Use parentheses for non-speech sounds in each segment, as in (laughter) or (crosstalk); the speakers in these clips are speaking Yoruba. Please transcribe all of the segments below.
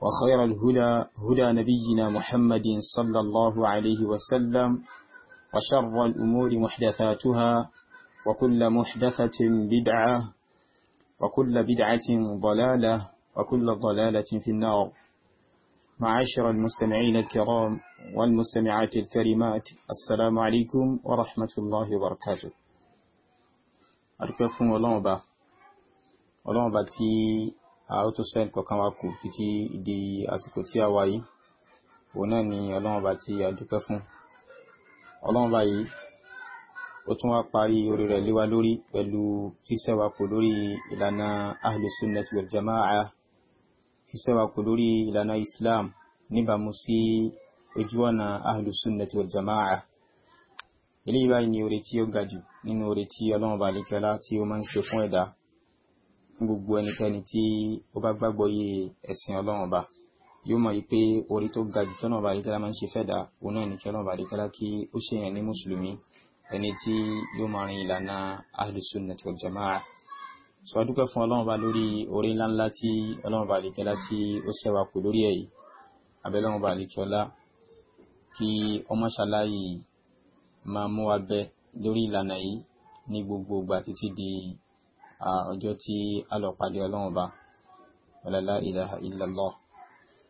وخير الهدى هدى نبينا محمد صلى الله عليه وسلم وشر الأمور محدثاتها وكل محدثة بدعة وكل بدعة ضلالة وكل ضلالة في النار معاشر المستمعين الكرام والمستمعات الكريمات السلام عليكم ورحمة الله وبركاته أركف الله أبا الله أبا ó tún sọ ẹnìkọ̀ọ̀kan wa kù títí di àsìkò tí a wà yìí òun náà ni ọlọ́run ọba tí a dúpẹ́ fún ọlọ́run ọba yìí ó tún wá parí orí rẹ̀ léwa lórí pẹ̀lú ṣíṣẹ́wà lórí ìlànà ahlus sunnati jama'a ṣíṣẹ́wà kù lórí ìlànà islam níbàmú sí ojú ọ̀nà ahlus sunnati jama'a eléyìí báyìí ni oore tí ó ga jù nínú oore tí ọlọ́run ọba àlekẹ́lá tí ó máa ń ṣe fún ẹ̀dá fún gbogbo ẹnikẹ́ni tí ó bá gbàgbọ́ yé ẹ̀sìn ọlọ́run ọba yóò mọ̀ yí pé orí tó ga jù tọ́nà ọba àdékẹ́lá máa ń ṣe fẹ́ dà òun náà ní kí ọlọ́run ọba àdékẹ́lá kí ó ṣe yàn ní mùsùlùmí ẹni tí yóò máa rin ìlànà ahlus-sunnah jamaa sọ dúpẹ́ fún ọlọ́run ọba lórí orí ńláńlá tí ọlọ́run ọba àdékẹ́lá tí ó ṣẹ́wà kù lórí èyí abẹ́lọ́run ọba àdékẹ́lá kí ọmọ máa mú wa lórí ìlànà yìí ní gbogbo ìgbà títí di ọjọ́ tí a lọ pàdé ọlọ́run ba ọlọ́lá ilaha illallah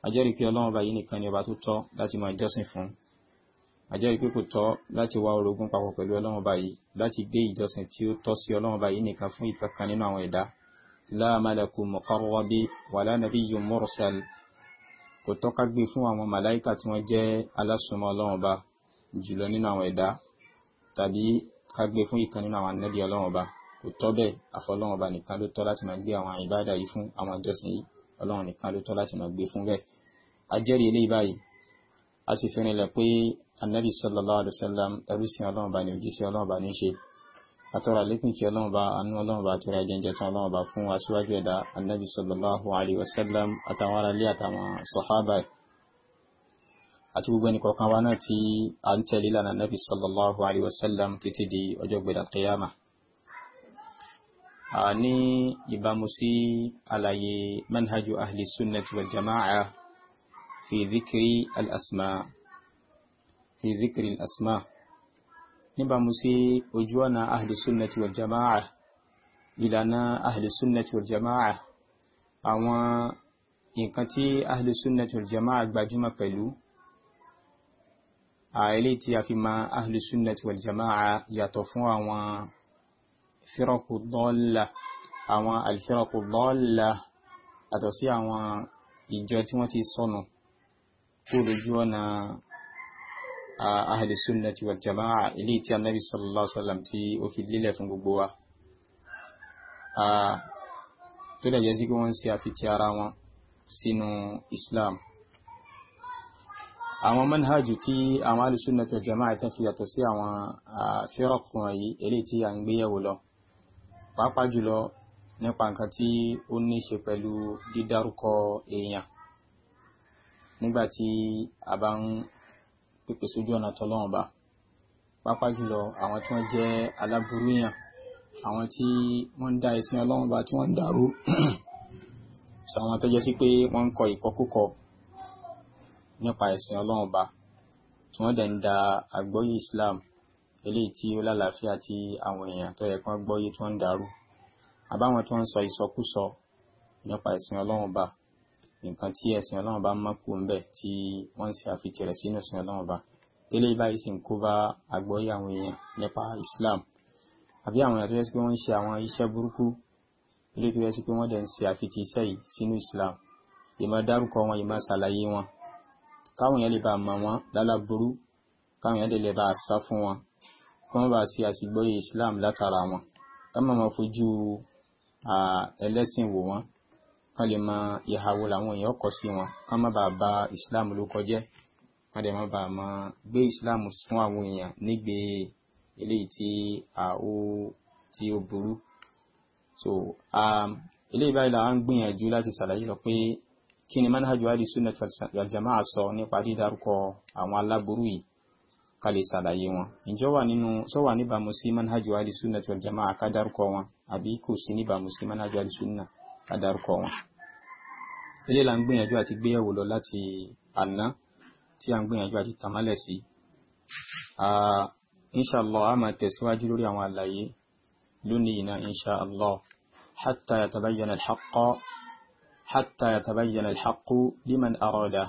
ajẹ́rìí pé ọlọ́run ba yìí nìkan ni ọba tó tọ́ láti máa jọ́sìn fún ajẹ́rìí pé kò tọ́ láti wá orogún papọ̀ pẹ̀lú ọlọ́run ba yìí láti gbé ìjọsìn tí ó tọ́ sí ọlọ́run ba yìí nìkan fún ìkankan nínú àwọn ẹ̀dá la malakun muqarrabi wala nabiyyun mursal kò tọ́ ká gbé fún àwọn màláìkà tí wọ́n jẹ́ alásùnmọ́ ọlọ́run jùlọ nínú àwọn ẹ̀dá tàbí ká gbé fún ìkan nínú àwọn ànábì ọlọ́run kò tọ́ bẹ́ẹ̀ àfọlọ́run ọba nìkan ló tọ́ láti máa gbé àwọn ìbádà yìí fún àwọn ìjọsìn yìí ọlọ́run nìkan ló tọ́ láti máa gbé fún bẹ́ẹ̀ ajẹ́rìí eléyìí báyìí a sì fi rinlẹ̀ pé anabi sallallahu alayhi wa sallam ẹrú sí ọlọ́run ọba ní ojúṣe ọlọ́run ọba ní ṣe àtọ́rà lékún kí ọlọ́run bá anú ọlọ́run bá tóra jẹjẹ tán ọlọ́run bá fún aṣíwájú ẹ̀dá annabi àti gbogbo ẹnìkọ̀ọ̀kan wa náà tí a ń tẹ̀lé lànà annabi sallallahu alaihi wasallam títí di ọjọ́ gbẹ̀dà ní ìbámu sí àlàyé manhajú ahli sunnati wal jama'a fi zikiri al'asma fi zikiri al'asma níbámu sí ojú ọ̀nà ahli sunnati wal jama'a ìlànà ahli sunnati wal jama'a àwọn nǹkan tí ahli sunnati wal jama'a gbajúmọ̀ pẹ̀lú àìlè tí a fi ma ahli sunnati wal jama'a yàtọ̀ fún àwọn alfiraku dọ́ọ̀là àwọn alfiraku dọ́ọ̀là àtọ̀ sí àwọn ìjọ tí wọ́n ti sọnù kó lójú ọ̀nà ahli sunnati wal jama'a ilé tí annabi sallallahu alaihi wasallam tí ó fi lílẹ̀ fún gbogbo wa tó dẹ̀ jẹ́ sí pé wọ́n ń ṣe àfitì ara wọn sínú islam àwọn manhajù tí àwọn ahli sunnati wal jama'a tán fi sí àwọn fẹ́rọ̀kùn wọ̀nyí tí a ń gbéyẹ̀wò lọ pàápàá jùlọ nípa nǹkan tí ó ní ṣe pẹ̀lú dídárúkọ èèyàn nígbà tí a bá ń pèpè sójú ọ̀nà tọ́lọ́run bá pàápàá jùlọ àwọn tí wọ́n jẹ́ aláburú èèyàn àwọn tí wọ́n ń dá ẹ̀sìn ọlọ́run bá tí wọ́n ń dàrú sàwọn tó jẹ́ sí pé wọ́n ń kọ ìkọkúkọ nípa ẹ̀sìn ọlọ́run bá tí wọ́n dẹ̀ ń da àgbọ́yé Islam eléyìí tí ó lálàáfíà tí àwọn èèyàn tó yẹ kán gbọ́yé tó ń dàrú àbáwọn tó ń sọ ìsọkúsọ nípa ẹ̀sìn ọlọ́run bá nǹkan tí ẹ̀sìn ọlọ́run bá mọ́ kù ńbẹ̀ tí wọ́n ṣe àfitì rẹ̀ sínú ẹ̀sìn ọlọ́run bá tẹ́lẹ̀ báyìí sì ń kó bá àgbọ́yé àwọn èèyàn nípa Islam àbí àwọn èèyàn tó yẹ sí pé wọ́n ń ṣe àwọn iṣẹ́ burúkú eléyìí tó yẹ sí pé wọ́n dẹ̀ ń ṣe àfitì iṣẹ́ yìí sínú Islam ìmọ̀ dárúkọ wọn ìmọ̀ ṣàlàyé wọn káwọn èèyàn lè bá mọ̀ wọn láláburú káwọn èèyàn lè bá sá fún wọn kọ́mọ́ bá sí àṣìgbọ́yé Islam látara wọn kámọ̀ mọ́ fojú ẹlẹ́sìn wò wọ́n kán lè mọ ìhàwó làwọn èèyàn kọ sí wọn kán má bàa ba Islam ló kọjẹ́ kán lè má bàa mọ gbé Islam fún àwọn èèyàn nígbè eléyìí tí ó tí ó burú so eléyìí báyìí là ń gbìyànjú láti ṣàlàyé lọ pé kí ni manhaju ali sunnah jama'a sọ nípa dídárúkọ àwọn aláburú yìí ká lè ṣàlàyé wọn ǹjọ́ wà nínú sọ́wà níbàámu sí manhajú alisunna wal jamaa ká dárúkọ wọn àbí kò sí níbàámu sí manhajú alisunna ká dárúkọ wọn. eléyìí là ń gbìyànjú àti gbéyẹ̀wò lọ láti àná tí à ń gbìyànjú àti tàmálẹ̀ sí. inṣàlọ́ a máa tẹ̀síwájú lórí àwọn àlàyé lónìí iná inṣàlọ́ hatta yatabayyana alhaqqu hatta yatabayyana alhaqqu liman arada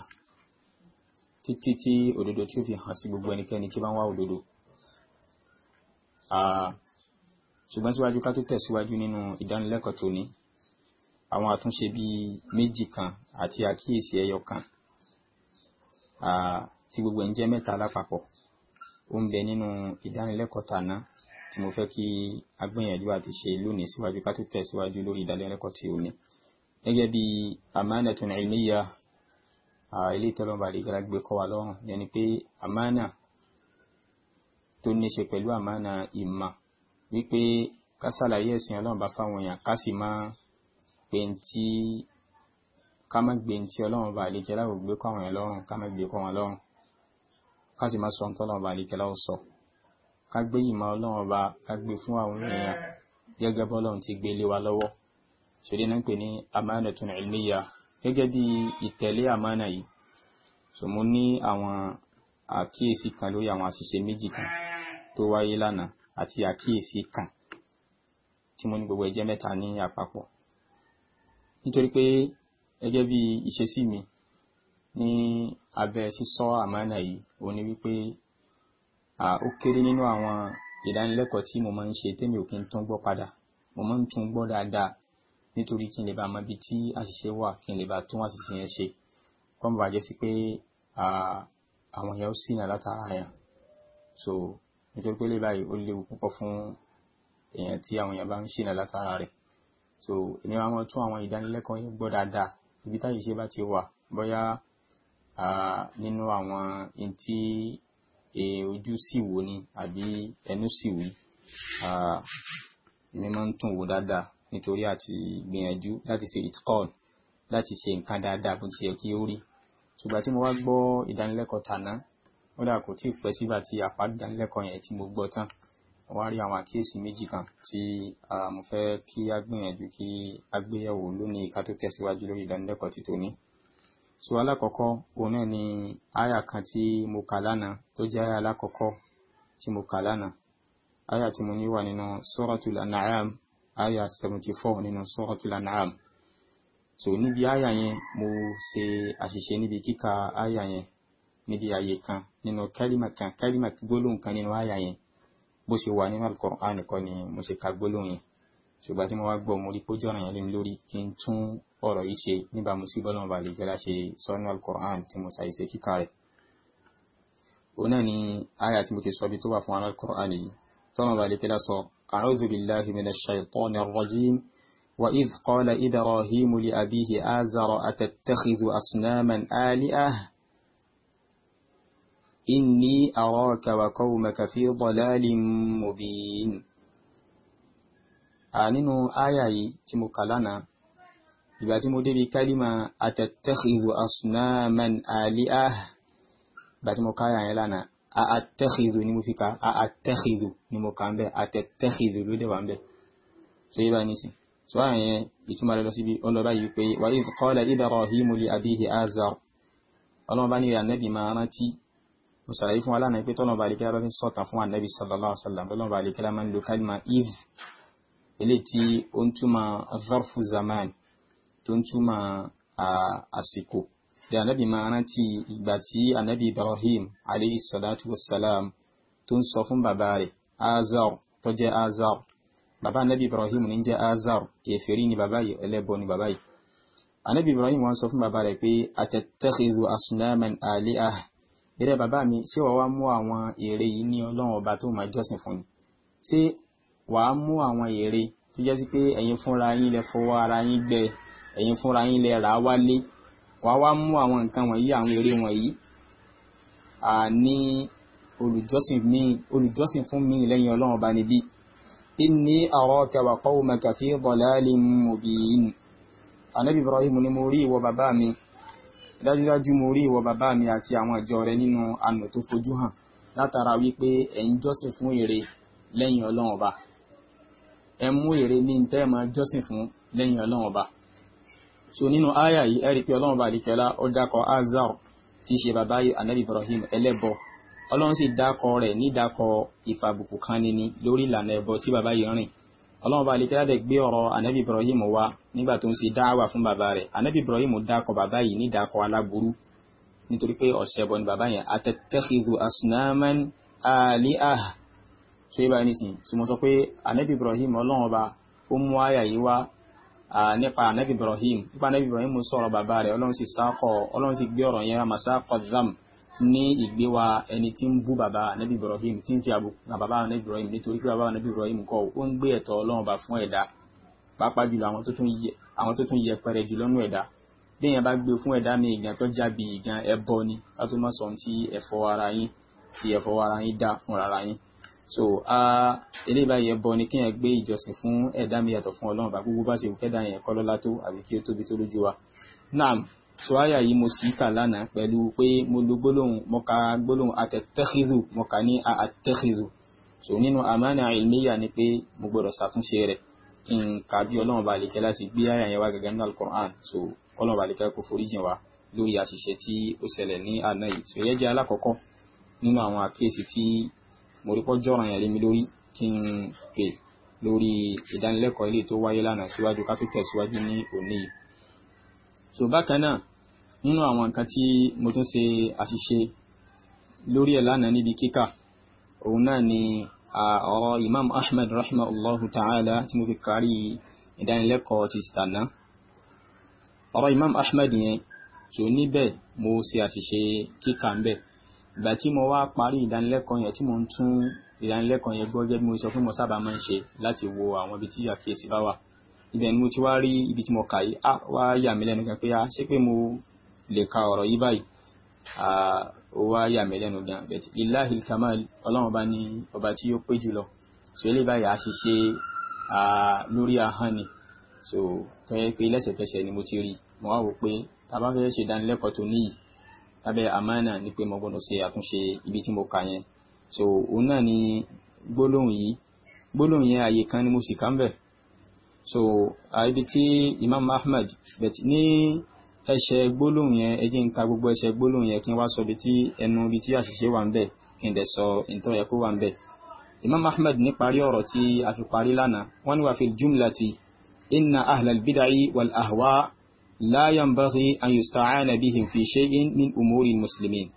títí tí òdodo tí ó fi hàn sí gbogbo ẹnikẹ́ni tí bá ń wá òdodo. ṣùgbọ́n síwájú ká tó tẹ̀síwájú nínú ìdánilẹ́kọ̀ọ́ tòní àwọn àtúnṣe bíi méjì kan àti àkíyèsí ẹyọ kan tí gbogbo ẹ̀ ń jẹ́ mẹ́ta lápapọ̀ ó ń bẹ nínú ìdánilẹ́kọ̀ọ́ tàná tí mo fẹ́ kí agbẹ́yànjú àti ṣe lónìí síwájú ká tó tẹ̀síwájú lórí ìdánilẹ́kọ̀ọ́ tí ó ní gẹ́gẹ́ bí amánatun ilmiya ilé ìtọ́lọ́mọba àdìgẹ́lá gbé kọ́ wa lọ́rùn yẹni pé àmánà tó ní ṣe pẹ̀lú àmánà ìmọ̀ wípé ká ṣàlàyé ẹ̀sìn ọlọ́run bá fáwọn èèyàn ká sì máa pèntì ká má gbé ntí ọlọ́run bá àdìgẹ́lá ò gbé kọ́ àwọn èèyàn lọ́rùn ká má gbé kọ́ wọn lọ́rùn ká sì má sọ ohun tọ́lọ́run bá àdìgẹ́lá ò sọ ká gbé ìmọ̀ ọlọ́run bá ká gbé fún àwọn èèyàn gẹ́gẹ́ bọ́lọ́run ti gbé lé wa lọ́wọ́ ṣèlérí náà ń pè ní amánà tún ilmiya gẹ́gẹ́ bí ìtẹ̀lé àmánà yìí so mo ní àwọn àkíyèsí kan lórí àwọn àṣìṣe méjì kan tó wáyé lánàá àti àkíyèsí kan tí mo ní gbogbo ẹjẹ́ mẹ́ta ní àpapọ̀ nítorí pé gẹ́gẹ́ bí ìṣesí mi ní abẹ́ sísọ àmánà yìí òun ni wípé ó kéré nínú àwọn ìdánilẹ́kọ̀ọ́ tí mo máa ń ṣe tèmi ò kí ń tún gbọ́ padà mo máa ń tún gbọ́ dáadáa nítorí kí n lè bá mọ ibi tí àṣìṣe wà kí n lè bá tún àṣìṣe yẹn ṣe kó má bàa sí pé àwọn èèyàn ó ṣìnà látara yẹn so nítorí pé eléyìí báyìí ó léwu púpọ̀ fún èèyàn tí àwọn èèyàn bá ń ṣìnà látara rẹ̀ so èmi máa ń tún àwọn ìdánilẹ́kọ̀ọ́ yẹn gbọ́ dáadáa ibi táṣìṣe bá ti wà bóyá nínú àwọn in tí e, ojú sì wò ni àbí ẹnu sì wí èmi máa ń tún wò dáadáa nítorí àti gbìyànjú láti ṣe itkọ́ọ̀n láti ṣe nǹkan dáadáa bó ti yẹ kí ó rí ṣùgbọ́n tí mo wá gbọ́ ìdánilẹ́kọ̀ọ́ tàná ó dà kò tí ì pẹ́ sígbà tí àpárí ìdánilẹ́kọ̀ọ́ yẹn tí mo gbọ́ tán mo wá rí àwọn àkíyèsí méjì kan tí mo fẹ́ kí a gbìyànjú kí a gbéyẹ̀wò lónìí ká tó tẹ̀síwájú lórí ìdánilẹ́kọ̀ọ́ ti tòní so alákọ̀ọ́kọ́ òun náà ni àyà kan tí mo kà lánàá tó jẹ́ àyà alákọ̀ọ́kọ́ tí mo kà lánàá àyà tí mo ní wà nínú Suratul An'am aya seventy four nínú suratul an'am so níbi aya yẹn mo ṣe àṣìṣe níbi kíka aya yẹn níbi àyè kan nínú kálímà kan kálímà gbólóhùn kan nínú aya yẹn bó ṣe wà nínú al-Qur'an ni mo ṣe ka gbólóhùn yẹn ṣùgbọ́n tí mo wá gbọ́ mo rí pójú ọ̀ràn yẹn lé lórí kí n tún ọ̀rọ̀ yìí ṣe níbàámu sí bọ́lá ọba àlejò láṣẹ sọ́nù al-Qur'an tí mo ṣàìṣe kíkà rẹ̀ òun náà ni aya tí mo ti sọ bí tó wà fún al-Qur'an yìí tọ́nà ọba àlejò sọ أعوذ بالله من الشيطان الرجيم وإذ قال إبراهيم لأبيه آزر أتتخذ أصناما آلئة إني أراك وقومك في ضلال مبين ànínú آيائي yìí tí mo kà lánàá ìgbà tí mo débi kálímà àtẹ̀tẹ̀kìzù asùnámẹ́n àtẹ́kìdù ni mo fi ka àtẹ́kìdù ni mo kà ń bẹ́ àtẹ́kìdù ló dẹ̀ wà ń bẹ́ so yíba ní sí so àwọn yẹn ìtumọ̀ rẹ̀ lọ síbi ọlọ́ba yìí pé wà idh qala Ibrahim li abihi Azar ọlọ́ba ní ànẹ́bì máa rántí mo sàlàyé fún aláàánú pé tọ́lọ́ba àlekẹ́lá bá fi sọ̀tàn fún ànẹ́bì sallallahu tó ń túmọ̀ àsìkò pé ànábì máa rántí ìgbà tí ànábì Ibrahim alayhi salatu wassalam tó ń sọ fún bàbá rẹ̀ azar tó jẹ́ azar bàbá ànábì Ibrahim ní jẹ́ azar kèfèrí ni bàbá yìí ẹlẹ́bọ ni bàbá yìí ànábì Ibrahim wọ́n sọ fún bàbá rẹ̀ pé atattakhidhu asnaman alihah eré bàbá mi ṣé wàá wá mú àwọn ère yìí ní ọlọ́run ọba tó máa jọ́sìn fún ni ṣé wàá mú àwọn ère tó jẹ́ sí pé ẹ̀yin fúnra yín lẹ fọwọ́ ara yín gbẹ ẹ̀yin fúnra yín lẹ rà wálé wàá wá mú àwọn nǹkan wọ̀nyí àwọn eré wọ̀nyí ní olùjọ́sìn mi olùjọ́sìn fún mi lẹ́yìn ọlọ́run ọba níbí inni araka wa qawmaka fi dalalin mubin anabi ibrahim ni mo rí ìwọ bàbá mi dájúdájú mo rí ìwọ bàbá mi àti àwọn ìjọ rẹ nínú àná tó fojú hàn látara wípé ẹ̀ ń jọ́sìn fún ère lẹ́yìn ọlọ́run ọba ẹ mú ère ní tẹ́ jọ́sìn fún lẹ́yìn ọlọ́run ọba so nínú àyà yìí ẹ̀rí pé ọlọ́run bá àdìkẹ́lá ó dákọ̀ azar tí ṣe bàbá anabi ibrahim ẹlẹ́bọ ọlọ́run sì dákọ̀ rẹ̀ nídàkọ̀ ìfàbùkù kan níní lórí ìlànà ẹ̀bọ tí bàbá yìí rìn ọlọ́run bá àdìkẹ́lá dẹ̀ gbé ọ̀rọ̀ anabi ibrahim wá nígbà tó ń ṣe dáwà fún bàbá rẹ̀ anabi ibrahim dákọ̀ bàbá yìí nídàkọ̀ aláburú nítorí pé ọ̀ṣẹ̀bọ ni bàbá yẹn atẹ́tẹ́kìzù asnaman aliah so yíba nísìnyí tí mo sọ pé anabi ibrahim ọlọ́run ọba ó mú Ah, nípa anabi ibrahim nípa anabi ibrahim sọ̀rọ̀ bàbá rẹ̀ ọlọ́run sì sákọ̀ ọlọ́run sì gbé ọ̀rọ̀ yẹn masakọ̀ zam ní ìgbéwa ẹni tí ń bú bàbá anabi ibrahim tí ń fi àbùkù bàbá anabi ibrahim nítorí pé bàbá anabi ibrahim kọ́ ó ń gbé ẹ̀tọ́ ọlọ́run bá fún ẹ̀dá pàápàá jùlọ àwọn tó tún yẹ pẹrẹ jùlọ nú ẹ̀dá béèyàn bá gbé fún ẹ̀dá mi ìgbà tó jábì ìgbà ẹbọ ni látó má sọ ara yín ti ẹ̀fọ́ ara yín dá fúnra ara yín so eléyìí báyìí ẹbọ ni kí yẹn gbé ìjọsìn fún ẹ̀dá mi yàtọ̀ fún ọlọ́run bá gbogbo bá ṣe wù kẹ́dà yẹn kọ́ lọ́lá tó àbí kí ó tóbi tó lójú wa naam so àyà yìí mo sì kà lánàá pẹ̀lú pé mo lo gbólóhùn mo ka gbólóhùn àtẹ̀tẹ́kìzù mo kà ní àtẹ́kìzù so nínú àmánà ìlmíyà ni pé mo gbọ́dọ̀ ṣàtúnṣe rẹ̀ kí n kà bí ọlọ́run bá lè kẹ́ láti gbé àyà yẹn wá gẹ́gẹ́ nínú alukur'an so ọlọ́run bá lè kẹ́ kó foríjìn wa lórí àṣìṣe tí ó ṣẹlẹ̀ ní àná yìí so ìyẹn jẹ́ alákọ̀ọ́kọ́ nínú àwọn àkíyèsí tí mo rí pọ́jọ́ ọ̀ràn yẹn lé mi lórí kí n pè lórí ìdánilẹ́kọ̀ọ́ ilé tó wáyé lánàá síwájú ká tó tẹ̀síwájú ní òní yìí. so bákan náà nínú àwọn nǹkan tí mo tún ṣe àṣìṣe lórí ẹ̀ lánàá níbi kíkà òun náà ni ọ̀rọ̀ imam ahmed rahimahullahu ta'ala tí mo fi kárí ìdánilẹ́kọ̀ọ́ ti tànà ọ̀rọ̀ imam ahmed yẹn tó níbẹ̀ mo ṣe àṣìṣe kíkà ń bẹ̀ ìgbà tí mo wá parí ìdánilẹ́kọ̀ọ́ yẹn tí mo ń tún ìdánilẹ́kọ̀ọ́ yẹn gbọ́ gẹ́gẹ́ bí mo sọ pé mo sábà máa ń ṣe láti wo àwọn ibi tí àkíyèsí bá wà ibẹ̀ ni mo ti wá rí ibi tí mo kà yìí á ah, wá yà mí lẹ́nu gan pé á ah, ṣé pé mo lè ka ọ̀rọ̀ yìí báyìí ah, ó wá yà mí lẹ́nu gan bẹ́ẹ̀ lillahi kamal ọlọ́run bá ní ọba tí ó pé jùlọ so eléyìí báyìí á ṣiṣẹ́ lórí ahọ́n ni so tó yẹ pé lẹ́sẹ̀kẹsẹ̀ ni mo ti rí mo wá wò pé tá bá fẹ́ ṣe ìdánilẹ́kọ̀ọ́ tó níyì lábẹ́ àmánà ni pé mo gbọ́dọ̀ ṣe àtúnṣe ibi tí mo kà yẹn so òun náà ni gbólóhùn yìí gbólóhùn yẹn àyè kan ni mo sì kà ń bẹ̀ so ibi tí Imam Ahmad bet ní ẹsẹ̀ gbólóhùn yẹn ẹ jẹ́ n ka gbogbo ẹsẹ̀ gbólóhùn yẹn kí n wá sọ ibi tí ẹnu ibi tí àṣìṣe wà ń bẹ̀ kí n dẹ̀ sọ ìtọ́ yẹ wà ń bẹ̀ Imam Ahmad ní parí ọ̀rọ̀ tí a fi parí lánàá wọ́n ní wàá fi jumlati inna ahlal bida'i wal ahwa' لا ينبغي أن يستعان بهم في شيء من أمور المسلمين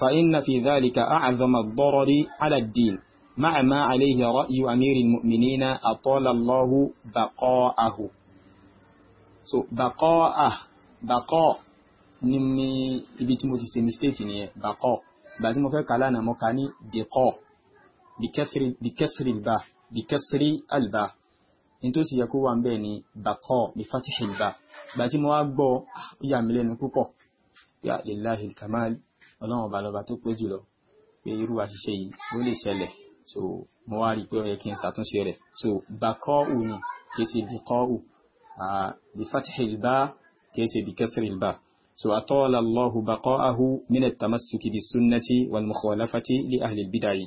فإن في ذلك أعظم الضرر على الدين مع ما عليه رأي أمير المؤمنين أطال الله بقاءه so بقاءه بقاء نمي بيتموتي سي مistake ني بقاء بعد ما فكر لنا مكاني دقاء بكسر بكسر الباء بكسر الباء nítòsí yẹ kó wà ń bẹ̀ ni bàkọ́ ní fatihilba ìgbà tí mo wá gbọ́ ah, ó yà mí lẹ́nu púpọ̀ yà lillahi kamal ọlọ́run ọba lọ́ba tó pé jùlọ pé irú àṣìṣe yìí ló lè ṣẹlẹ̀ so mo wá rí i pé ó yẹ kí n ṣàtúnṣe rẹ̀ so bàkọ́ ù ni kì í ṣe bìkọ́ ù bí fatihilba kì í ṣe bí kẹsìrìlba so atọ́lá allahu bàkọ́ ahu minat tamasuki bi sunnati wal mukhalafati li ahli bidai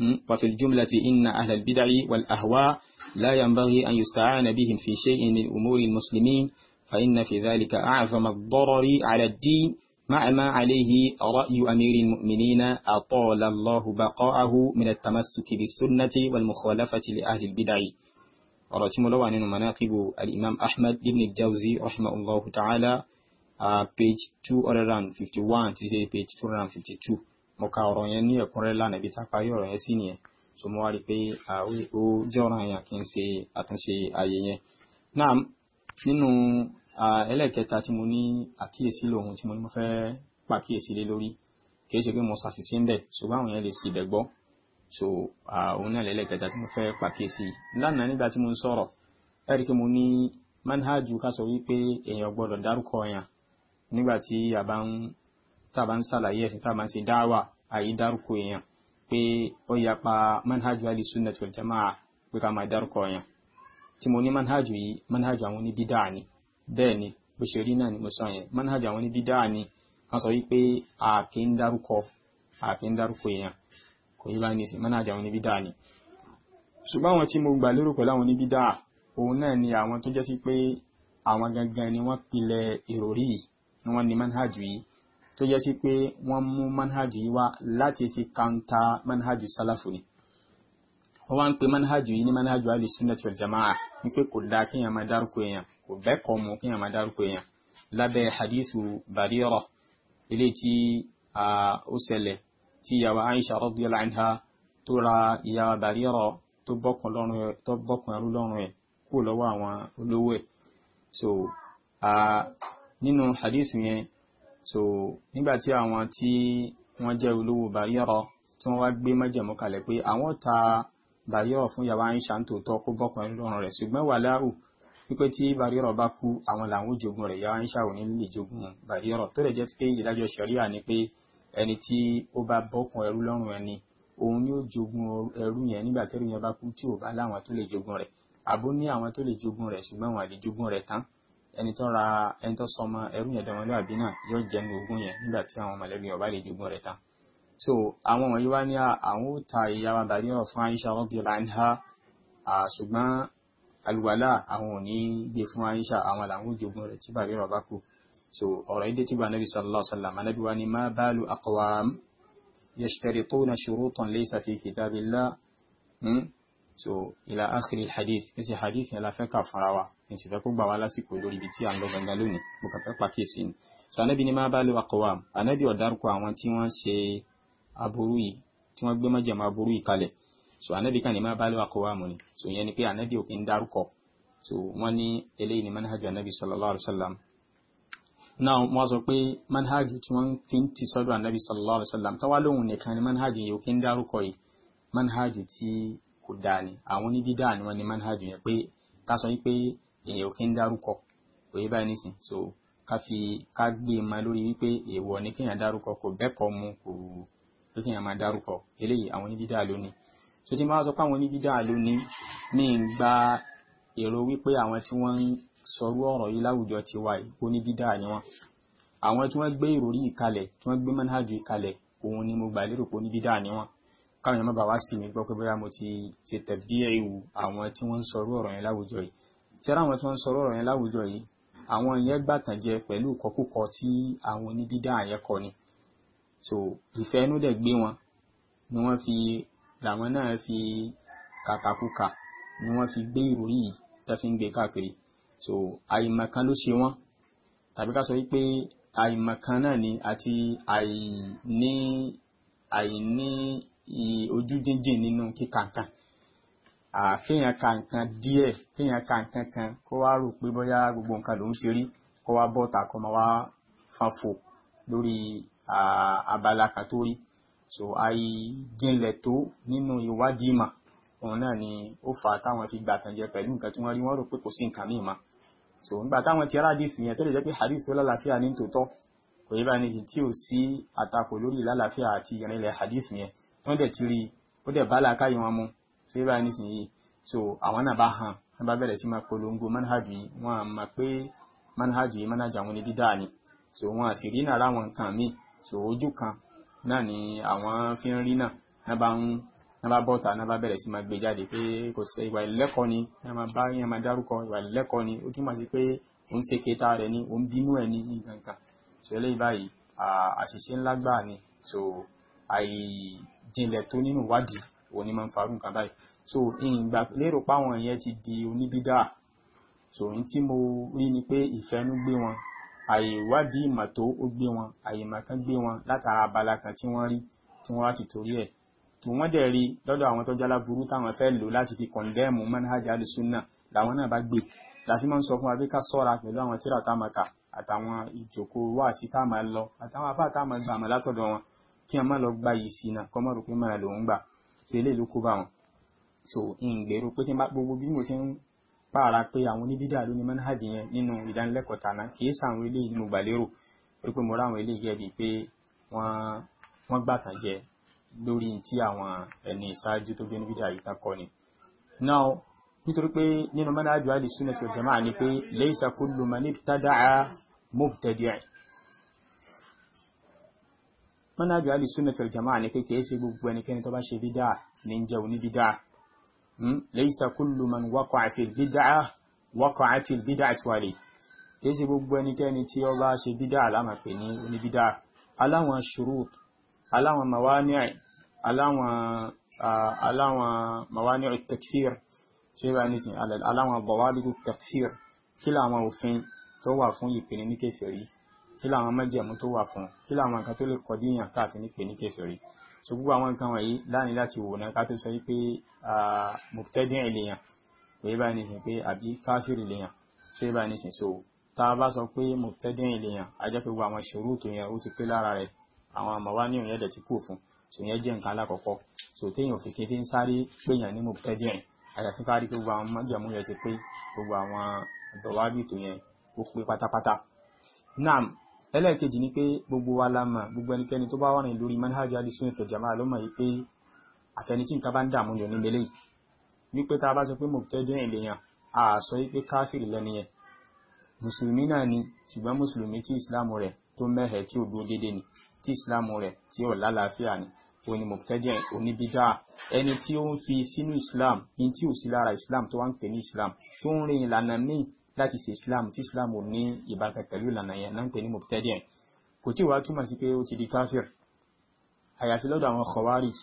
Hmm? وفي الجملة إن أهل البدع والأهواء لا ينبغي أن يستعان بهم في شيء من أمور المسلمين فإن في ذلك أعظم الضرر على الدين مع ما عليه رأي أمير المؤمنين أطال الله بقاءه من التمسك بالسنة والمخالفة لأهل البدع ورحمه الله عن مناقب الإمام أحمد بن الجوزي رحمه الله تعالى آه, page 251 page 252 mo ka ọ̀rọ̀ yẹn ní ẹ̀kúnrẹ́rẹ́ lánàá ibi tá a parí ọ̀rọ̀ yẹn sí nìyẹn so mo wá rí i pé ó jẹ́ ọ̀ràn yẹn kí n ṣe àtúnṣe ààyè yẹn náà nínú ẹlẹ́ẹ̀kẹta tí mo ní àkíyèsí lòun tí mo ní mo fẹ́ pàkíyèsí lé lórí kì í ṣe pé mo ṣàṣìṣe ń bẹ̀ ṣùgbọ́n àwọn yẹn lè sì bẹ̀ gbọ́ so òun náà lẹ́lẹ́kẹta tí mo fẹ́ pàkíyèsí lánàá nígbà tí mo ń sọ̀rọ̀ ẹ̀rí pé mo ní manhajú ká sọ wípé èèyàn gbọ́dọ̀ dárúkọ yàn nígbà tí a bá ń tábà ń ṣàlàyé ẹ̀sìn tábà ń ṣe dáwà àyè dárúkọ èèyàn pé ó yapa manhajú ali sunnah wal jamaa pé ká máa dárúkọ èèyàn tí mo ní manhajú yìí manhajú àwọn oníbí dáa ni bẹ́ẹ̀ ni bó ṣe rí náà ni mo sọ yẹn manhajú àwọn oníbí dáa ni wọ́n sọ wípé àkè ń dárúkọ àkè ń dárúkọ èèyàn kò yí báyìí nìsín manhajú àwọn oníbí dáa ni ṣùgbọ́n àwọn tí mo gbà lérò pẹ̀lú àwọn oníbí dáa òun náà ni àwọn tó jẹ́ sí pé àwọn gangan ni wọ́n pilẹ̀ ìròrí yìí ni wọ́n ní manhajú yìí tó jẹ́ sí pé wọ́n mú manhajù yìí wá láti fi kanta manhajù sálàfù ni wọ́n wá ń pe manhajù yìí ní manhajù alisunnati wal jamaa ní pé kò dáa kí èèyàn máa dárúkọ èèyàn kò bẹ́kọ̀ọ́ mu kí èèyàn máa dárúkọ èèyàn lábẹ́ hadithu barira ilé tí ó ṣẹlẹ̀ tí ìyàwó aisha radiyallahu anha tó ra ìyàwó barira tó bọ́kùn ẹrú lọ́rùn ẹ̀ kúrò lọ́wọ́ àwọn olówó ẹ̀ so nínú hadithu yẹn so nígbà tí àwọn tí wọ́n jẹ́ olówó bayero tí wọ́n wá gbé májẹ̀mú kalẹ̀ pé àwọn ta bayero fún yàrá Aisha ń tòótọ́ kó bọ́kùnrin lọ́rùn rẹ̀ ṣùgbọ́n wà láàrù wípé tí bayero bá kú àwọn làwọn jogun rẹ̀ yàrá Aisha ò ní lè jogun bayero tó lè jẹ́ pé ìdájọ́ ṣẹ̀ríà ni pé ẹni tí ó bá bọ́kùn ẹrú lọ́rùn ẹni òun ni ó jogun ẹrú yẹn nígbà tẹ́rù yẹn bá kú tí ò bá láwọn tó lè jogun rẹ̀ àbó ní àwọn tó lè jogun rẹ̀ ṣùgbọ́n wọn à jogun rẹ̀ tán ẹni tó ra ẹni tó sọmọ ẹrú yẹn dọmọlúwàbí náà yóò jẹnu ogún yẹn nígbà tí àwọn mọ̀lẹ́bí ọba lè jogún rẹ̀ tán so àwọn wọ̀nyí wá ní àwọn ó ta ìyá wa bàrí ọ̀rọ̀ fún Aisha radiyallahu anha ṣùgbọ́n alùwàlà àwọn ò ní gbé fún Aisha àwọn làwọn ó jogún rẹ̀ tí bàrí ọ̀rọ̀ bá so ọ̀rọ̀ yìí dé tí bànẹ́bí sallallahu alaihi wasallam anábì wa ni ma balu aqwam yashtarituna shurutan laysa fi kitabillah hmm? so ila akhiril hadith ẹsẹ̀ hadith yẹn la fẹ́ kà fara wa ní sì fẹ́ kó gbà wá lásìkò lórí ibi tí à ń lọ gangan lónìí mo kàn fẹ́ pàkíyèsí ni so anábì ní má bá lè aqwam anábì ọ̀dárúkọ àwọn tí wọ́n ṣe aburú yìí tí wọ́n gbé májèmọ́ aburú yìí kalẹ̀ so anábì kan ní má bá lè aqwam ni so ìyẹn ni pé anábì ò kí ń dárúkọ so wọ́n ní eléyìí ni manhaj anábì sallallahu alayhi wa sallam náà wọ́n sọ pé manhaj tí wọ́n fi ń ti sọ́dọ̀ anábì sallallahu alayhi wa sallam táwa lóhun nìkan ni manhaj yìí ò ń dárúkọ yìí manhaj tí kò dáa ni àwọn oníbí dáa ni wọ́n ní manhajù yẹn pé ká sọ wípé èèyàn ò dárúkọ kò báyìí nísìn so ká fi ká gbé e ma lórí wípé èèwọ̀ ni kéèyàn dárúkọ kò bẹ́kọ̀ mu kò pé kéèyàn máa dárúkọ eléyìí àwọn oníbí dáa ló ní so tí n bá sọ pé àwọn oníbí dáa ló ní mí ń gba èrò wípé àwọn tí wọ́n ń sọrú ọ̀rọ̀ yìí láwùjọ ti wà yìí oníbí dáa ni wọ́n àwọn tí wọ́n gbé ìròrí ìkalẹ̀ tí wọ́n gbé manhajù ìkalẹ̀ òun ni mo gbà lérò pé oníbí dáa ni wọ́n káwọn èèyàn má bàa wá sí mi gbọ́ pé bóyá mo ti ṣe tẹ̀bíẹ̀ ìwù àwọn tí wọ́n ń sọrú ọ̀rọ̀ yẹn láwùjọ yìí tí ara àwọn tí wọ́n ń sọrú ọ̀rọ̀ yẹn láwùjọ yìí àwọn yẹn gbàtàn jẹ pẹ̀lú ìkọkúkọ tí àwọn oníbídà yẹn kọ ni so ìfẹ́ inú dẹ̀ gbé wọn ni wọ́n fi làwọn náà fi kàkàkùkà ni wọ́n fi gbé ìròyìn yìí tó fi ń gbé káàkiri so àìmọ̀kan ló ṣe wọ́n tàbí ká sọ wípé àìmọ̀kan náà ni àti àìní àìní ojú jíjìn nínú kíka nǹkan àfihàn ka nǹkan díẹ̀ fihàn ka nǹkan kan kó wá rò pé bóyá gbogbo nǹkan lòún ṣe rí kó wá bọ́ta kó máa wá fanfò lórí abala kan tó rí so àìjinlẹ̀ tó nínú ìwádìí ìmọ̀ òun náà ni ó fà á táwọn fi gbà tàn jẹ pẹ̀lú nǹkan tí wọ́n rí wọ́n rò pé kò sí nǹkan míì mọ́ so nígbà táwọn ti rádìsì yẹn tó lè jẹ́ pé hadith tó lálàáfíà ní tòótọ́ kò yẹ báyìí tí ò sí àtakò lórí ìlàlàáfíà àti ìrìnlẹ̀ hadith yẹn tán dẹ̀ ti rí ó dẹ̀ bá làákàyè wọn mu tó yẹ báyìí nísìnyí so àwọn náà bá hàn wọn bá bẹ̀rẹ̀ sí máa polongo manhaj yìí wọn à máa pé manhaj yìí manhaj àwọn níbi dáa ni so wọn à sì rí náà láwọn nǹkan míì so ojú kan náà ni àwọn fi ń rí náà náà bá ń náà bá bọ́ta náà bá bẹ̀rẹ̀ sí máa gbé jáde pé kò sẹ́ ìwà ìlẹ́kọ̀ọ́ ni náà máa bá yẹn máa dárúkọ ìwà ìlẹ́kọ̀ọ́ ni ó túmọ̀ sí pé òun ṣe kẹta rẹ̀ ni òun bínú ẹ̀ ní nǹkan kan so báyìí àṣìṣe ńlá gbáà ni so àì jinlẹ̀ tó nínú ìwádìí òun ni máa ń farú nǹkan báyìí so ìgbà lérò páwọn yẹn ti di oníbídà so n tí mo rí ni pé ìfẹ́nú gbé wọn àìwádìí ìmọ̀tó ó gbé wọn àìmọ̀kan gbé wọn látara abala kan tí wọ́n rí tí wọ́n wá ti torí ẹ̀ tí wọ́n dẹ̀ rí lọ́dọ̀ àwọn tó jálá burú táwọn fẹ́ lò láti fi kọ̀ndẹ́ẹ̀mù manhaj alisunna làwọn náà bá gbé láti máa ń sọ fún wa pé ká sọ́ra pẹ̀lú àwọn tíra táwọn kà àtàwọn ìjòkó wáàsí táwọn lọ àtàwọn afá táwọn gbàmọ̀ látọ̀dọ̀ wọn kí wọ́n má lọ gba yìí sí náà kọ́ mọ́ rò pé mọ́ra lòún gbà so eléyìí ló kó bá wọn so ìgbèrú pé tí gbogbo bí mo ti ń pààrà pé àwọn oníbídà ló ní manhaj yẹn nínú ìdánilẹ́kọ̀ọ́ tàná kì í sàwọn eléyìí ni mo gbà lérò torí pé mo ráwọn eléyìí gẹ́gẹ́ bíi pé wọ́n wọ́n gbàtàn jẹ lórí tí àwọn ẹni ìṣáájú tó gbé oníbídà yìí kan kọ́ ni. now nítorí pé nínú manhaj ahli sunnah wal jama'ah ni pé laysa kullu man ibtada'a mubtadi' manhaj al-sunnah wal jama'ah ni pé kìí ṣe gbogbo ẹnikẹ́ni tó bá ṣe bídà ní jẹ́ òní bídà hmm? laysa kullu man waqa'a fil bid'ah waqa'at al-bid'atu alayhi kìí ṣe gbogbo ẹnikẹ́ni tí ó bá ṣe bídà aláma pè ní òní bídà aláwọn shurut aláwọn mawani' aláwọn aláwọn mawani' at-takfir ṣe bá ní sin aláwọn dawabit at-takfir kí làwọn òfin tó wà fún ìpinnu ní kí làwọn májẹ̀mú tó wà fún kí làwọn nǹkan tó lè kọ díyàn káàfin ní pè ní kèfèrí so gbogbo àwọn nǹkan wọ̀nyí láàrin láti wò náà ká tó sọ wípé mọ̀tẹ́dín èlèyàn pé báyìí nìsín pé àbí káfíìrì lèyàn ṣé báyìí nìsín so tá a bá sọ pé mọ̀tẹ́dín èlèyàn a jẹ́ pé gbogbo àwọn ṣòrúùtù yẹn ó ti pé lára rẹ̀ àwọn àmọ̀wá ní òyìn ẹ̀dẹ̀ ti kú fún so yẹn jẹ́ nǹkan alákọ̀ọ́kọ́ so téèyàn òfin fi ń sáré péyàn ní mọ̀tẹ́dín àyàfi ká rí pé gbogbo àwọn májẹ̀mú yẹn ti pé gbogbo àwọn àdọ̀wábìtò yẹn ó pé pátápátá Naam, ẹlẹ́ẹ̀kejì ni pé gbogbo wa la mọ̀ gbogbo ẹnikẹ́ni tó bá wà rìn lórí manhaj alisunat jamaa ló mọ̀ yìí pé àfẹnití nǹkan bá ń dààmú yàn nílé yìí wípé tá a bá sọ pé mọ̀tẹ́dín èlèyàn a sọ wípé káfíìrì lẹ́nu yẹn mùsùlùmí náà ni ṣùgbọ́n mùsùlùmí tí ìsìláàmù rẹ̀ tó mẹ́hẹ̀ tí ò dúró déédéé ni tí ìsìláàmù rẹ̀ tí ò lálàáfíà ni òun ni mọ̀tẹ́dín oníbídà ẹni tí ó ń fi sínú ìsìláàmù ní tí ò sí lára ìsìláàmù tó wá ń pè ní ìsìláàmù tó ń rìn ìlànà míì láti ṣe islam tí islam ò ní ìbáka pẹ̀lú ìlànà yẹn náà ń pè ní mubtadi'in kò tí wàá túmọ̀ sí pé ó ti di káfíìr àyàfi lọ́dọ̀ àwọn khawarij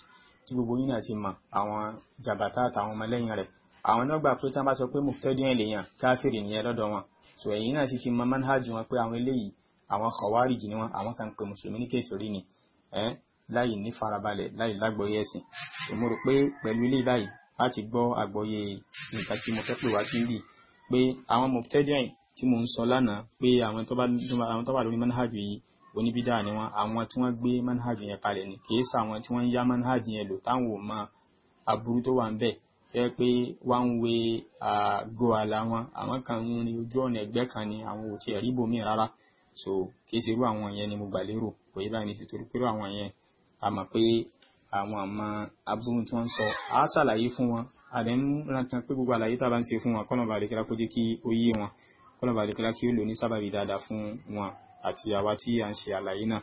tí gbogbo yín náà ti mọ̀ àwọn jàbátá àtàwọn ọmọlẹ́yìn rẹ̀ àwọn náà gbà pé tá bá sọ pé mubtadi'in lèèyàn káfíìr nìyẹn lọ́dọ̀ wọn so ẹ̀yin náà sì ti mọ manhaj wọn pé àwọn eléyìí àwọn khawarij ni wọn àwọn kan pè mùsùlùmí ní kèfèrí ni láì ní farabalẹ̀ láì lágbọ́yé ẹ̀sìn mo rò pé pẹ̀lú ilé láì láti gbọ́ àgbọ́yé nǹkan tí mo fẹ́ pè wá sí rí pé àwọn mọ̀tẹ́díàn tí mo ń sọ lánàá pé àwọn tó bá lórí manhaj yìí oníbídà ni wọn àwọn tí wọ́n gbé manhaj yẹn kalẹ̀ ni kì í ṣe àwọn tí wọ́n ń yá manhaj yẹn lò táwọn ò mọ aburú tó wà ń bẹ̀ fẹ́ pé wọ́n ń we àgọ àlà wọn àwọn kan ń rin ojú ọ̀nà ẹgbẹ́ kan ni àwọn ò tiẹ̀ rí bòmíì rárá so kì í ṣe àwọn yẹn ni mo gbà lérò kò yí báyìí ní ṣètò irú àwọn yẹn a pé àwọn àmọ́ aburú tí wọ́n ń sọ á ṣàlàyé fún wọn àdé ń rántán pé gbogbo àlàyé tá a bá ń ṣe fún wọn kọ́nà bá àdékẹ́lá kó jẹ́ kí ó yé wọn kọ́nà bá àdékẹ́lá kí ó lò ní sábàbí dáadáa fún wọn àti àwa tí à ń ṣe àlàyé náà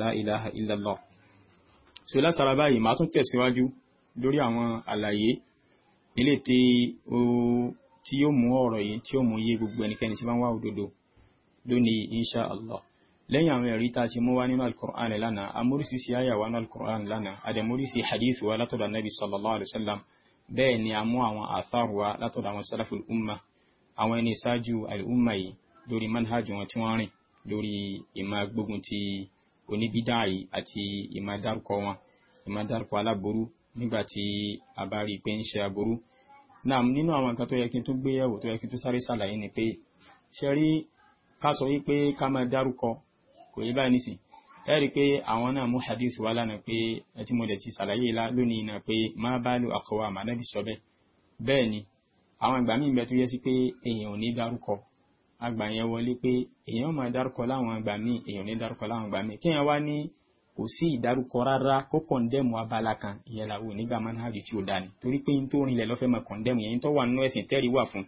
la ilaha illallah. so lásàrà báyìí màá tún tẹ̀síwájú lórí àwọn àlàyé nílé tí yóò mú ọ̀rọ̀ yìí tí yóò mú yé gbogbo ẹnikẹ́ni tí bá ń wá òdodo lónìí insha lẹ́yìn àwọn ẹ̀rí tá a ti mú wá nínú alukur'an lánàá amúrísí sí àyà wá nínú alukur'an lánàá àdèmúrísí hadith wa látọ̀dọ̀ anabi sallallahu alayhi wa sallam bẹ́ẹ̀ ni a mú àwọn àtharu wa látọ̀dọ̀ àwọn salafu umma àwọn ẹni ṣáájú al'umma yìí lórí manhaj wọn tí wọ́n rìn lórí ìmá gbógun ti oníbídáyì àti ìmá dárúkọ wọn ìmá dárúkọ aláboró nígbà tí a bá rí pé ń ṣe aburú ṣe rí ká sọ wípé ká máa dárúkọ kò yí bá nísìn ẹ rí i pé àwọn náà mú hadith wá lánàá pé ẹ tí mo dẹ̀ ti ṣàlàyé lónìí náà pé má bá lo àkọwà màdàbí sọ bẹ́ẹ̀ bẹ́ẹ̀ ni àwọn ìgbà míì bẹ tó yẹ sí pé èèyàn ò ní dárúkọ àgbà yẹn wọlé pé èèyàn máa dárúkọ láwọn ìgbà míì èèyàn ò ní dárúkọ láwọn ìgbà míì kéèyàn wá ní kò sí ìdárúkọ rárá kó kọ̀ǹdẹ́mù abala kan ìyẹn làwọn onígbà máa ń hàjù tí ò dáni torí pé n tó rinlẹ̀ lọ́fẹ́ máa kọ̀ǹdẹ́mù yẹn tó wà nínú ẹ̀sìn tẹ́rì wà fún un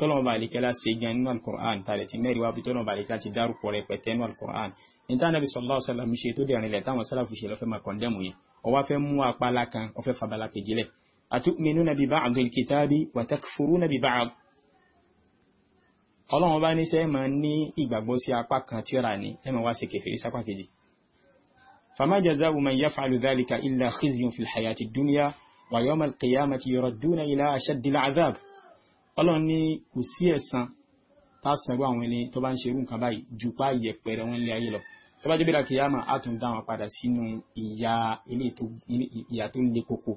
tọ́lọ́mọba àlekẹ́lá ṣe gan nínú alukur'an tàlẹ̀ tí mẹ́rin wá bí tọ́lọ́mọba àlekẹ́lá ti dárúkọ rẹpẹtẹ nínú alukur'an níta nàbí sallallahu alaihi wasallam ṣe tó dé àrìnlẹ̀ táwọn sálàfù ṣe lọ́fẹ́ máa kọ̀ndẹ́mù yẹn ọwá fẹ́ mú apala kan ọfẹ́ fabala kejì lẹ̀ atu'minuna bi ba'dil kitabi wa takfuruna bi ba'd ọlọ́run bá ní sẹ́ máa ní ìgbàgbọ́ sí apá kan tíra ní ẹ máa wá ṣe kèfèrí sápá kejì fama jazaa'u man yaf'alu dhalika illa khizyun fil hayati dunya wa yawmal qiyamati yuradduna ila ashaddi al'adhab ọlọ́run ní kò sí ẹ̀san tá a sẹ́gbọ́ àwọn ẹni tó bá ń ṣe irú nǹkan báyìí ju pa yẹpẹrẹ wọn lé ayé lọ tó bá jẹ́ bíra kìyàmà á tún dá wọn padà sínú ìyà ìyà tó ń le koko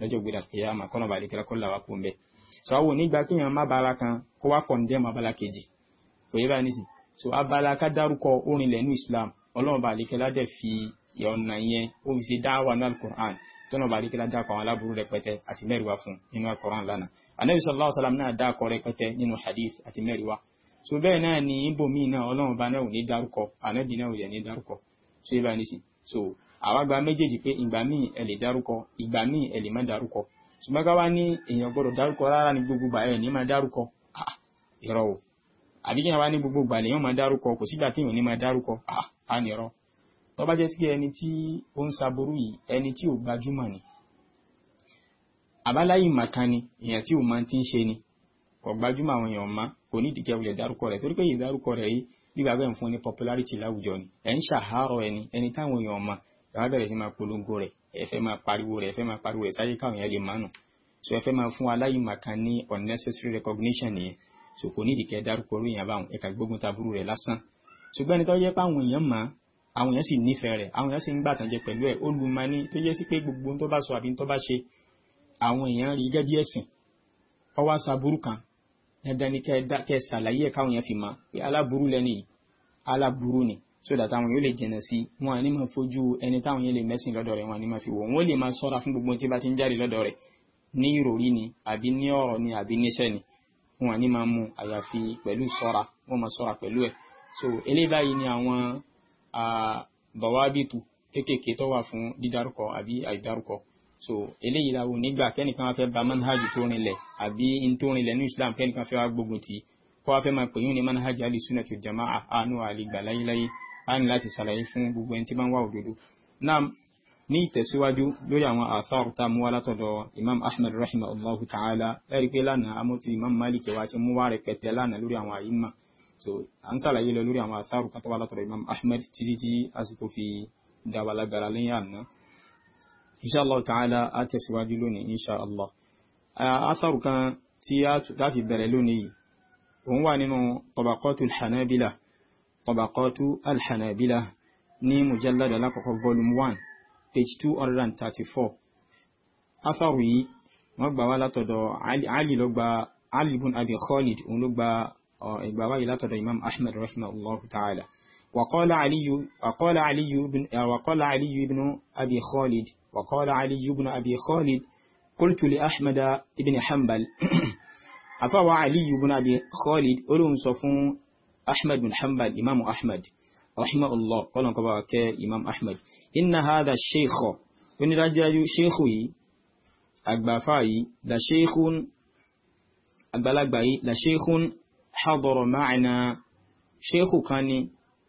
lọ́jọ́ gbéra kìyàmà kọ́nà bàlẹ́ kíra kọ́ làwà kó ń bẹ̀. sọ àwọn onígbà kéèyàn má bala kan kó wá kọ̀ ń dẹ́mu abala kejì kò yẹ báyìí nísìn so abala ká dárúkọ orin lẹ́nu Islam ọlọ́run bàlẹ́ kíra dẹ̀ fi ọ̀nà yẹn ó fi ṣe dáwà náà Al-Qur'an tọ́nà bá ríkẹ́lá dákọ̀ àwọn aláburú rẹpẹtẹ àti mẹ́rìíwá fún nínú Al-Qur'an lánàá anabi sallallahu alayhi wa sallam náà dákọ̀ rẹpẹtẹ nínú hadith àti mẹ́rìíwá so bẹ́ẹ̀ náà ni ibòmí náà ọlọ́run bá náà ò ní dárúkọ anabi náà ò yẹ ní dárúkọ so yẹ bá ní sìn so àwa gba méjèèjì pé ìgbà míì ẹ lè dárúkọ ìgbà míì ẹ lè má dárúkọ ṣùgbọ́n ká wá ní èèyàn gbọ́dọ̀ dárúkọ rárá ní gbogbo gbà ẹ̀ ní máa dárúkọ ìrọ̀ ah, o àbí kí ní gbogbo gbà lèèyàn máa dárúkọ kò sígbà tí tó bá jẹ́ sí ẹni tí ó ń saburú yìí ẹni tí ò gbajúmọ̀ ni àbáláyì màkan ni èèyàn tí ò máa ti ń ṣe ni kò gbajúmọ̀ àwọn èèyàn má kò ní ìdíkẹ́ wulẹ̀ dárúkọ rẹ̀ torí pé èyí dárúkọ rẹ̀ yìí bíbá bẹ́ẹ̀ ń fún ní popularity láwùjọ ni ẹ̀ ń ṣàhárọ̀ ẹni ẹni táwọn èèyàn mọ̀ ẹ̀wá bẹ̀rẹ̀ sí máa polongo rẹ̀ ẹ máa pariwo rẹ̀ ẹ máa pariwo rẹ̀ sáyé káwọn èèyàn lè mánu so ẹ máa fún aláyì màkan ní unnecessary recognition nìyẹn so kò ní ìdíkẹ́ dárúkọ orí èèyàn ẹ̀ka gbógun taburú rẹ̀ lásán ṣùgbọ́n ẹni tó yẹ pé àwọn èèyàn máa àwọn èèyàn sì nífẹ̀ẹ́ rẹ̀ àwọn èèyàn sì ń gbàtànjẹ pẹ̀lú ẹ̀ olùmọ̀ni tó yẹ sí pé gbogbo tó bá sọ àbí tó bá ṣe àwọn èèyàn rí gẹ́gẹ́ bí ẹ̀sìn ọwọ́ aṣaburú kan dandan ni kẹ́ ẹ ṣàlàyé ẹ̀ káwọn èèyàn fi mọ̀ pé aláburú lẹ́nu yìí aláburú ni so that àwọn yóò lè jìnnà sí wọn ní máa fojú ẹni táwọn yẹn lè mẹ́sìn lọ́dọ̀ rẹ̀ wọn ní máa fi wò wọ́n lè máa sọ́ra fún gbogbo tí bá ti ń jáde lọ́dọ̀ rẹ̀ ní ìròrí ni àbí ní ọ̀rọ̀ ni àbí níṣẹ́ ni wọn ní máa mú àyàfi pẹ̀lú sọ́ra wọ́n máa sọ́ra pẹ̀lú ẹ̀ so eléyìí báyìí ni àwọn bọ̀wábìtù kéékèèké tó wà fún dídárúkọ àbí àìdárúkọ so eléyìí làwọn onígbà kẹ́nìkan fẹ́ ba manhajú tó rinlẹ̀ àbí in tó rinlẹ̀ ní Islam kẹ́nìkan fẹ́ wá gbógun ti kọ́ wá fẹ́ máa pè yún ní manhajú alisunnatu jama'a àánú àlegbà láyéláyé á ní láti ṣàlàyé fún gbogbo ẹni tí bá ń wá òdodo náà ní ìtẹ̀síwájú lórí àwọn àtharu tá mú wá látọ̀dọ̀ imam ahmed rahimahullahu ta'ala ẹ̀rí pé lánàá amótú imam malik wa ti mú wá rẹpẹtẹ lánàá lórí àwọn àyíma so à ń ṣàlàyé lọ lórí àwọn àtàrù kan tó wà látọ̀dọ̀ imam ahmed títí tí àsìkò fi dábàlágbára lẹ́yìn àná inshallah ta'ala a tẹ̀síwájú lónìí inshallah àtàrù kan tí a fi bẹ̀rẹ̀ lónìí òun wà nínú tabaqatu alhanabila tabaqatu alhanabila ní mujallada lákọ̀ọ́kọ́ volume one page two hundred and thirty-four àtàrù yìí wọ́n gbà wá látọ̀dọ̀ ali ló gba ali ibn abi khalid òun ló gba آه، إبواي لا تدى إمام أحمد رحمه الله تعالى وقال علي وقال علي بن آه، وقال علي بن أبي خالد وقال علي بن أبي خالد قلت لأحمد بن حنبل (coughs) أفوى علي بن أبي خالد أولون صفون أحمد بن حنبل إمام أحمد رحمه الله قال كبارك إمام أحمد إن هذا الشيخ ونرجع شيخي أكبر فاي لا شيخ أكبر لا شيخ حضر معنا شيخ كاني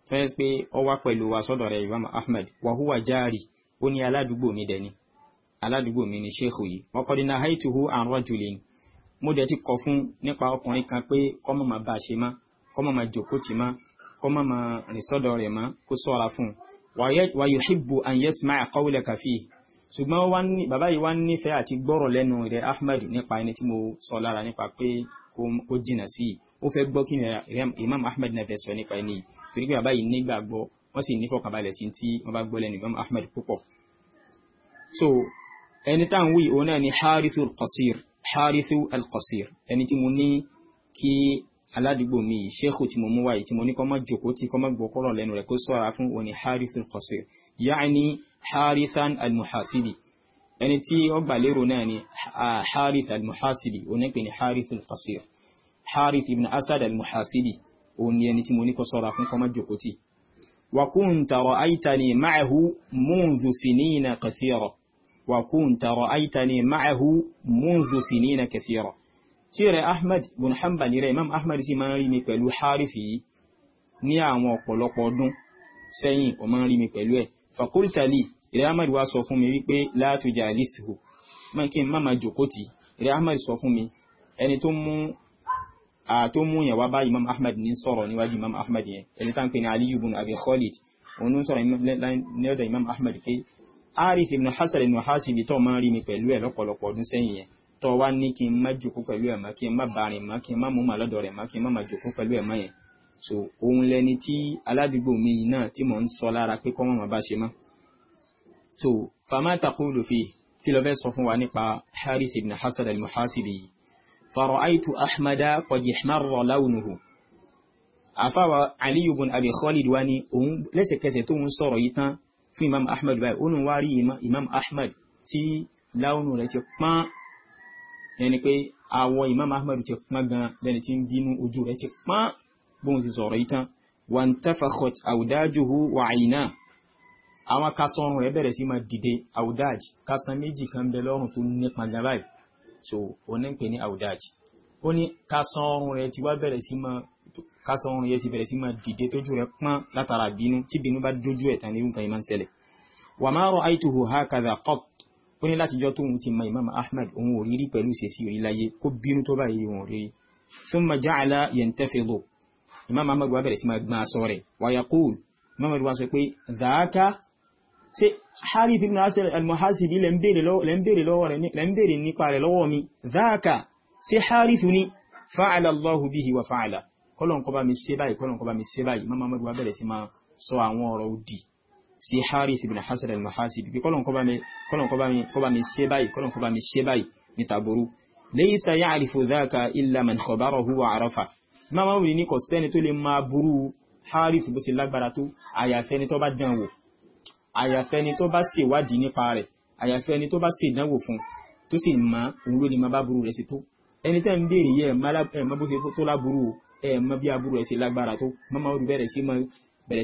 fẹ́ẹ́ pé ọ wá pẹ̀lú wa sọ́dọ̀ rẹ̀ imam ahmed wàhúwà jáàrí ó ní aládùúgbò mi dẹni aládùúgbò mi ni sheikh yìí ọkọ̀dé na haituhu àrùn julin mo dẹ̀ ti kọ̀ fún nípa ọkùnrin kan pé kọ́mọ̀ máa bá a ṣe má kọ́mọ̀ máa jòkó tì má kọ́mọ̀ máa rìn sọ́dọ̀ rẹ̀ má kó sọ́ra fún un wa yuhibbu an yasma' qawlaka fihi ṣùgbọ́n bàbá yìí wá nífẹ̀ẹ́ àti gbọ́rọ̀ lẹ́nu rẹ̀ ahmed nípa ẹni tí mo sọ lára nípa pé kó jìnnà sí ó fẹ́ gbọ́ kí ni Imam Ahmed náà fẹ́ sọ nípa ẹni yìí torí pé bàbá yìí nígbàgbọ́ wọ́n sì nífọ̀kànbalẹ̀ sí tí wọ́n bá gbọ́ lẹ́nu Imam Ahmed púpọ̀ so ẹni táwọn wí òun náà ni Harithu al-Qasir Harithu al-Qasir ẹni tí mo ní kí aládùúgbò mi yìí ṣéèkù tí mo mú wáyé tí mo ní kọ́ mọ́ jòkó tí kọ́ mọ́ gbọ́kọ́rọ̀ lẹ́nu rẹ̀ kó sọ́ra fún òun ni Harithu al yaani Harithan al ẹni tí ó gbà lérò náà ni ah, Harith al òun náà pè ní Harith al Harith ibn Asad al-Muhasidi òun ni ẹni tí mo ní kó sọ́ra fún kó má jókòó tì wa kunta ra'aytani ma'ahu munzu sinina kathira wa kunta ra'aytani ma'ahu munzu sinina kathira tí rẹ̀ Ahmad bin Hanbal rẹ̀ Imam Ahmad sì máa ń rí mi pẹ̀lú Harith yìí ní àwọn ọ̀pọ̀lọpọ̀ ọdún sẹ́yìn o máa ń rí mi pẹ̀lú ẹ̀ fakultali rẹ̀ Ahmad wá sọ fún mi wípé la tujalishu mọ́ kí n má máa jókòó rẹ̀ Ahmad sọ fún mi ẹni tó mú tó mú yẹn wá bá imam ahmed ní sọ̀rọ̀ níwájú imam ahmed yẹn ẹni tá ń pè ní aliyu bin abi khalid òun ló ń sọ̀rọ̀ ní ọ̀dọ̀ imam ahmed pé arif ibn hasan ibn hasibi tó máa rí mi pẹ̀lú ẹ̀ lọ́pọ̀lọpọ̀ ọdún sẹ́yìn yẹn tó wá ní kí n má jòkó pẹ̀lú ẹ̀ mọ́ kí n má bàrìn mọ́ kí n má mú mà lọ́dọ̀ rẹ̀ mọ́ kí n má má jòkó pẹ̀lú ẹ̀ mọ́ yẹn so òun lẹni tí aládùúgbò mi yìí náà tí mò ń sọ lára pé kọ́mọ̀ mà bá ṣe mọ́ so fama takulu kí lọ fẹ́ sọ fún wa nípa harith ibn hasan al-muhasibi yìí فرأيت أحمد قد احمر لونه àfáwà aliyu bin abi khalid wa ni òun lẹ́sẹ̀kẹsẹ̀ tó ń sọ̀rọ̀ yìí tán fún imam ahmad báyìí ó ń wá rí imam ahmad tí láwùnù rẹ̀ ti pọ́n ẹni pé àwọ̀ imam ahmad ti pọ́n gan lẹ́ni tí ń bínú ojú rẹ̀ ti pọ́n bóun ti sọ̀rọ̀ yìí tán wà ń tafakot awdajuhu wà àyìnà àwọn kasọ̀rùn rẹ̀ bẹ̀rẹ̀ sí máa dìde awdaj kasán méjì kan bẹ lọ́rùn tó nípa gan báyìí so onípe ní àwùdáj ó ní kásán ọrùn rẹ̀ ti wá bẹ̀rẹ̀ sí máa kásán ọrùn yẹn ti bẹ̀rẹ̀ sí máa dìde tójú rẹ̀ pọ́n látara bínú tí bínú bá dójú ẹ̀ tán ní nǹkan ìmọ̀ ṣẹlẹ̀ wà máa rọ àìtòhò ha kàdà kọ́t ó ní látijọ́ tóun ti mọ Imam Ahmad òun ò rírí pẹ̀lú ìṣesí orí láyé kó bínú tó bá yìí òun rírí thumma ja'ala yantafidu Imam Ahmad wá bẹ̀rẹ̀ Harith ibn Asad al-Muhasibi lẹ́ ń bèèrè nípa rẹ̀ lọ́wọ́ mi zaaka sí Harith ni fa'ala Allahu bihi wa fa'ala kọlọ̀n kọba mi ṣe báyìí kọlọ̀n kọba mi ṣe báyìí ma mamadu wa bẹ̀rẹ̀ sí ma sọ àwọn ọ̀rọ̀ òdì sí Harith ibn Asad al-Muhasibi pé kọlọ̀n kọba mi ṣe báyìí kọlọ̀n kọba mi ṣe báyìí ní tàbúrú laysa ya'rifu zaaka illa man khabarahu àyàfẹ́ ni tó bá ṣèwádìí nípa rẹ̀ àyàfẹ́ ni tó bá ṣèdánwò fún tó sì mọ òun ló ní máa bá burú rẹ̀ sí tó ẹni tẹ́ ń béèrè yẹ ẹ̀ má bó ṣe tó láburú ẹ̀ má bí aburú rẹ̀ ṣe lágbára tó mọ́mọ́ ó bẹ̀rẹ̀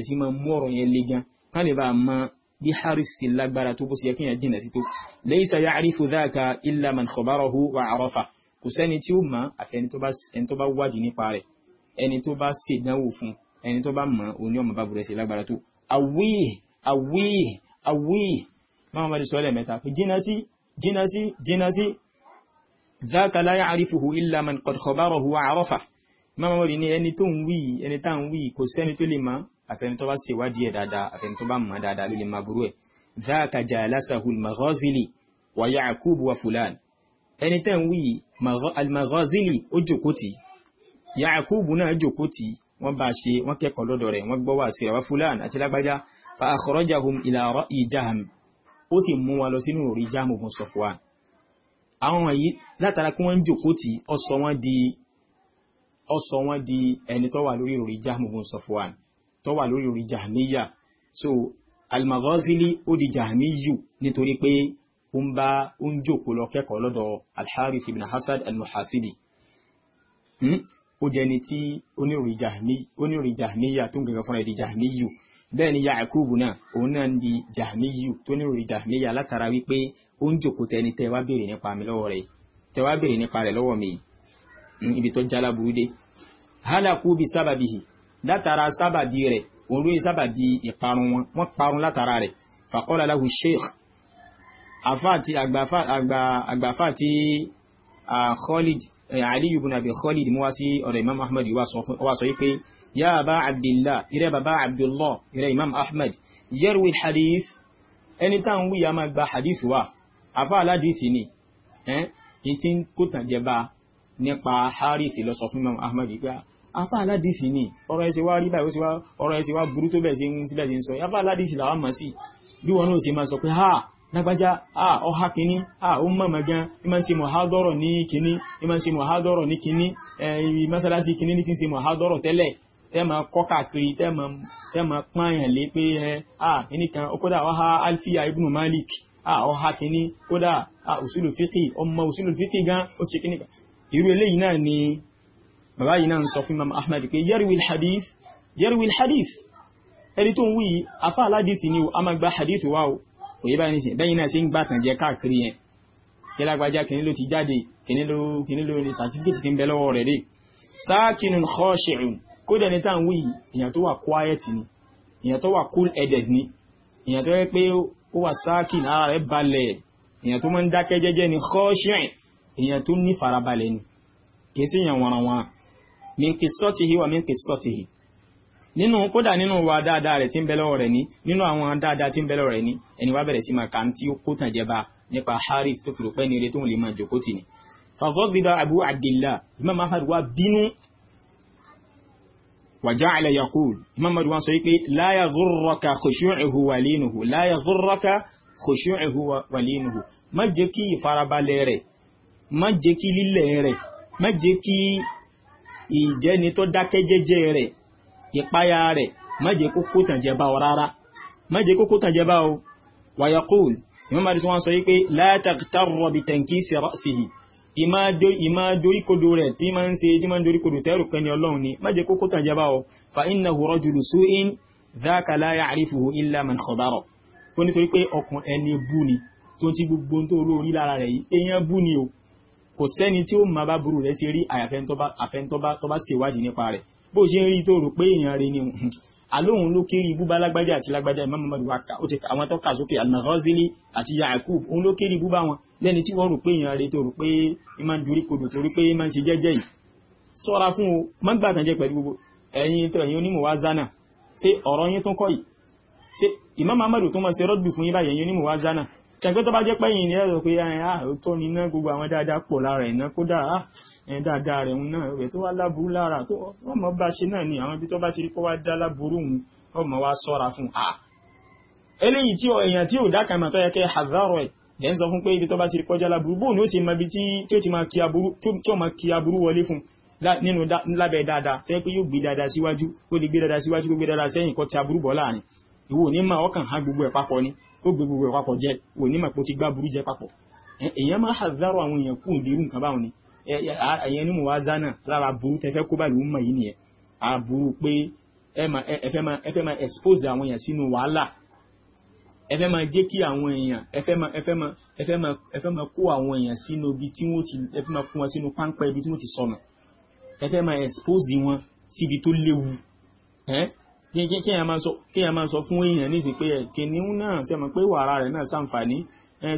sí máa mú ọ̀rọ̀ yẹn le gan ká lè bá a mọ bí harisi lágbára tó bó ṣe yẹ kí yẹn jìnà sí tó laysa ya'rifu dhaka illa man khabarahu wa arafa kò sẹ́ni tí ó mọ̀ àfi ẹni tó bá wádìí nípa rẹ̀ ẹni tó bá ṣèdánwò fún ẹni tó bá mọ̀ òun ni ọmọ bá burú rẹ̀ ṣe lágbára tó àwíì awé awé máa mọ́ sọ lẹ́mẹ́ta pé jìnà sí jìnà sí jìnà sí dhaka la ya'rifuhu illa man qad khabarahu wa arafa máa mọ́ ní ẹni tó ń wí ẹni tá ń wí kò sẹ́ni tó lè mọ̀ àfẹni tó bá ṣèwádìí ẹ̀ dáadáa àfẹni tó bá mọ̀ dáadáa ló lè máa burú ẹ̀ dhaka jalasahu al-Maghazili wa Ya'qub wa fulan ẹni tẹ́ ń wí al-Maghazili ó jòkótì Ya'qub náà jòkótì wọ́n bá ṣe wọ́n kẹ́kọ̀ọ́ lọ́dọ̀ rẹ̀ wọ́n gbọ́ wá sí ẹ̀wá fulan àti lágbájá fa akhrajahum ila ra'i jaham ó sì mú wọn lọ sínú òrí jáàmù fún sọfọ́à àwọn wọ̀nyí látara kí wọ́n ń jòkó tí ó sọ di ó sọ wọ́n di ẹni tó wà lórí òrí jáàmù fún sọfọ́à tó wà lórí òrí jahmiya so al-Maghazili ó di jahmiyu nítorí pé ó ń bá ó ń jòkó lọ kẹ́kọ̀ọ́ lọ́dọ̀ al-Harith ibn Hasad al-Muhasibi hmm? ó jẹni tí oníròrí jahmiya tó ń gẹ̀gẹ̀ fúnra ẹ̀ jahmiyu bẹ́ẹ̀ ni yakubu náà òun náà ń di jahmiyu tó ní ròyìn jahmiya látara wípé ó ń jòkó tẹni tẹ wá béèrè nípa mi lọ́wọ́ rẹ̀ tẹ wá béèrè nípa rẹ̀ lọ́wọ́ mi ibi tó jálá burúdé halaku bi sábàbí látara sábàbí rẹ̀ òun lóyìn sábàbí ìparun wọn wọ́n parun látara rẹ̀ faqala lahu sheikh àgbàfà tí Khalid Eh, ali ibn abi khalid mú wá sí ọ̀rọ̀ imam ahmad wá sọ pé ya bá abdullah irẹ́ bàbá abdullah irẹ́ imam ahmad yarwi hadith ẹni tá ń wíyà máa gba hadith wa afá aládìsí ni ẹ̀ eh, tí ń kó tàn jẹ bá nípa harith lọ sọ fún imam ahmad pé afá aládìsí ni ọ̀rọ̀ ẹsẹ̀ wá rí báyìí ọ̀rọ̀ ẹsẹ̀ wá burú tó bẹ̀ sí ń sílẹ̀ sí ń sọ afá aládìsí làwọn mọ̀ sí bí wọn náà ṣe máa sọ pé ha lágbájá ọha kìíní ó mọ̀mọ̀ gan ìmọ̀ ṣe mọ̀hádọ́rọ̀ ní kìíní ìmọ̀ ṣe mọ̀hádọ́rọ̀ ní kìíní mọ́sálásí kìíní ní ti ṣe mọ̀hádọ́rọ̀ tẹ́lẹ̀ tẹ́mọ̀ kọ́kàkiri tẹ́mọ̀ pààyàn lé pé ẹ kìíní kan ó kódà ọha alfiya ibn malik ọha kìíní kódà usulu fiqi ọmọ usulu fiqi gan ó ṣe kìíní kan irú eléyìí ni bàbá yìí náà ń sọ fún imam ahmad pé yarwi alhadith yarwi alhadith ẹni ni o a máa gba kò yé báyìí nísìnyí bẹ́yìn náà ṣe ń gbàtàn jẹ káàkiri yẹn kí lágbájá kìnní ló ti jáde kìnní ló kìnní ló ní sàtífíkètì ti ń bẹ lọ́wọ́ rẹ̀ dé sakinun khashi'un kódà ní táwọn wí èèyàn tó wà quiet ni èèyàn tó wà cool headed ni èèyàn tó yẹ pé ó wà sakin ara rẹ̀ balẹ̀ èèyàn tó máa ń dákẹ́ jẹ́jẹ́ ni khashi'un èèyàn tó ní farabalẹ̀ ni kìí sí èèyàn wọ̀nàwọ̀n min qissatihi wa min qissatihi nínú kódà nínú wa dáadáa rẹ̀ tí ń bẹ lọ́wọ́ rẹ̀ ní nínú àwọn dáadáa tí ń bẹ lọ́wọ́ rẹ̀ ní ẹni wá bẹ̀rẹ̀ sí máa kà ń tí ó kó tàn jẹ bá nípa Harith tó fi rò pé ní eré tóun lè máa jòkó tì ní. fàfọ́gbìdà Abu Abdillah Imam Ahmad wa bínú wa ja'ala yaqul Imam Ahmad wa sọ pé la yaghurraka khushu'uhu wa linuhu la yaghurraka khushu'uhu wa linuhu má jẹ́ kí ìfarabalẹ̀ rẹ̀ má jẹ́ kí lílẹ̀ rẹ̀ má jẹ́ kí ìjẹni tó dákẹ́ jẹ́jẹ́ rẹ̀ ìpáyà rẹ̀ má jẹ́ kókó tàn jẹ bá ọ rárá má jẹ́ kókó tàn jẹ bá ọ wàyàkùn ìmọ̀ mari tí wọ́n sọ yí pé látàkítàrọ̀ bí tẹ̀ǹkì sí ìmá doríkodò rẹ̀ tí máa ń ṣe tí máa ń doríkodò tẹ́rù pẹ́ni ọlọ́run ni má jẹ́ kókó tàn jẹ bá ọ fa innahu rajulu su'in dhaka la ya'rifuhu illa man khadara ó nítorí pé ọkùn ẹni bú ni tó ti gbogbo tó olóorí lára rẹ̀ yìí èèyàn bú ni o kò sẹ́ni tí ó máa bá burú rẹ̀ ṣe rí àyàfẹ́ntọ́ bá ṣèwádìí nípa rẹ̀ bó ṣe ń rí tó rò pé èèyàn rẹ̀ ni alóhun ló kéré ibú bá àti lágbájá Imam Muhammad wa ká ó ti àwọn tó kà sókè al-Maghazali àti Yaqub òun ló kéré ibú bá wọn lẹ́ni tí wọ́n rò pé èèyàn rẹ̀ tó rò pé ìmọ̀ ń dorí kodò torí pé ìmọ̀ ṣe jẹ́jẹ́ yìí sọ́ra fún o má gbàtàn jẹ́ pẹ̀lú gbogbo ẹ̀yin tó ẹ̀yin onímọ̀ wa zana ṣé ọ̀rọ̀ yín tó kọ́ yìí ṣé Imam Muhammad tó mọ̀ ṣe rọ́dù fún yín báyìí ẹ̀yin onímọ̀ wa zana ṣẹ̀gbẹ́ tó bá jẹ́ pẹ́yìn ni ẹ̀rọ pé tó ní iná gbogbo àwọn dáadáa pọ̀ lára ẹ̀ náà kódà ah, dáadáa rẹ̀ náà rẹ̀ tó wá láburú lára tó ọmọ bá ṣe náà ni àwọn ibi tó bá ti rí kó wá dá láburú òun ọmọ wa sọ́ra fún a ah, eléyìí tí èèyàn tí ò dá kan mà tó yẹ kẹ́ hazaro ẹ̀ lẹ́ ń sọ fún pé ibi tó bá ti rí kọjá láburú bóun ó sì mọ ibi tí ó ti máa kí aburú wọlé fún nínú lábẹ́ dáadáa tó yẹ pé yóò gbé dáadáa síwájú ó lè gbé dáadáa síwájú kó gbé dáadáa sẹ́yìn kó ti aburú bọ̀ láàrin ìwò ní ma ọkàn ha gbogbo ẹ̀ papọ̀ ni ó gbé gbogbo ẹ̀ papọ̀ jẹ wò ní màpò ti gbá burú jẹ papọ̀ èèyàn máa hàzárò àwọn èèyàn kú òde irú nǹkan báwọn ni èèyàn ní mo wá zánà lára burú tẹ́fẹ́ kó bá lù ú mọ̀ yìí nìyẹn àbúrú pé ẹ fẹ́ máa expose àwọn èèyàn sínú wàhálà ẹ fẹ́ máa jẹ́ kí àwọn èèyàn ẹ fẹ́ máa ẹ fẹ́ máa ẹ fẹ́ máa ẹ fẹ́ máa kó àwọn èèyàn sínú ibi tí wọ́n ti ẹ fẹ́ máa kó wọn sínú páńpẹ́ ibi tí wọ́n ti sọnù ẹ fẹ́ máa expose wọn síbi tó léwu kéèyàn máa sọ fún èèyàn nísìnyí pé kìnìún náà ṣe mọ̀ pé wàrà rẹ̀ náà ṣàǹfààní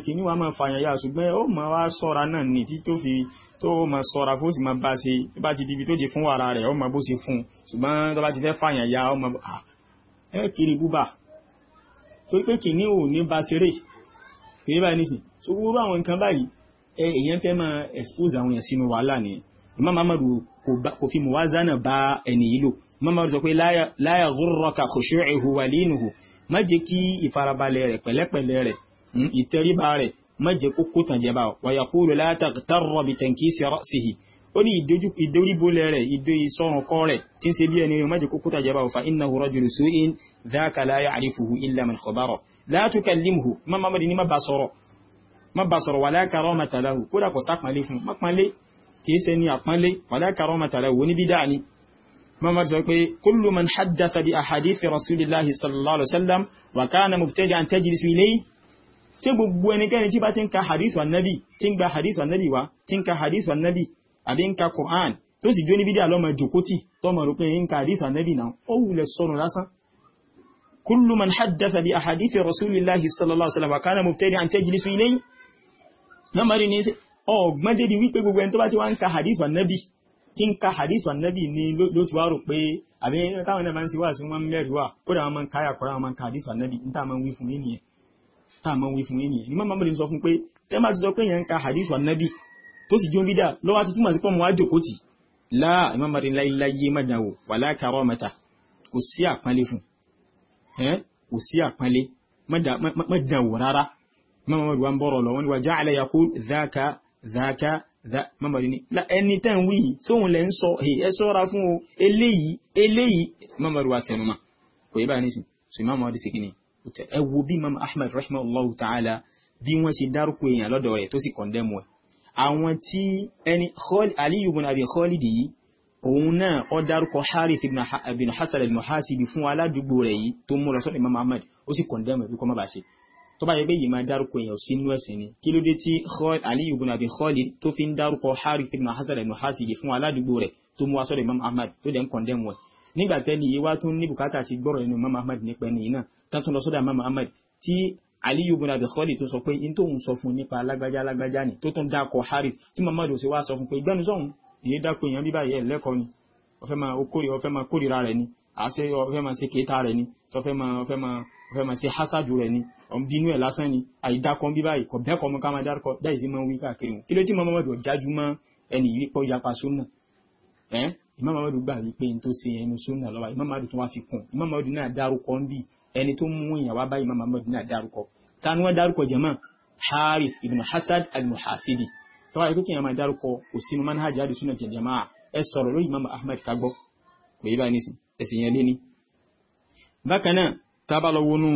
kìnìún wa máa fàyàn yá ṣùgbọ́n ó máa wá sọ́ra náà ní tí tó fi tó máa sọ́ra fó sì máa bá ṣe bá ti bíbi tó ti fún wàrà rẹ̀ ó máa bó ṣe fún ṣùgbọ́n tó bá ti fẹ́ fàyàn yá ó máa ah, ẹ kiri búbà torí pé kìnìún ò ní bá ṣeré kìí báyìí nísìn so wúrú àwọn nǹkan báyìí èèyàn fẹ́ máa expose àwọn èèyàn sínú wàhálà nìyẹn Imam Ahmad kò fi mùwázánà bá ẹni yìí lò mọ́mọ́ sọ pé láyà gúrọ́ka khushu'uhu wa linuhu má jẹ́ kí ìfarabalẹ̀ rẹ̀ pẹ̀lẹ́pẹ̀lẹ́ rẹ̀ hmm, ìtẹríba rẹ̀ má jẹ́ kó kó tàn jẹba wa yaqulu la taghtarra bi tankisi ra'sihi ó ní ìdóríbolẹ̀ rẹ̀ ìdó ìsọ̀rùn kọ́ rẹ̀ tí ń ṣe bí ẹni má jẹ́ kó kó tàn jẹba fa innahu rajulu su'in dhaka la ya'rifuhu illa man khabara la tukallimhu mọ́mọ́ mọ́mọ́ ni má bá sọ̀rọ̀ mamar sọ pé kullu man haddatha bi ahadithi rasulillahi sallallahu alaihi wasallam wa kana mubtadi'an tajlisu ilayhi ṣé gbogbo ẹnikẹ́ni tí bá ti ń ka hadith annabi tí ń gba hadith annabi wa tí ń ka hadith annabi àbí ń ka quran tó sì jó ní bídí àlọ́mọ jòkótì tọmọ rò pé ń ka hadith annabi náà ó wulẹ̀ sọnù lásán kullu man haddatha bi ahadithi rasulillahi sallallahu alaihi wasallam wa kana mubtadi'an tajlisu ilayhi lọ́mọdé ní ọgbọ́n dédé wípé gbogbo ẹni tó bá ti wá ń ka hadith annabi tí ń ka hadith annabi ni ló ti wá rò pé àbí táwọn náà máa ń ṣe wá sí wọn mẹ́rin wà kódà wọn máa ń káyà kọ́ra wọn máa ń ka hadith annabi ní táwọn máa ń wí fún yín nìyẹn táwọn máa ń wí fún yín nìyẹn ni mọ́ mamadu sọ fún pé tẹ́ máa ti sọ pé yẹn ń ka hadith annabi tó sì jó bídà lọ́wọ́ ti túmọ̀ sí pọ́ mọ́ àjòkó tì láà ìmọ̀mọ́dé láyé mẹ́dàwó ń bọ̀rọ̀ lọ wọ́n ni mọ́mọ́dé ní ẹni tẹ́ ń wí yìí sóhun lẹ́ ń sọ ẹ sọ́ra fún o eléyìí eléyìí mọ́mọ́dé wa tẹnu mọ́ kò yẹ báyìí nísìn so ìmáàmù ọdún ṣe ni ẹ wo bí imam ahmed rahimahullahu ta'ala bí wọ́n ṣe dárúkọ èèyàn lọ́dọ̀ rẹ̀ tó sì kọ̀ndẹ́mù ẹ̀ àwọn tí ẹni aliyu bin abi khalid yìí òun náà ọ dárúkọ harith ibn hasan al-muhasibi fún aládùúgbò rẹ̀ yìí tó mú lọ sọ́dọ̀ imam ahmed ó sì kọ̀ndẹ́mù ẹ̀ bí kọ́ má bàa ṣe tó bá yẹ pé yìí máa dárúkọ èèyàn sí ẹ̀sìn ni kí ló dé tí Ali ibn Abi khali tó fi ń dárúkọ Harith ibn Hasan ibn Hasidi fún aládùúgbò rẹ̀ tó mú wá Imam Ahmad tó dẹ̀ ń kọ̀ndẹ́mù ẹ̀ nígbà tẹ́ni yìí wá tó ní bùkátà ti gbọ́rọ̀ nínú Imam Ahmad nípa ẹni náà tán tó lọ sọ́dọ̀ Imam Ahmad tí Ali ibn Abi khali tó sọ pé in tóun sọ fún nípa alágbájá alágbájá ni tó tún dákọ̀ Harith tí Muhammad ò sì wá sọ fún pé ìgbẹ́nu ni ọ̀fẹ́ máa kórìíra rẹ̀ ni àṣẹ ọ̀fẹ́ máa ṣe kéta rẹ̀ ni ọ̀fẹ́ máa ṣe hásàjù ọ̀bínú ẹ̀ lásán ni àìdákọ̀ bí báyìí kọ̀ bẹ́ẹ̀kọ̀ ọmọ ká máa dárúkọ dáì sí máa ń wí káàkiri wọn kí ló tí mọ́ mọ́mọ́dù ọ̀dájú mọ́ ẹni yìí pọ̀ yapa súnà ẹ́ Imam Ahmadu gbà wípé n tó ṣe ẹnu súnà lọ́wọ́ Imam Ahmadu tó wá fi kún Imam Ahmadu náà dárúkọ ń bì ẹni tó mú ìyàwó bá Imam Ahmadu náà dárúkọ tani wọ́n dárúkọ jẹ̀mọ́ Harith ibn Hasad al-Muhasidi tó wáyé kékeré máa dárúkọ kò Ahmad kagbọ́ kò yí báyìí nísìn ẹ̀sìn yẹn bákan náà tábàlọ́wọ́nú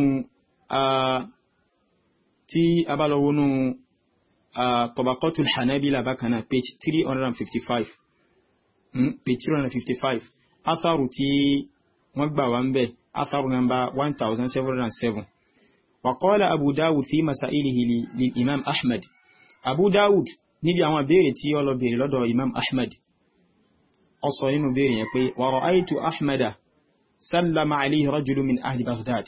tí a bá lọ wọnú Tabaqatul Hanabila bákan náà page three hundred and fifty five hmm, page three hundred and fifty five asaru tí wọ́n gbà wá ń bẹ̀ asaru nọ́mbà one thousand seven hundred Abu Dawud fi masailihi li Imam Ahmad Abu Dawud níbi àwọn ìbéèrè tí ó lọ béèrè lọ́dọ̀ Imam Ahmad ó nínú béèrè yẹn pé wa ra'aytu Ahmada sallama alayhi rajulun min ahli Baghdad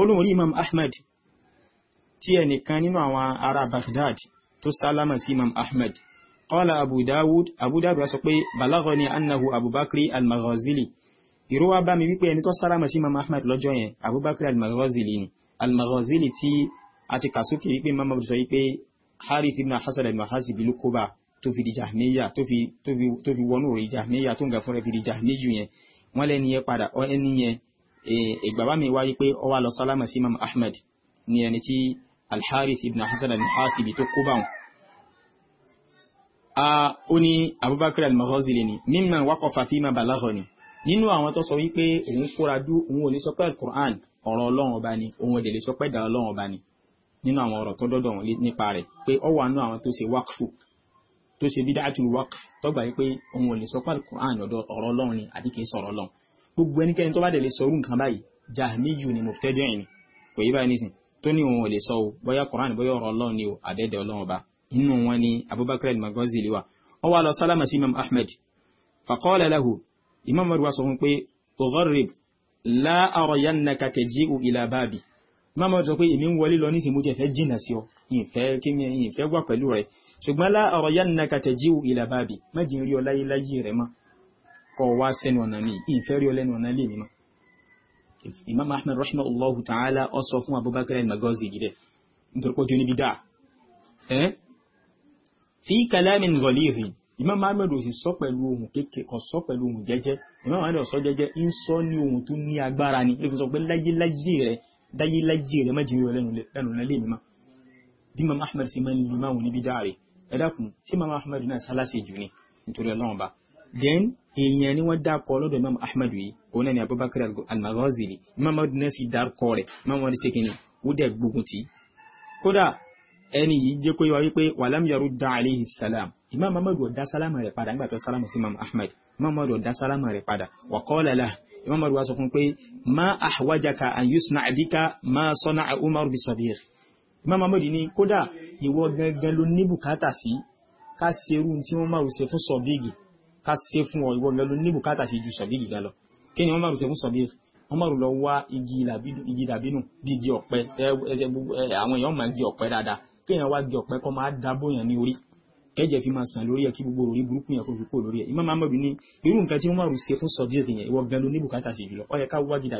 olóhùn rí imam ahmed tí ẹnìkan nínú àwọn ará baghdad tó sálámà sí imam ahmed qala abu dawud abu dawud wá sọ pé balaghani annahu abubakri al-maghazili ìró wá bá mi wípé ẹni tó sálámà sí imam ahmed lọ́jọ́ yẹn abubakri al-maghazili ni al-maghazili tí a ti kà sókè wípé imam ahmed sọ wípé harith ibn hasan al-mahazib ló kó bá tó fi di jahmiya tó fi wọnú òrì jahmiya tó ń ga fúnra fi di jahmiyu yẹn wọ́n lẹ́ni yẹn padà ẹni yẹn ìgbàbá mi wáyé pé ó wá lọ sálámà sí imam ahmed ní ẹni tí alharis ibn hasan al-hasibi tó kó bá wọn a ó ní abubakar al-maghazili ni mimman waqafa fima balaghani nínú àwọn tó sọ wípé òun fúra dú òun ò ní sọpẹ́ al-Qur'an ọ̀rọ̀ ọlọ́run ọba ni òun òdè lè sọpẹ́ ìdá ọlọ́run ọba ni nínú àwọn ọ̀rọ̀ tó dọ́dọ̀ wọn nípa rẹ̀ pé ó wà nú àwọn tó ṣe wákfù tó ṣe bid'atul waqf tó gbà wípé òun ò lè sọpẹ́ al-Qur'an ọ̀rọ̀ ọlọ́run ni àbí sọ̀rọ̀ ọlọ́run gbogbo ẹnikẹ́ni tó bá dẹ̀ lè sọ orú nǹkan báyìí jahmiyu ni mubtadi'in ni kò yí báyìí nísìn tó ní òun ò lè sọ o bóyá Qur'an bóyá ọ̀rọ̀ ọlọ́run ni o àdẹ́dẹ́ ọlọ́run ọba inú wọn ni Abubakar al-Maghazali wa ó wá lọ sálámà sí Imam Ahmed faqala lahu Imam Ahmed wa sọ fún pé ogorib la arayannaka taji'u ila babi Imam Ahmed sọ pé èmi ń wọlé lọ nísìn mo jẹ́ fẹ́ jìnà sí ọ ìfẹ́ kíni ìfẹ́ wà pẹ̀lú rẹ ṣùgbọ́n la arayannaka taji'u ila babi má jìn rí ọ láyé láyé rẹ mọ́ kọ́ wá sẹ́nu ọ̀nà mi ìfẹ́ rí ọ lẹ́nu ọ̀nà lè mímọ́ imam ahmed rahman allahu ta'ala ọ sọ fún abubakar al-magazi yìí rẹ̀ nítorí pọ́jú níbi dáa ẹ́ fi kalamin gọlíhìn imam ahmed ò sì sọ pẹ̀lú ohun kékeré kan sọ pẹ̀lú ohun jẹ́jẹ́ imam ahmed ò sọ jẹ́jẹ́ ń sọ ní ohun tó ní agbára ni ẹ fi sọ pé láyéláyé rẹ̀ láyéláyé rẹ̀ má jìnnà lẹ́nu ọ̀nà mímọ́ bí imam ahmed sì máa ń lu máa wù níbi dáa rẹ̀ ẹ dákun tí imam ahmed náà sálásẹ̀ jù ni nítorí ọlọ́run bá then èèyàn ni wọ́n dákọ̀ lọ́dọ̀ imam ahmadu yìí òun náà ni abubakar al-maghazili imam ahmadu náà sì dárúkọ rẹ̀ imam ahmadu ṣe kìíní ó dẹ̀ gbógun tì í kódà ẹni yìí jẹ́ kó yẹ wá wípé wàlám yarudda alayhi salam imam ahmadu ọ̀dá sálámà rẹ̀ padà nígbà tó sálámà sí imam ahmad imam ahmadu ọ̀dá sálámà rẹ̀ padà wa qala lah imam ahmadu wa sọ fún pé ma ahwajaka an yusna adika ma sana'a umar bi sadiq imam ahmadu ni kódà ìwọ gangan ló ní sí ká ṣerú tí wọ́n máa ṣe fún sọ̀bíìgì ká ṣe fún ọ ìwọ gan ló ní bùkátà ṣe ju sọ̀bíìrì gan lọ kí ni wọ́n márùn ṣe fún sọ̀bíìrì márùn lọ wá igi dàbínù bí igi ọ̀pẹ àwọn èèyàn máa igi ọ̀pẹ dáadáa kí èèyàn wá igi ọ̀pẹ kọ́ máa dábò yàn ní orí kẹjẹ fi máa sàn lórí ẹ kí gbogbo orí burúkú yẹn kó fi kó lórí ẹ Imam Ahmad ní irú nǹkan tí wọ́n márùn ṣe fún sọ̀bíìrì yẹn ìwọ gan ló ní bùkátà ṣe jùlọ ó yẹ ká wá igi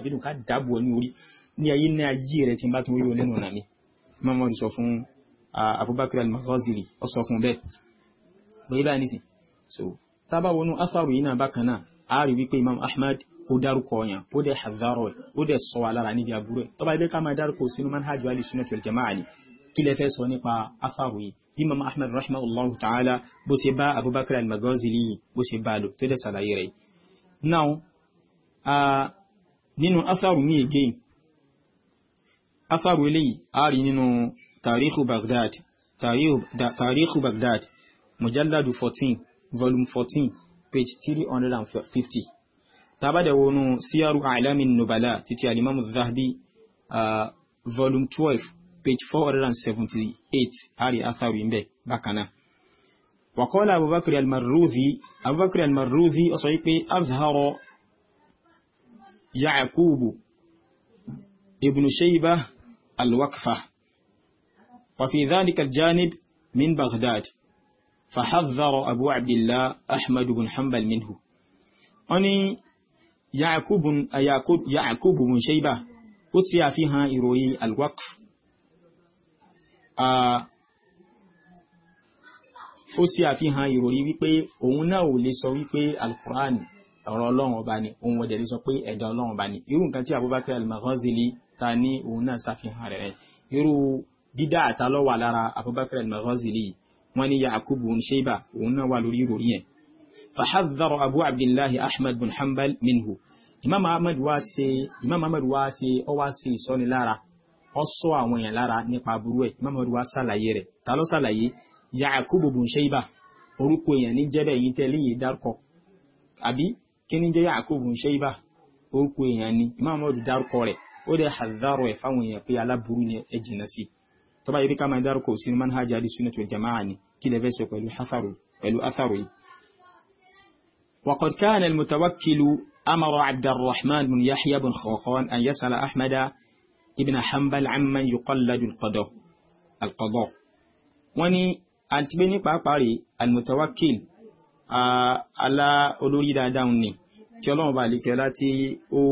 ah, so tábà wọnú asaru yìí náà bákan náà a rí wípé imam ahmad ó dárúkọ yàn ó dẹ̀ hazaro ẹ̀ ó dẹ̀ sọ alára níbi àbúrò ẹ̀ tọ́ba ibẹ̀ ká máa dárúkọ sínú manhaj ali sunnah wal jama'a ni kí lẹ sọ nípa asaru yìí imam ahmad rahimahullahu ta'ala bó ṣe bá abubakar al-maghazili yìí bó ṣe bá lò tó dẹ̀ ṣàlàyé rẹ̀ now nínú asaru mi again asaru eléyìí a rí nínú tarihu baghdad tarihu baghdad mujalladu 14 volume fourteen page three hundred and fifty tabadẹ wọnú siyaru alamin nubala títí alimami zahabi uh, volume twelve page four hundred and seventy eight ari atharu ń bẹ وقال أبو بكر المروذي أبو بكر المروذي أصيب أظهر يعقوب ابن شيبة الوقفة وفي ذلك الجانب من بغداد فحذر أبو عبد الله أحمد بن حنبل منه أني يعقوب يعقوب يعقوب بن شيبة أسيا فيها إروي الوقف أسيا فيها إروي wípé òun náà ò lè sọ wípé Al-Qur'an ọ̀rọ̀ ọlọ́run ọba ni òun wọ̀dẹ̀ lè sọ pé ẹ̀dá ọlọ́run ọba ni irú nǹkan tí Abubakar al-Maghazili ta ní òun náà ṣàfihàn rẹ̀ irú bídà àtàlọ́wà lára Abubakar al-Maghazili yìí wọ́n ní Ya'qub ibn Shayba òun náà wà lórí ìròrí yẹn fahadhara abu abdullahi ahmed bin hanbal minhu imam ahmed wá ṣe imam ahmed wá ṣe ọ wá ṣe ìsọni lára ọ sọ àwọn èèyàn lára nípa aburú ẹ̀ imam ahmed wá ṣàlàyé rẹ̀ ta ló ṣàlàyé Ya'qub ibn Shayba orúkọ èèyàn ní jẹ́bẹ̀ yìí tẹ́lẹ̀ yìí dárúkọ àbí kí ni jẹ́ Ya'qub ibn Shayba orúkọ èèyàn ni imam ahmed dárúkọ rẹ̀ ó dẹ̀ hadhara ẹ̀ fáwọn èèyàn pé aláburú ni ẹ jìnnà sí i. tó bá yẹ pé ká máa dárúkọ sínú manhaja ahlu sunnah wal jama'a ni kí lè fẹ́ sọ pẹ̀lú hasaru pẹ̀lú atharu yìí. وقد كان المتوكل أمر عبد الرحمن بن يحيى بن خوخان أن يسأل أحمد ابن حنبل عمن يقلد القضاء القضاء وني أنتبني باباري المتوكل على أولوري داوني كلام بالك التي أو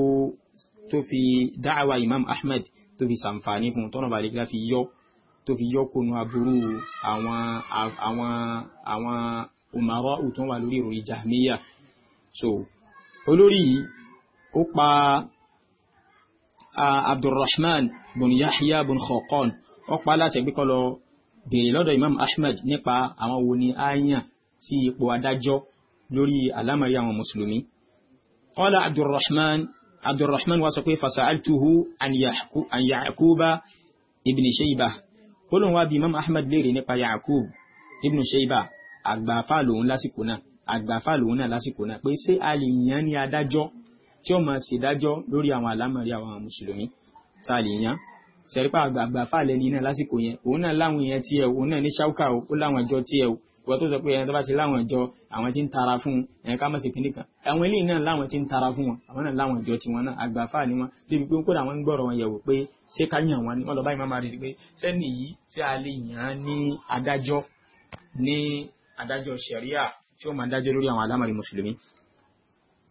tó fi dáàwà imam ahmed tó fi sàǹfààní fún tọ́nà bá lè fi yọ tó fi yọ kónú aburú àwọn àwọn àwọn òmàrọ òtún wà lórí ìròyìn jahmiya so olórí yìí ó pa abdulrahman bin yahya bin khokon ó pa láṣẹ pé kó lọ béèrè lọ́dọ̀ imam ahmed nípa àwọn wo ni a yàn sí ipò adájọ́ lórí àlámọ̀rí àwọn mùsùlùmí qala abdulrahman abdulrahman wá sọ pé fasa'altuhu an yaquba ibn shaybah olóhùn wa bí imam ahmed léèrè nípa yaakub ibn sheba àgbàfà lòun lásìkò náà àgbàfà lòun náà lásìkò náà pé ṣé a lè yàn ní adájọ́ tí ó máa ṣèdájọ́ lórí àwọn àlámọ̀rí àwọn mùsùlùmí tá a lè yàn sẹrípà àgbàfà lẹni náà lásìkò yẹn òun náà láwọn yẹn tiẹ̀ òun náà ní ṣáúkà ó láwọn ẹjọ́ tiẹ̀ o wọ́n tó sọ pé ẹni tó bá ti láwọn ìjọ àwọn tí ń tara fún ẹni ká má ṣe kìíní kan àwọn eléyìí náà láwọn tí ń tara fún wọn àwọn náà láwọn ìjọ tiwọn náà àgbàfà ni wọn débi pé kódà wọn ń gbọ́rọ̀ wọn yẹ̀wò pé ṣé ká yàn wọn ni wọn lọ báyìí máa rí i pé sẹ́ni yìí ṣé a lè yàn án ní adájọ́ ní adájọ́ ṣẹ̀ríà tí ó máa dájọ́ lórí àwọn alámọ̀rí mùsùlùmí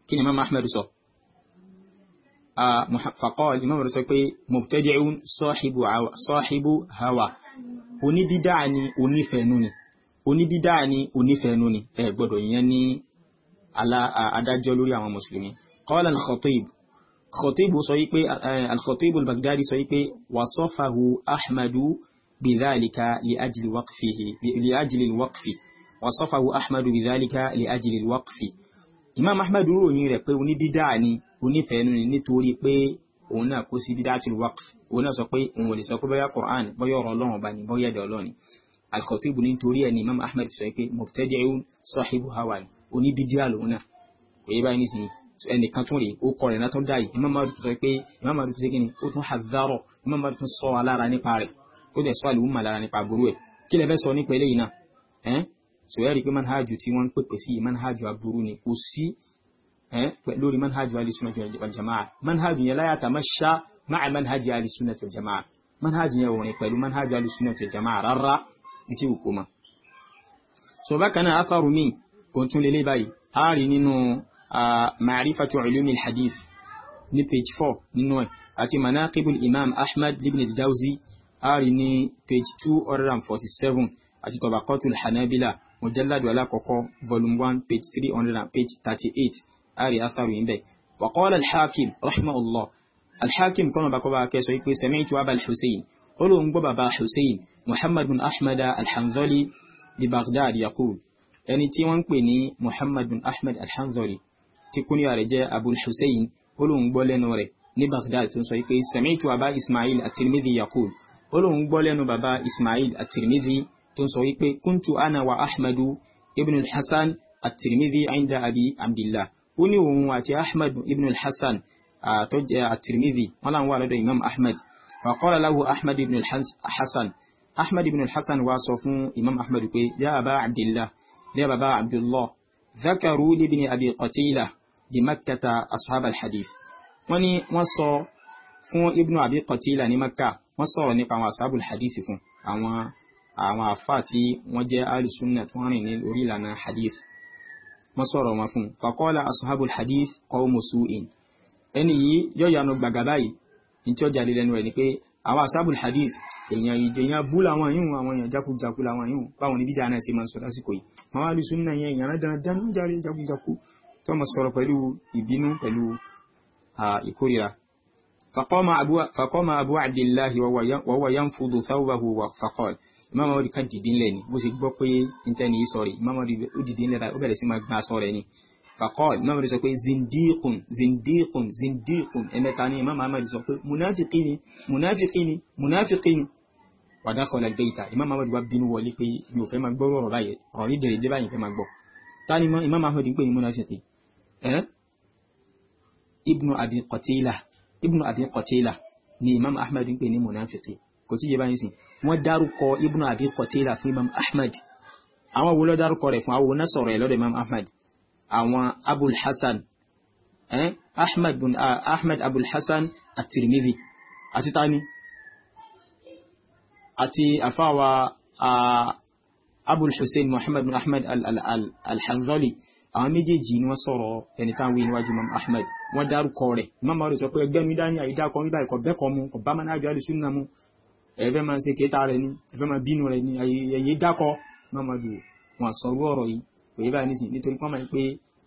kí ni Imam Ahmed sọ sahibu hawa onídídá ni onífẹ̀ẹ́nú ni oníbídà ni onífẹ̀ẹ́nu ni ẹ gbọ́dọ̀ yẹn ní adájọ́ lórí àwọn mùsùlùmí qala al-khatib khatib sọ wípé al-khatib al-baghdadi sọ wípé wasafahu ahmadu bidhalika li ajli waqfihi li ajli waqfi ahmadu bidhalika li ajli waqfi imam ahmadu ròyìn rẹ̀ pé oníbídà ni onífẹ̀ẹ́nu ni nítorí pé òun náà kó sí bídà tó waqf òun náà sọ pé òun ò sọ pé bóyá Qur'an bóyá ọ̀rọ̀ Ọlọ́run ọba ni bóyá ẹ̀dẹ̀ Ọlọ́run alkọ̀tíbù nítorí ẹni imam ahmed sọ pé mọ̀tẹ́dẹ̀ẹ́hún sọ́hìbù hawan oníbídíà lòun náà kò yé báyìí nísìnyí ẹnìkan tún rèé ó kọ rẹ̀ látọ̀ dáì imam ahmed sọ pé imam ahmed sọ pé ó tún hazarọ̀ imam ahmed tún sọ alára nípa rẹ̀ ó dẹ̀ sọ àlùmọ́ alára nípa àbúrú ẹ̀ kí lẹ fẹ́ sọ nípa eléyìí náà ẹ́ sọ ẹ́ rí pé manhajù tí wọ́n ń pèpè sí yìí manhajù aburú ni kò sí lórí manhajù alisunnati jamaa manhajù yẹn la ní tí wùkó ma so bákan náà afaru mi kò tún lélẹ́ báyìí a rí nínú ma'rifatu ulumi al-hadith ní page 4 nínú ẹ̀ àti manaqibul imam ahmad ibn al-jawzi a rí ní page 247 àti tabaqatul hanabila mujalladu alakọ̀kọ́ volume 1 page 300 page 38 a rí afaru yìí bẹ́ẹ̀ wa qala al-hakim rahimahullah al-hakim kọ́nà bakọ́ bá kẹsọ̀ ipé sami'tu ó lóun gbọ́ bàbá hussein muhammad bin ahmed alhanzoli di baghdad yaqul ẹni tí wọ́n ń pè ní muhammad bin ahmed alhanzoli tí kúnyà rẹ̀ jẹ́ abul hussein ó lóun gbọ́ lẹ́nu rẹ̀ ní baghdad tó ń sọ pé sami'tu bàbá ismail at-tirmidhi yaqul ó lóun gbọ́ lẹ́nu bàbá ismail at-tirmidhi tó ń sọ wípé kúntù ana wa ahmadu ibn al-hassan at abi abdillah ó ní òun àti ahmad ibn al àtọ́jẹ́ at wọ́n láwọn wà lọ́dọ̀ imam ahmad fàkọ́rọ̀ láwù ahmed ibn al-hassan ahmed ibn al-hassan wá sọ fún imam ahmed pé yá bàbá abdullah yá bàbá abdullah zakaru libni abi qatila di makkata ashab al-hadith wọ́n ní wọ́n sọ fún ibn abi qatila ní makka wọ́n sọ̀rọ̀ nípa àwọn ashab al-hadith fún àwọn àwọn àfà tí wọ́n jẹ́ alùsùnà tó rìn ní orí ìlànà hadith wọ́n sọ̀rọ̀ wọn fún fàkọ́lá ashabu hadith qawmu su'in ẹni yìí yóò yanu ní tí ó jáde lẹ́nu ẹ̀ ni pé àwọn asábùl hadith èèyàn ìjẹyàn bú làwọn yìí àwọn èèyàn jákújákú làwọn yìí báwọn níbi dáná ṣe máa ń sọ lásìkò yìí àwọn alùsùn náà yẹn èèyàn dáná dáná járe jákújákú tó máa sọ̀rọ̀ pẹ̀lú ìbínú pẹ̀lú ìkórira fàkọ́mà abu abdillahi wọ́wọ́ yán fúdù sáwọ́bàhù fàkọ́l imam ọdí ká dìdínlẹ̀ ni bó ṣe gbọ́ pé ní tẹ́ni sọ̀rọ̀ imam ọdí ó dìdínlẹ̀ fàkọ́ọ̀lì imam ahmed sọ pé zindikun zindikun zindikun ẹ̀mẹ́ta ni imam ahmed sọ pé munafiki ni munafiki ni munafiki ni wàdà kọ́lá gbé ìta imam ahmed wá bínú wọlé pé mi ò fẹ́ máa gbọ́rọ̀ ọ̀rọ̀ báyẹn ọ̀rí dèrè dé báyìí fẹ́ máa gbọ́ ta ni imam ahmed ń pè ní munafiki ẹ́ ibnu abi qatila ibnu abi qatila ni imam ahmed ń pè ní munafiki kò tí yé báyìí sìn wọ́n dárúkọ ibnu abi qatila fún imam ahmed àwọn wo ló dárúkọ rẹ̀ fún àwọn wo náà sọ̀rọ̀ ẹ̀ lọ́dọ̀ imam ahmed àwọn abul hasan eh? ahmed bin ah, ahmed abul hasan at-tirmidhi àti tani àti àfáwà ah, abul hussein muhammad ahmed al-hanzali àwọn méjèèjì ni wọ́n sọ̀rọ̀ ẹni wí níwájú imam ahmed wọ́n dárúkọ rẹ̀ imam ahmed sọ pé ẹgbẹ́ mi dání àyídá nígbà ìkọ̀ bẹ́ẹ̀kọ́ mu kò bá máa náà jọ́lẹ̀ súnà ẹ̀fẹ́ máa ń ṣe kéta rẹ̀ ni ẹ̀fẹ́ máa bínú rẹ̀ ni ẹ̀yẹ dákọ̀ imam ahmed wọ́n sọ̀rọ̀ ọ̀rọ̀ yìí òye báyìí nísìnyí nítorí pọ́nmà yìí pé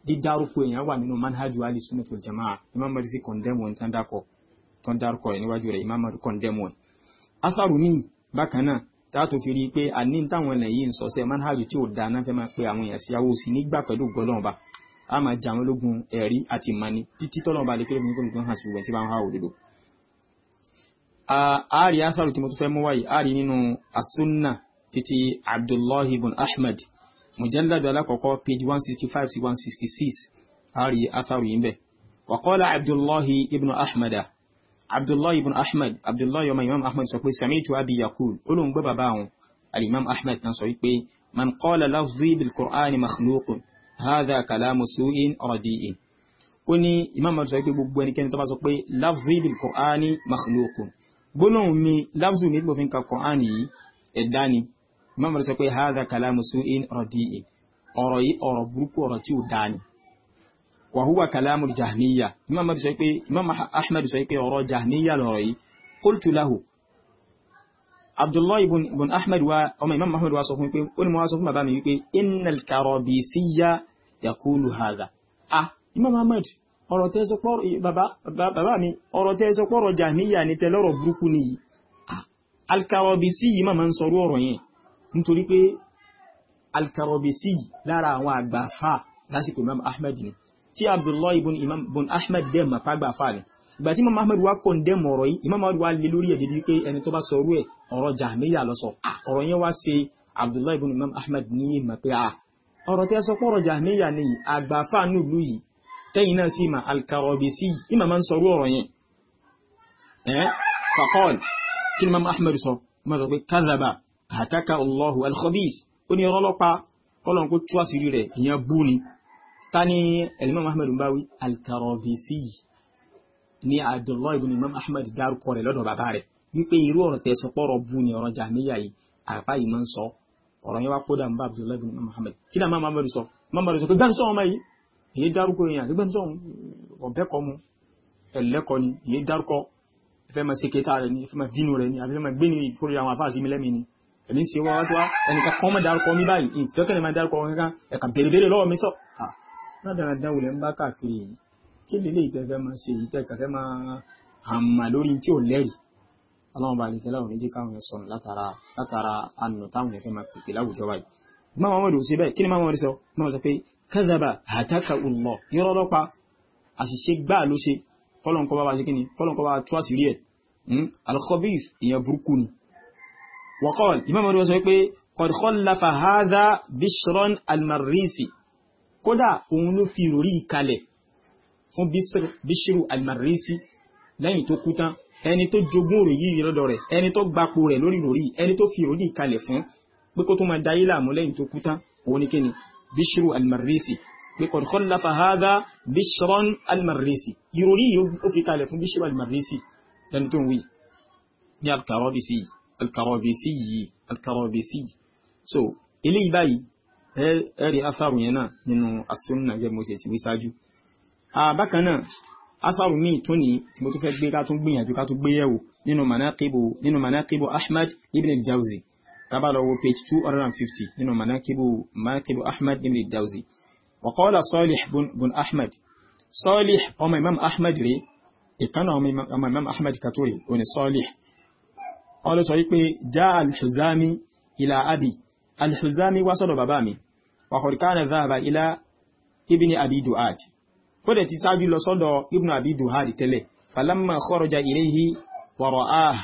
dídárúkọ èèyàn wà nínú manhaj wa alisunnah wal jamaa imam mari sí kọ̀ndẹ́mù ẹ̀ tán dárúkọ ẹ̀ níwájú rẹ̀ imam mari kọ̀ndẹ́mù ẹ̀. asaru ní bákan náà táàtò fi rí i pé àní táwọn ẹ̀nà yìí ń sọ sẹ́ manhaj tí ò dáa náà fẹ́ máa pe àwọn èèyàn sí awo sí nígbà pẹ̀lú gọlọ́ọ̀ba a máa jà wọn lógun ẹ̀rí àti ìmọ̀ni títí tọ́lọ́ọ̀ba lè kéré fún kí wọ́n hàn sí ìwẹ̀ tí wọ́n há òdodo. ààrí asaru tí mo tún fẹ́ mú wáyé ààrí nínú abdullahi ibn ahmed mujalladu alákọ̀ọ́kọ́ page one sixty 166 sí one sixty six àárí asaru yìí ń bẹ̀. wàkọ́lá abdullahi ibn ahmed abdullahi ibn ahmed abdullahi ọmọ imam ahmed sọ pé samitu abi yakul olóńgbé bàbá àwọn alimam ahmed náà sọ wípé man qala lafzi bil qur'ani makhluqun hadha kalamu su'in radi'in ó ní imam ahmed sọ pé gbogbo ẹnikẹ́ni tó bá sọ pé lafzi bil qur'ani makhluqun gbólóhùn mi lafzu mi tí mo ka qur'ani yìí Imam sọ pé hadha kalamu su'in radi'in ọ̀rọ̀ yìí ọ̀rọ̀ burúkú ọ̀rọ̀ tí ò dáa ni kalamu jahmiya Imam sọ pé Imam Ahmad sọ pé ọ̀rọ̀ jahmiya lọ̀rọ̀ yìí qultu lahu Abdullahi ibn Ahmad wa ọmọ Imam Ahmad wa sọ fún pé ó ní mo wá sọ fún bàbá mi wípé innal karabisiya yakulu hadha ah Imam Ahmad ọ̀rọ̀ tẹ́ sọ pọ́rọ̀ bàbá mi ọ̀rọ̀ tẹ́ sọ pọ́rọ̀ jahmiya ni tẹ́lọ́rọ̀ burúkú ni yìí al-karabisi yìí máa ń sọrú ọ̀rọ̀ yẹn nítorí pé alkarobesi lára àwọn àgbàfà lásìkò imam ahmed ni tí abdullahi ibn imam ibn ahmed dẹ̀ mọ̀ pàgbàfà ni ìgbà tí imam ahmed wá kọ̀ndẹ́mù ọ̀rọ̀ yìí imam ahmed wá lé lórí ẹ̀ débi pé ẹni tó bá sọ orú ẹ̀ ọ̀rọ̀ jahmiya lọ sọ ọ̀rọ̀ yẹn wá ṣe abdullahi ibn imam ahmed ní ìmọ̀ pé a ọ̀rọ̀ tẹ́ sọ pọ̀rọ̀ jahmiya ni àgbàfà nílùú yìí tẹ́yìn náà sí ma alkarobesi imam máa ń sọ orú ọ̀rọ̀ yẹn ẹ́ fakọ́ọ̀lù kí imam ahmed sọ mo sọ pé kazaba hataka allahu al-khabith ó ní ọlọ́pàá kọ́lọ̀n kó tú àṣírí rẹ̀ ìyẹn bú ni ta ni Imam Ahmad ń báwí al-Karabisi ní Abdullahi ibn Imam Ahmad dárúkọ rẹ̀ lọ́dọ̀ bàbá rẹ̀ wípé irú ọ̀rọ̀ tẹ́ sọ pọ́rọ̀ bú ni ọ̀rọ̀ jàmíyà yìí àfá yìí máa ń sọ ọ̀rọ̀ yẹn wá kódà ń bá Abdullahi ibn Imam Ahmad kí ni Imam Ahmad sọ Imam sọ pé gbẹ́nsọ́ ọmọ yìí èyí dárúkọ yẹn àti gbẹ́nsọ́ ọ̀bẹ́kọ mu ẹ̀lẹ́kọ ni èyí dárúkọ ẹ máa ṣe kéta rẹ̀ ni ẹ máa bínú rẹ̀ ni àbí fẹ́ máa gbé ní ìkórè àwọn afáàsí mi lẹ́mìí ni èmi ń ṣe wá wá sí wá ẹnìkan kan mọ̀ dárúkọ mi báyìí ìfẹ́kẹ̀lẹ̀ máa dárúkọ wọn kankan ẹ̀kan bèrè bèrè lọ́wọ́ mi sọ. ládàra dáwò lẹ́ ń bá káàkiri yìí kí lè lè tẹ́fẹ́ máa ṣe yìí tẹ́ka fẹ́ máa hàmà lórí tí ò lẹ́rìí. aláwọn bá àlejò láwọn méjì káwọn yẹn sọnù látara látara táwọn yẹn fẹ́ máa pèpè láwùjọ báyìí. máa wọn rò ni máa wọn rí sọ máa sọ pé kazaba hataka ulọ yọrọ lọpa àṣìṣe gbáà ló ṣe kọlọǹkọ bá wa ṣe kí ni kọlọǹkọ bá wa tú àṣírí ẹ wọ́kọ́l imam ọdún sọ pé kọ̀dùkọ́l lafa haza bishron almarisi kódà òun ló fi rò rí kalẹ̀ fún bishiru almarisi lẹ́yìn tó kú tán ẹni tó jogún òrò yìí lọ́dọ̀ rẹ̀ ẹni tó gbapò rẹ̀ lórí ròrí ẹni tó fi rò rí kalẹ̀ fún pé kó tó máa dayé láàmú lẹ́yìn tó kú òun ni kíni almarisi pé kọ̀dùkọ́l lafa bishron almarisi ìròrí yìí ó fi kalẹ̀ fún bishiru almarisi lẹ́ni tó ń wí ní alkarọ́bì sí yìí alkarabisi alkarabisi so eléyìí báyìí ẹ̀rí asaru yẹn náà nínú asúnà gẹ́gẹ́ mo ṣe ti wí ṣáájú bákan náà asaru míì tún ní tí mo tún fẹ́ gbé ká tún gbìyànjú ká tún gbé yẹ̀wò nínú manakibu nínú manakibu ahmad ibn al-jawzi tábà lọ wo page two hundred and fifty nínú manakibu manakibu ahmad ibn al-jawzi wa qala salih bun ahmad salih ọmọ imam ahmad rèé ìkànnà ọmọ imam ahmad katori oní salih wọ́n ló sọ wípé já alhuzami ila abi alhuzami wá sọ́dọ̀ bàbá mi waqad kana dhahaba ila ibni abi duad ó dẹ̀ ti sáájú lọ sọ́dọ̀ ibnu abi duad tẹ́lẹ̀ falamma kharaja ilayhi wa ra'ah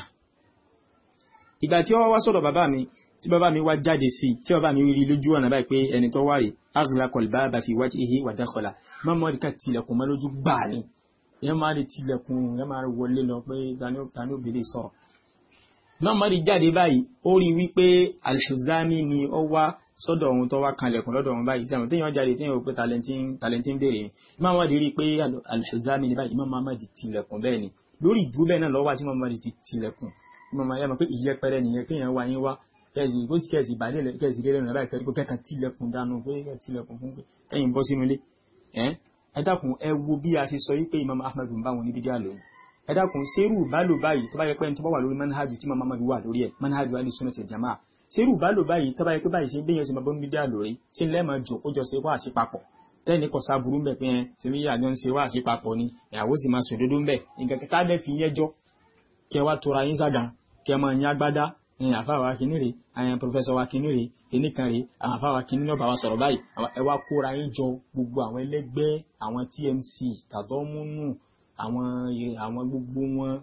ìgbà tí ó wá sọ́dọ̀ bàbá mi tí bàbá mi wá jáde sí tí bàbá mi rí lójú ọ̀nà báyìí pé ẹni tó wá rí aghlaqal baba máa rí tilẹ̀kùn ẹ máa rí wọlé lọ pé tani obìnrin sọ̀rọ̀ mọ́mọ́rì jáde báyìí ó rí wípé alṣùzámì ni ó wá sọ́dọ̀ ohun tó wá kanlẹ̀kùn lọ́dọ̀ ohun báyìí sẹ́wọ̀n téèyàn jáde téèyàn rò pé talentin béèrè ni mọ́mọ́rì rí pé alṣùzámì ni báyìí mọ́mọ́ di tilẹ̀kùn bẹ́ẹ̀ ni lórí ìdúró bẹ́ẹ̀ náà lọ́wọ́ àti mọ́mọ́ má di tilẹ̀kùn mọ́mọ́ yá mọ́ pé ìyẹpẹrẹ nìyẹn kéèyàn wá yín wá kẹ́sì bó sì kẹ́sì ìbàdí kẹ́sì lé lẹ́nu láìpẹ́ pé kẹ́kàn tilẹ̀kùn dànù pé tilẹ̀kùn fún pé kẹ́yìn bọ́ ẹ dákun ṣerú ìbálò báyìí tó bá yẹ pé ẹni tó bá wà lórí manhaj tí màmá màmá wà lórí ẹ manhaj wà ní sunnah ti jamaa ṣerú ìbálò báyìí tó bá yẹ pé báyìí ṣe ń bẹyẹn sí bàbá mídíà lórí ṣe ń lẹ́ẹ̀mọ́ jò kó jọ ṣe wá sí papọ̀ tẹ́ni kò sá burú mbẹ̀ pé ẹ ṣe bí àjọ ń ṣe wá sí papọ̀ ni ìyàwó sì máa sòdodo mbẹ̀ nǹkan kẹta lẹ́ fi yẹjọ́ kẹ wá tora yín sága kẹ máa àwọn àwọn gbogbo wọn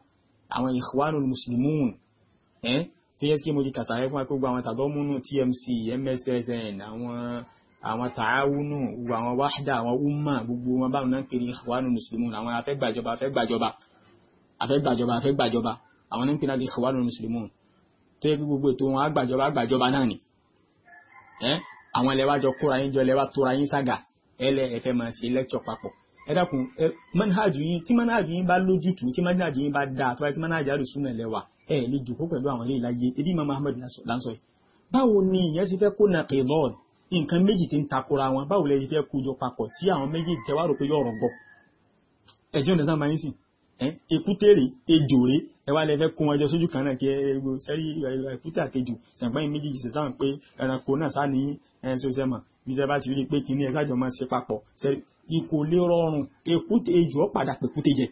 àwọn Ikhwanul Muslimun ẹ́ eh, tó yẹ kí mo ti kàṣàrẹ́ fún akógbó àwọn tàdọ́múnú TMC MSSN àwọn àwọn tààwùnù àwọn wáhdà àwọn umma gbogbo wọn báwọn náà ń pè ní Ikhwanul Muslimun àwọn afẹ́gbàjọba afẹ́gbàjọba afẹ́gbàjọba afẹ́gbàjọba àwọn náà ń pè ní Ikhwanul Muslimun tó yẹ kí gbogbo ètò wọn àgbàjọba àgbàjọba náà ni ẹ́ eh, àwọn ẹlẹ́wàjọ kóra yín jọ ẹlẹ́wà tóra yín ságà ẹlẹ́ ẹ̀fẹ́ máa ṣe lẹ́kṣọ̀ papọ̀ ẹ dákun ẹ manhaj yín tí manhaj yín bá lójútùú tí manhaj yín bá dáa tó bá tí manhaj àrùn súnà lẹ́wà ẹ lè jòkó pẹ̀lú àwọn eléyìí láyé ebi mama ahmed lansọ yìí báwo ni ìyẹn ti fẹ́ kó na kìlọ́ọ̀d nǹkan méjì ti ń takora wọn báwo lẹ ti fẹ́ kó jọ papọ̀ tí àwọn méjì tẹ wá rò pé yọ̀rọ̀ gbọ̀ ẹ̀jẹ̀ ọ̀nà sáà máa ń sìn èkúté rè ejò rè ẹ wá lẹ fẹ́ kó wọn jọ sójú kan náà kí ẹ gbọ́ sẹ́rí èkúté àtejò sàgbọ́n méjì sì sáà pé ẹranko náà sáà ní ẹ̀ ṣoṣẹ́ mọ̀ bí ẹ bá ti rí i pé kinní ẹ sáàjọ máa ṣe papọ̀ ìkò lè rọrùn èkúté ejò padà pèkúté jẹ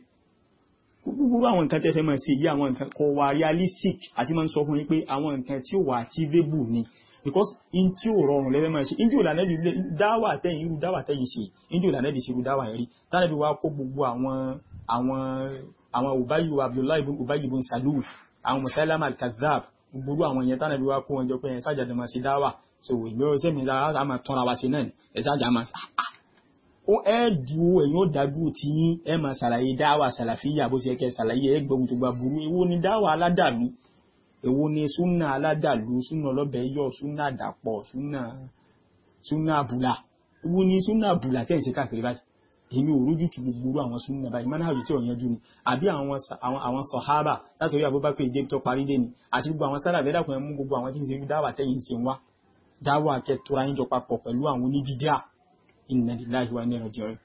gbogbo àwọn nǹkan tẹ́fẹ́ máa ṣe yí àwọn nǹkan kò wà realistic àti máa ń sọ fún yín pé àwọn nǹkan tí ó wà achievable ni because in tí ò rọrùn lẹ́fẹ́ máa ṣe injú ìlànà ìlú dáwà tẹ́yìn irú dáwà tẹ́yìn ṣe injú ìlànà ìlú ṣerú dáwà yẹn rí tánàbí wa kó gbogbo àwọn àwọn àwọn Ubayy Abdullahi Ubayy ibn Salul àwọn Musailama al gbogbo àwọn yẹn tánàbí wa kó wọn jọ pé ẹ sájà ni máa ṣe dáwà so ìgbẹ́ ó ẹ dùn ẹ̀yin ó dájú ti yín ẹ máa ṣàlàyé dáwà sàlàfíyà bó ṣe kẹ ṣàlàyé ẹ gbọ́ gbogbo aburú èwo ni dáwà aládàlú èwo ni súnà aládàlú súnà ọlọ́bẹ̀ yọ súnà àdàpọ̀ súnà súnà àbùlà èwo ni súnà àbùlà tẹ̀ ń ṣe káàkiri báyìí èmi ò rújú tu gbogbo àwọn súnmọ́ báyìí manáàjù tí ò yanjú ni àbí àwọn sọ̀hábà látọ̀rí Abubakar ìdé tó parí dé ni àti gbogbo àwọn sára àbẹ́dàkùn ẹ̀mú gbogbo àwọn tí ń ṣe dáwà tẹ́yìn ṣe wá dáwà kẹtura yín jọ papọ̀ pẹ̀lú àwọn oníbídíà inna lillahi wa inna ilaihi raji'un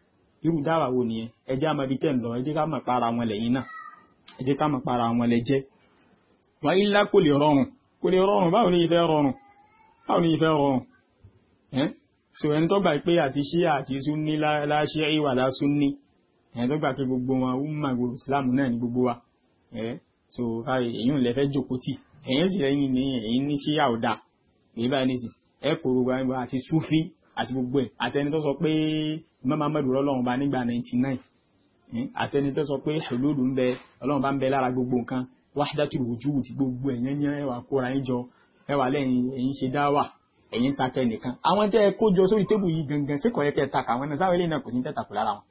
irú dáwà wo nìyẹn ẹ jẹ́ àmọ́ ibi tẹ̀ ń lọ ẹ jẹ́ ká mọ̀ para wọn lẹ́yìn náà ẹ jẹ́ ká mọ̀ para wọn lẹ jẹ́ wà ilá kò lè rọrùn kò lè rọrùn báwo ni ìfẹ́ rọrùn báwo ni ìfẹ́ rọrùn ẹ́ so ẹni tó gbà pé àti ṣíà àti súnni láṣẹ ìwà lásúnni ẹni tó gbà pé gbogbo wọn umma gbogbo islam náà ni gbogbo wa ẹ́ so èyí ń lẹ́fẹ́ jòkó tì ẹ̀yìn sì lẹ́yìn ní ẹ̀yìn ní ṣíà ò dáa èyí báyìí nìsín ẹ kò gbogbo àti súfí àti gbogbo ẹ̀ àtẹni tó sọ pé Imam Ahmad rọlọ́run bá nígbà 99 àtẹni tó sọ pé ṣòlóòdù ń bẹ ọlọ́run bá ń bẹ lára gbogbo nǹkan wahdatul wujud gbogbo ẹ̀yẹn yẹn ẹwà kóra yín jọ ẹwà lẹ́yìn ẹ̀yìn ṣe dá wà ẹ̀yìn takẹ́ nìkan àwọn tẹ́ ẹ kójọ sórí tébù yìí gangan ṣé kò yẹ kẹ́ ẹ takà àwọn náà sáwọn eléyìí náà kò sí ní tẹ́tàkù lára wọn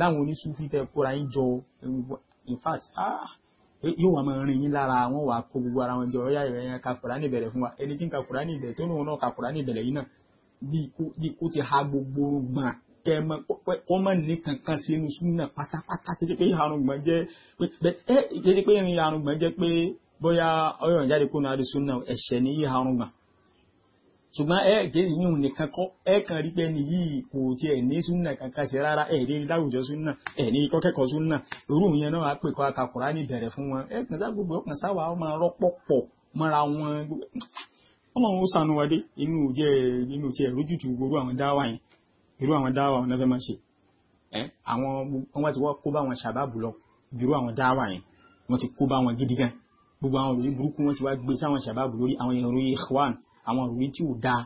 láwọn oníṣúfì tẹ́ kóra yín jọ in fact ah yóò wà máa rìn yín lára wọn wà kó gbogbo ara wọn jọ ọyá ìrẹ̀yìn kakùrá níbẹ̀rẹ̀ fún wa ẹni tí ń kakùrá níbẹ̀rẹ̀ tó lóun náà kakùrá níbẹ̀rẹ̀ yìí náà bí ikú ti ha gbogbo gbọ̀n kẹmọ kọmọ nìkan kan sínú súnà pátápátá títí pé àrùngbọ̀n jẹ́ pé ẹ títí pé ìrìn àrùngbọ̀n jẹ́ pé bóyá ọyọ̀ ìjáde kó náà súnà ẹ̀ṣẹ̀ ní yíha àrùngbọ̀n ṣùgbọ́n ẹ kéde yín òun nìkan kọ́ ẹ kàn rí pé ẹni yìí kò tiẹ̀ ní súnà kankan ṣe rárá ẹ ní láwùjọ súnà ẹ ní kọ́kẹ́kọ̀ọ́ súnà irú yẹn náà pè kọ́ àkàkùrá bẹ̀rẹ̀ fún wọn ẹ kàn sá gbogbo ọkàn sáwà ọmọ rọ́pọ̀ pọ̀ mọ́ra wọn ọlọ́run ó sànú wadé inú jẹ́ inú tí ẹ̀rú jùtù gbogbo àwọn dáwà yẹn irú àwọn dáwà wọn fẹ́ máa ṣe ẹ àwọn wọn ti wá kó bá wọn ṣàbábù lọ irú àwọn dáwà yẹn wọn ti kó bá wọn gidi gan gbogbo àwọn òròyìn burúkú wọn ti wá gbé sáwọn ṣàbábù lórí àwọn ìròyìn ikhwan àwọn òròyìn tí ò dáa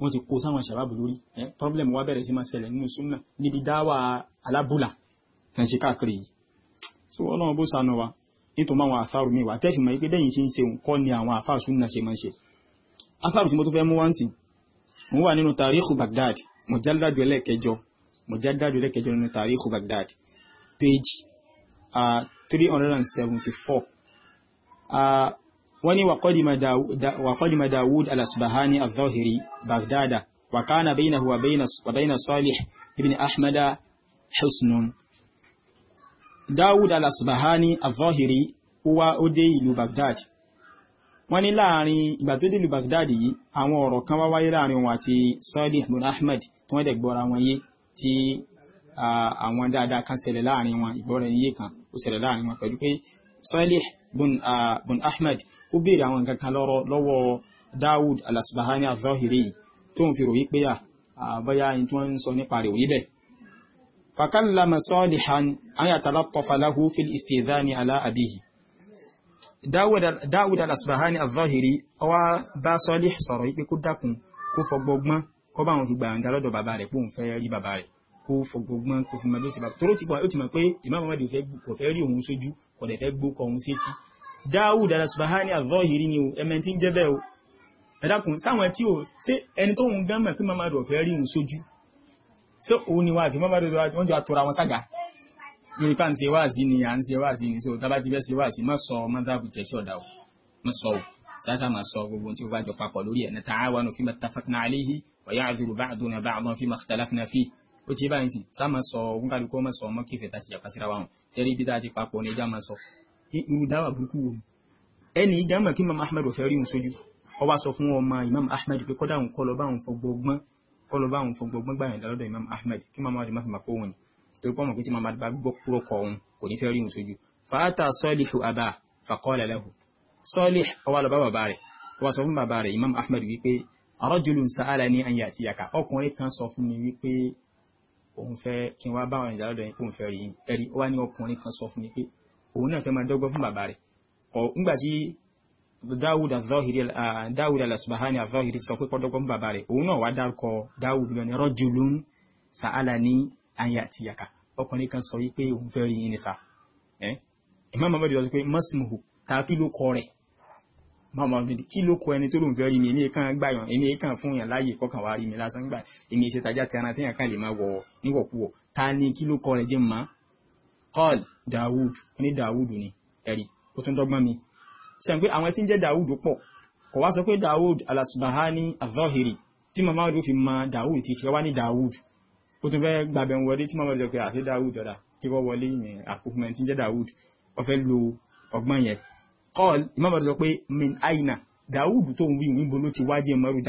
wọn ti kó sáwọn ṣàbábù lórí ẹ pọ́blẹ̀mù wa bẹ̀rẹ̀ sí máa ṣẹlẹ̀ nínú súnà níbi dáwà alábùlà kan ṣe káàkiri yìí wa nítorí wa tẹ́sí mọ̀ pé bẹ́yìn ṣe ń ṣe nǹkan ni asaru tí mo tún fẹ́ mú wá ń sìn mo wà nínú tàríkù Baghdad mujalladu ẹlẹ́kẹjọ mujalladu ẹlẹ́kẹjọ nínú tàríkù Baghdad page three hundred and seventy four wọ́n ní wàkọ́dìmà Dawud al-Asbahani al-Zahiri Baghdada وكان بينه وبين صالح ابن أحمد حسن داود الأصبهاني الظاهري هو أدي لبغداد wọ́n ní láàrin ìgbà tó dìlú Baghdad yìí àwọn ọ̀rọ̀ kan wá wáyé láàrin wọn àti Salih bin Ahmed tí wọ́n dẹ̀ gbọ́ra wọn yé tí àwọn dáadáa kan ṣẹlẹ̀ láàrin wọn ìgbọ́ra yé kan ó ṣẹlẹ̀ láàrin wọn pẹ̀lú pé Salih bin Ahmed ó béèrè àwọn nǹkan kan lọ́wọ́ Dawud al-Asbahani al tó ń fi ròyìn pé àbáyá ẹni tí wọ́n ń sọ nípa rẹ̀ òyìnbẹ̀ fakallama Salihan an yatalattafa lahu fil istidhani ala abihi Dawud al-Asbahani al-Zahiri ọwá bá Salih sọ̀rọ̀ wípé kó dákun kó fọgbọgbọ́n kó bá wọn fi gbàǹgà lọ́dọ̀ bàbá rẹ̀ kó ń fẹ́ rí bàbá rẹ̀ kó fọgbọgbọ́n kó fi mọ́bí sí bàbá tó ti mọ̀ pé Imam Ahmad fẹ́ rí òun sójú ni o ẹmẹ tí ń o ẹ dákun sáwọn tí o ṣé ẹni tó ń gán mọ̀ pé lórí pa ń ṣe wáàsí ni à ń ṣe wáàsí ni so tábà ti fẹ́ ṣe wáàsí má sọ mọ́tàbù tẹ̀ ṣọ̀dà o má sọ o sáṣà má sọ gbogbo tí ó bá jọ papọ̀ lórí ẹ̀ ta'awanu fima ittafaqna alayhi wa ya'dhiru ba'duna ba'dan fima ikhtalafna fihi ó ti báyìí sí sá má sọ ogun kálukú má sọ ọmọ kífẹ̀ tá a ti jà pàṣírà wa hàn sẹ́rí ibi tá a ti papọ̀ ní ìjà má sọ irú dáwà burúkú wo ẹni ìjà mọ̀ kí Imam Ahmed fẹ́ rí òun sójú wá sọ fún ọmọ Imam Ahmed pé kọ́dà òun kọ́ lọ bá òun fọgbọ́gbọ́n kọ́ lọ bá òun fọgbọ́gbọ́n gbàyàn lọ́dọ̀ Imam Ahmed kí Imam Ahmed má fi máa kó wọn ni torí pọ́nmù pé tí màmá bá gbọ́ kúrò kọ òun kò ní fẹ́ rí ìmùsójú fàátà sọ́ọ̀lìhù àbá fàkọ́ọ̀lẹ̀ lẹ́hù sọ́ọ̀lìh ọwọ́ lọ bá sọ imam ahmed wípé arọ́jùlùn sàálà ní ayé àti yàkà ọkùnrin kan sọ fún mi wípé òun fẹ́ kí wọ́n bá ọ̀rìn ìdálọ́dọ̀ yẹn kó òun fẹ́ rí ẹ̀rí ó wá ní ọkùnrin kan sọ fún mi pé òun náà fẹ́ máa dọ́gbọ́n fún bàbá rẹ̀ òun náà wá dárúkọ Dawud lọ ní rọ́jùlùn sàálà ní ayé àti yàkà ọkùnrin kan sọ wípé òun fẹ́ rí yín ni sà Imam Ahmad sọ pé mọ́sìmù ta kí ló kọ rẹ̀ Imam Ahmad kí ló kọ ẹni tó lòun fẹ́ rí mi èmi e kan gbà yàn èmi e kan fún yàn láàyè kọkàn wá rí mi lásán gbà èmi e ṣe tajà tí aran tí yàn kan lè máa wọ̀ níwọ̀kuwọ̀ ta ni kí ló kọ rẹ̀ jẹ́ mọ́ Qal Dawud ní Dawud ni ẹ̀rí ó tún dọ́gbọ́n mi sẹ́yìn pé àwọn tí ń jẹ́ Dawud pọ̀ kò wá sọ pé Dawud al-Asbahani tí Imam Ahmad fi mọ Dawud ti ṣe wá ní Dawud ó tún fẹ́ gbàbẹ̀ wọlé tí màmá jọ pé àti Dawud ọ̀dà kí wọ́n wọlé ìyẹn àpòfúnmẹ́ tí Dawud lo ọgbọ́n yẹn kọ́ọ̀l ìmọ̀mọ̀ pé min aina Dawud tó ń wí níbo ló ti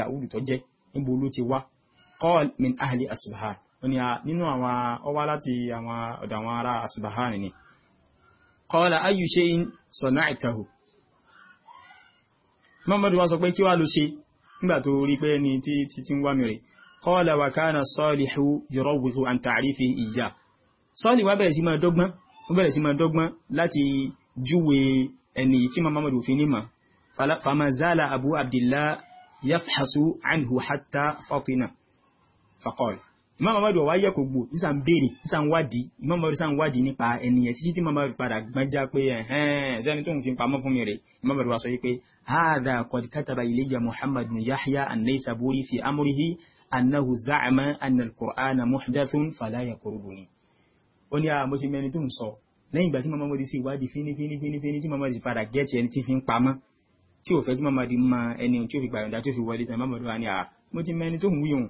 Dawud tó jẹ́ ti min ahli nínú àwọn ọwá láti àwọn ọ̀dọ̀ àwọn ará ṣe sọ̀nà ìtàhù pé kí ṣe nígbà qala wa kana salihu yuraghibu an ta'rifi iya sọ́ọ̀lì wá bẹ̀rẹ̀ sí máa dọ́gbọ́n ó bẹ̀rẹ̀ sí máa dọ́gbọ́n láti júwe ẹni tí ma mamadu fi ní ma famazala abu abdillah yafhasu anhu hatta fatina faqala imam mamadu wa yẹ kò gbò nísà ń béèrè nísà ń wádìí imam mamadu sà ń wádìí nípa ẹniyẹ títí tí mamadu padà gbọ́njá pé ẹ̀hẹ́n sẹ́ni tó ń fi annahu za'ama anna al-Qur'ana muhdathun fala yaqrubuni ó ní àwọn ah, mọ́ṣẹ́ mẹ́rin tó ń sọ lẹ́yìn ìgbà tí mama mọ́dí sí ìwádìí fínífínífíní tí mama mọ́dí padà gẹ́ẹ̀tì ẹni tí fi ń pamọ́ tí ò fẹ́ tí mama mọ́dí ma ẹni tí ó fi gbàyànjá tó fi wọlé tán mama mọ́dí wa ní à ah, mọ́ṣẹ́ mẹ́rin tó ń wí òun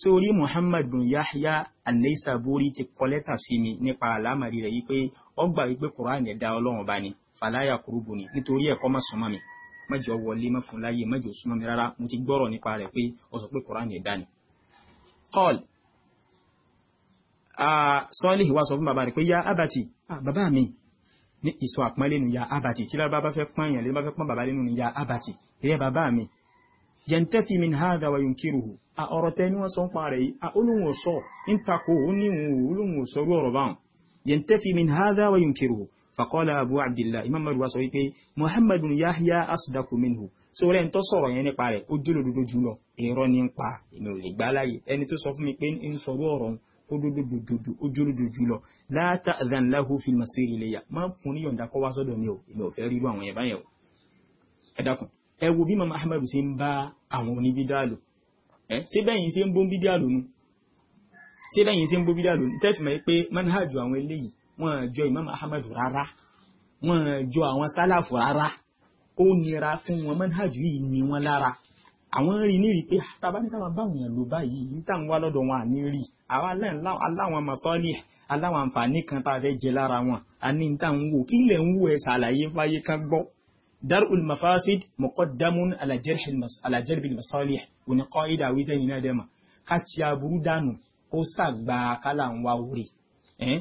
so orí Muhammad bin Yahya an-Naysaburi ti kọ lẹ́tà sí mi nípa àlámàrí rẹ̀ wípé ó gbà wípé Quran ẹ̀dá Ọlọ́run bá ní fàlàyà kúrúbù ni nítorí ẹ̀kọ́ má súnmọ́ mi má jọ wọlé má láyé má jọ mi rárá mo ti gbọ́rọ̀ nípa rẹ̀ pé ó sọ pé Quran ẹ̀dá ni qal sọ́ọ́lì wá sọ fún bàbá rẹ̀ pé ya abati bàbá mi ní ìsọ àpọ́nlé nu ya abati tí lábá bá fẹ́ pọ́n èèyàn lé bá fẹ́ pọ́n bàbá lẹ́nu ni ya abati ìyẹn bàbá mi yantafi min hadha wa yunkiruhu a ọ̀rọ̀ tẹ́ ní wọ́n sọ ń parẹ̀ yìí fàkọ́lá abu abdillah imam ahmad wa sọ wípé muhammadun yahya asdaku minhu so rẹ̀ ń tọ́ sọ̀rọ̀ yẹn nípa rẹ̀ ó jólódodo jùlọ èrò ní ń pa èmi ò lè gbá láyè ẹni tó sọ fún mi pé ń sọ̀rọ̀ ọ̀rọ̀ ó jólódodo jùlọ láta zanlahu fi masiri iléyà má fún ní yọ̀ǹda kọ́ wá sọ́dọ̀ mi ò èmi ò fẹ́ rírú àwọn yẹn báyẹn o ẹ dákun ẹ wo bí mama ahmad ṣe ń bá àwọn oníbídàlù ẹ ṣé bẹ́yìn ṣe ń bó bídàlù nu ṣé bẹ́yìn ṣe ń bó bídàlù nu tẹ́sí wọ́n jọ Imam Ahmad rárá wọ́n jọ àwọn sálàfù rárá ó nira fún wọn manhaju yìí ní wọn lára àwọn rí ní rí pé ah, tabaníkàwọn báwọn èèyàn ló báyìí yìí tá à ń wá lọ́dọ̀ wọn àní rí àwa aláwọn masọ́ọ̀lì aláwọn àǹfààní kan tá a fẹ́ jẹ lára wọn àní tá à wò kí lè ń wò ẹ ṣàlàyé fáyé kan gbọ́. درء المفاسد مقدم على جرح المس... على جلب المصالح وني قاعدة ويدا ينادما كاتيا برودانو كوسا با كلا واوري eh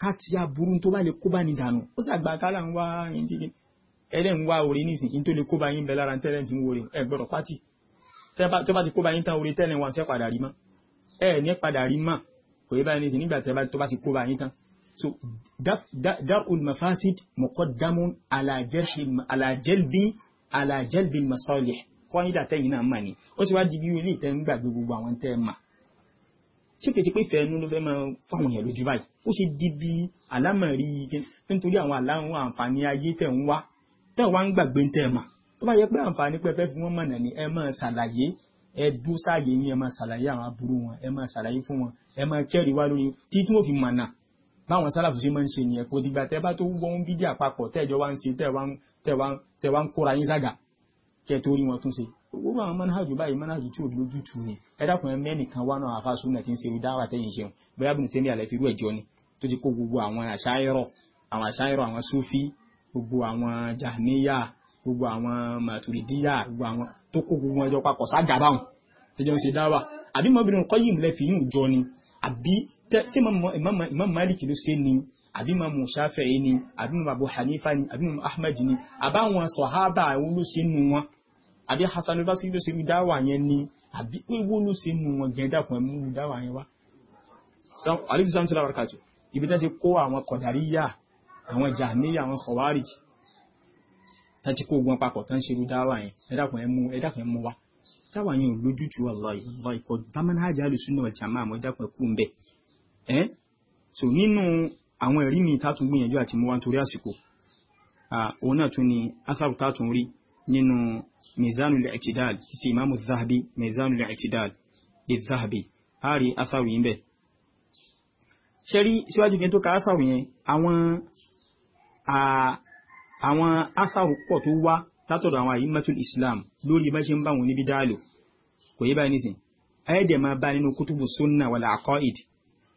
káàtì aburú tó bá lè kó bá ní dànù ó ṣàgbà kálà ń wá ẹni ẹlẹ́ ń wá orí nísìnyí tó lè kó bá yín bẹ lára tẹ́lẹ̀ tí ń wo ẹ gbọ́dọ̀ pátì tó bá ti kó bá yín tán orí tẹ́lẹ̀ wọn ṣẹ́ padà rí mọ́ ẹ ní padà rí mọ́ kò yẹ báyìí nísìnyí nígbà tó bá ti kó yín tán so darul mafasid muqaddamun ala jalbi ala jalbi masalih kọ́ yín dàtẹ́yìn náà mà ní ó ti wá di bí ilé ìtẹ́ ń gbàgbé gbogbo àwọn tẹ́ mà ṣé kìí ṣe pé ìfẹ́ inú ló fẹ́ máa fáwọn èèyàn lójú báyìí ó ṣe di bí àlámọ̀rí nítorí àwọn aláwọn àǹfààní ayé tẹ̀ ń wá tẹ̀ wá ń gbàgbé ń tẹ̀ mà tó bá yẹ pé àǹfààní pé ẹ fẹ́ fi wọ́n mọ̀nà ni ẹ máa ṣàlàyé ẹ dú sáàyè yín ẹ máa ṣàlàyé àwọn aburú wọn ẹ máa ṣàlàyé fún wọn ẹ máa kẹ́rì wá lórí tí tí wọ́n fi mọ̀nà báwọn sálàfù ṣe máa ń ṣe nìyẹn kò dìgbà tẹ bá tó wọ́n bídí àpapọ̀ tẹ́jọ wá ń ṣe tẹ́ wá ń kóra yín sága kẹ́ torí wọn tún ṣe gbogbo àwọn manhajù báyìí manhajù tí ò lójútu ni ẹ dákun ẹ mẹ́nìkan wá náà àfa súnà tí ń ṣe dáwà tẹ́yìn ṣeun bóyá bí nìtẹ́ni àlẹ́ fi rú ẹ̀jọ́ ni tó ti kó gbogbo àwọn àṣàyẹ̀rọ̀ àwọn àṣàyẹ̀rọ̀ àwọn sufi gbogbo àwọn jahmiya gbogbo àwọn maturidiya gbogbo àwọn tó kó gbogbo ẹjọ́ papọ̀ ságàbáhùn tẹ́jọ́ ń ṣe dáwà àbí mọ́bìnrin Qayyim lẹ́ fi yín jọ ni àbí ṣé Imam Malik ló ṣe ni àbí Imam Shafi'i ni àbí Imam Abu Hanifa ni àbí Imam Ahmad ni àbáwọn sọ̀hábà olóṣèlú wọn àbí Hasan Basiri ló ṣe mú dáwà yẹn ni àbí ìwó ló ṣe mú wọn gẹ̀ẹ́dà pọ̀ mú dáwà yẹn wá. alif sam sọlá barakatu ibi tán ti kó àwọn kọ̀dáríyà àwọn jàníyà àwọn khawarij tán ti kó ogun papọ̀ tán ṣe mú dáwà yẹn ẹ̀dà pọ̀ yẹn mú wá dáwà yẹn ò lójútu wallahi wallahi kọ dámẹ́nà àjẹ́ alùsùn náà jàmá àmọ́ ẹ̀dà pọ̀ ẹ̀kú so nínú àwọn ẹ̀rí mi tá tún gbìyànjú àti mú wa nítorí àsìkò òun náà tún ni nínú mizanul i'tidal ti imamu zahabi mizanul i'tidal di zahabi a rí asáwì ń bẹ̀ ṣe rí síwájú kí n tó ka asáwì yẹn àwọn àwọn asáwì pọ̀ tó wá látọ̀dọ̀ àwọn àyímọ́tul islam lórí bá ṣe ń bá wọn níbi dáàlò kò yí báyìí nísìn ayédè máa bá nínú kútùbù sunna wàlà àkọ́ìd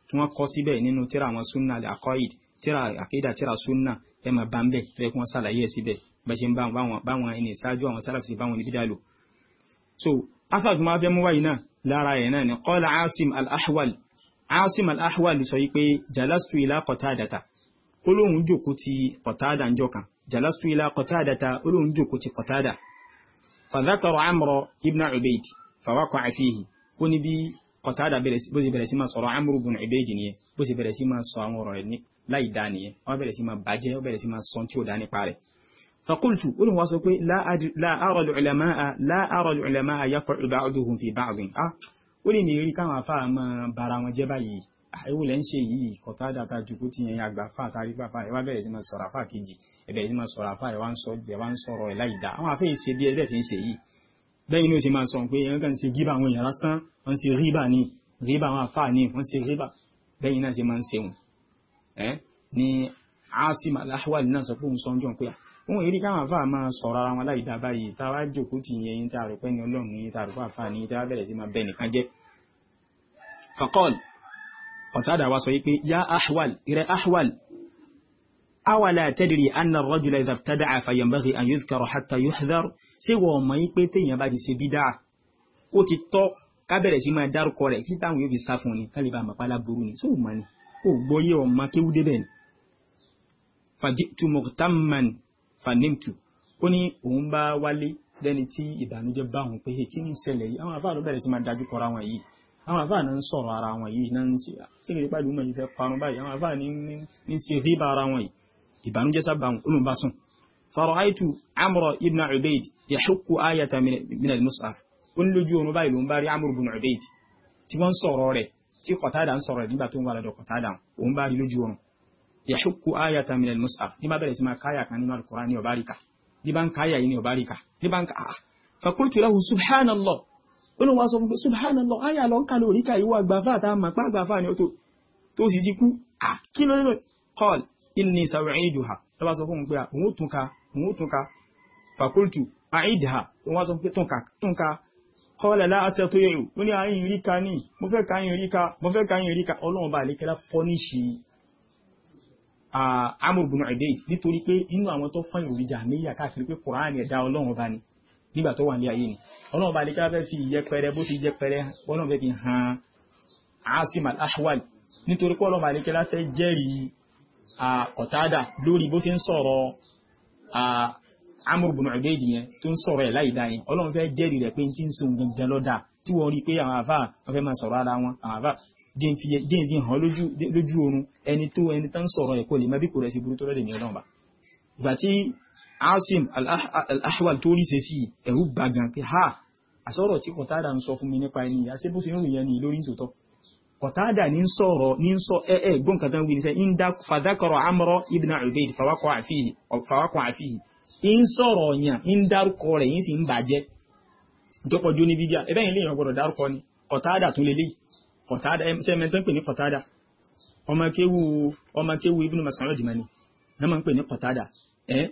tí wọ́n kọ́ síbẹ̀ nínú tíra àwọn sunna àkọ́ìd tíra àkídà tíra sunna ẹ máa bá ń bẹ̀ fẹ́ kí wọ́n ṣàlàyé síbẹ̀ bẹ́ẹ̀ ṣe ń báwọn ẹni ìṣáájú àwọn sálàfù sí báwọn oníbídà lò so afa tó máa fẹ́ mú wáyìí náà lára ẹ̀ náà ni qala asim al-ahwal asim al-ahwal sọ yìí pé jalastu ila qatadata olóhùn jòkó ti qatada ń jọkàn jalastu ila qatadata olóhùn jòkó ti qatada fadhakara amro ibn ubayd fawaqa'a fihi ó ní bí qatada bó ṣe bẹ̀rẹ̀ sí máa sọ̀rọ̀ amro ibn ubayd nìyẹn bó ṣe bẹ̀rẹ̀ sí máa sọ àwọn ọ̀rọ̀ rẹ̀ láì dá nìyẹn wọ́n bẹ̀rẹ̀ sí máa bàjẹ́ wọ́n bẹ̀rẹ̀ sí máa sọ tí ò dá nípa rẹ̀ فقلت قلوا واسقوا لا أد... لا أرى العلماء لا أرى العلماء يقع بعضهم في بعض أه ولي نيري كما فاهم براما جباي àìwò lẹ́ ń ṣe yìí kọ̀tádà ta jù kú ti yẹn àgbà fà tàrí pàpà ẹ wá bẹ̀rẹ̀ sí máa sọ̀rọ̀ àfà kejì ẹ bẹ̀rẹ̀ sí máa sọ̀rọ̀ àfà ẹ wá ń sọ ẹ wá ń sọ̀rọ̀ ẹ láì dá àwọn afẹ́ ìṣe bí ẹ bẹ̀ fi ń ṣe yìí bẹ́ẹ̀ ni ó ṣe máa sọ pé ẹ̀ ń kàn ṣe gíbà àwọn èèyàn lásán wọ́n ṣe ríbà ni ríbà àwọn afá ni wọ́n ṣe ríbà bẹ́ẹ̀ náà ṣe máa ń ṣeun ẹ ní asim alahwal náà sọ pé òun sọ ń jọ pé òun èrí káwọn àfáà máa sọ̀rọ̀ ara wọn láì dá báyìí tá a wá jòkó tì yẹn yín tá a rò pé ní ọlọ́run yín tá a rò pé àfáà ní tá a bẹ̀rẹ̀ sí máa bẹ nìkan jẹ́. fakọ́l ọ̀tádà wa sọ pé yá ahwal ìrẹ́ ahwal awala tadri anna rajula idha ibtada'a fayanbaghi an yudhkara hatta yuhdhar ṣé wọ́n mọ̀ yín pé téèyàn bá ti ṣe bídà ó ti tọ́ ká sí máa dárúkọ rẹ̀ kí táwọn yóò fi sá fún ni kálíbà àmàpálá burú ni sóò mọ̀ ni ó gbọ́ yé ọmọ kéwú débẹ̀ ni. fajitu muqtamman fanimtu ó ní òun bá wálé lẹ́ni tí ìbànújẹ́ bá òun pé kí ni ìṣẹ̀lẹ̀ yìí àwọn àfáà ló bẹ̀rẹ̀ sí máa dájú kọra wọn yìí àwọn àfáà náà ń sọ̀rọ̀ ara wọn yìí náà ń ṣe sílẹ̀ ipá ìlú mọ̀yìn fẹ́ parun báyìí àwọn àfáà ní ṣe rí bá ara wọn yìí ìbànújẹ́ sábà òun bá sùn. faraitu amro ibn ubaid yahuku ayata min musaf ó ní lójú oorun báyìí ló bá rí amro ibn ubaid tí wọ́n ń sọ̀rọ̀ tí kọ̀tádà ń sọ̀rọ̀ nígbà tó ń wà lọ́dọ̀ kọ̀tádà òun bá rí lójú oorun yàṣùkú ayata min al-mus'af ní bá bẹ̀rẹ̀ sí máa káyà kan nínú al-Qur'an ní ọba ríka ní bá ń káyà yìí ní ọba ríka ní bá ń ká àá ah. fakultu lahu subhanallah olùwà sọ fún pé subhanallah ayà lọ ń kà lórí ká ìwọ àgbàfà tá a mà pá àgbàfà ni ó tó sì ti kú à ah. kí ló lọ qal inni sa'u'iduha ló bá sọ amur bin ubayd nítorí pé inú àwọn tó fọyín òrìjà níyà káàkiri pé quran ẹ̀dá ọlọ́run ọba ni nígbà tó wà ní ayé ni ọlọ́run ọba adékẹ́lá fẹ́ fi ìyẹpẹrẹ bó ti yẹpẹrẹ ọlọ́run fẹ́ fi hàn asim al-ahwal nítorí pé ọlọ́run ọba adékẹ́lá fẹ́ jẹ́rìí ọ̀tádà lórí bó ṣe ń sọ̀rọ̀ amur bin ubayd yẹn tó ń sọ̀rọ̀ ẹ̀ láì dáyìn ọlọ́run fẹ́ jẹ́rìí rẹ̀ pé n ti ń sun gangan lọ́dà tí wọ́n rí pé àwọn àfà wọ́n fẹ́ máa sọ̀rọ̀ ara wọn àwọn àfà jẹ́ ìfi hàn lójú oorun ẹni tó ẹni tán sọ̀rọ̀ ẹ̀kọ́ lè má bí kò rẹ̀ sí burú tó ní ọlọ́run bá ìgbà tí asim al-ahwal tó rí ṣe sí ẹ̀rú gbàgàn pé ha àsọ̀rọ̀ tí kọ̀tádà ń sọ fún mi nípa ẹni ìyá sí bó ṣe ń rìn yẹn ní lórí tòótọ́ kọ̀tádà ní sọ̀rọ̀ ní sọ ẹ̀ẹ́ gbọ́nkàtà wí ní sẹ́ fàdákọ̀rọ̀ amr ibn ubayd fawakọ̀ àfihì ń sọ̀rọ̀ yàn ń dárúkọ rẹ̀ yín sì ń bàjẹ́ jọpọ̀jú ní kọ̀tádà eh, sẹ́mẹ̀ntì ń pè ní kọ̀tádà ọmọ kéwu ọmọ kéwu ibùdó masọ̀rọ̀ jìmọ̀ ni náà máa ń pè ní kọ̀tádà ẹ̀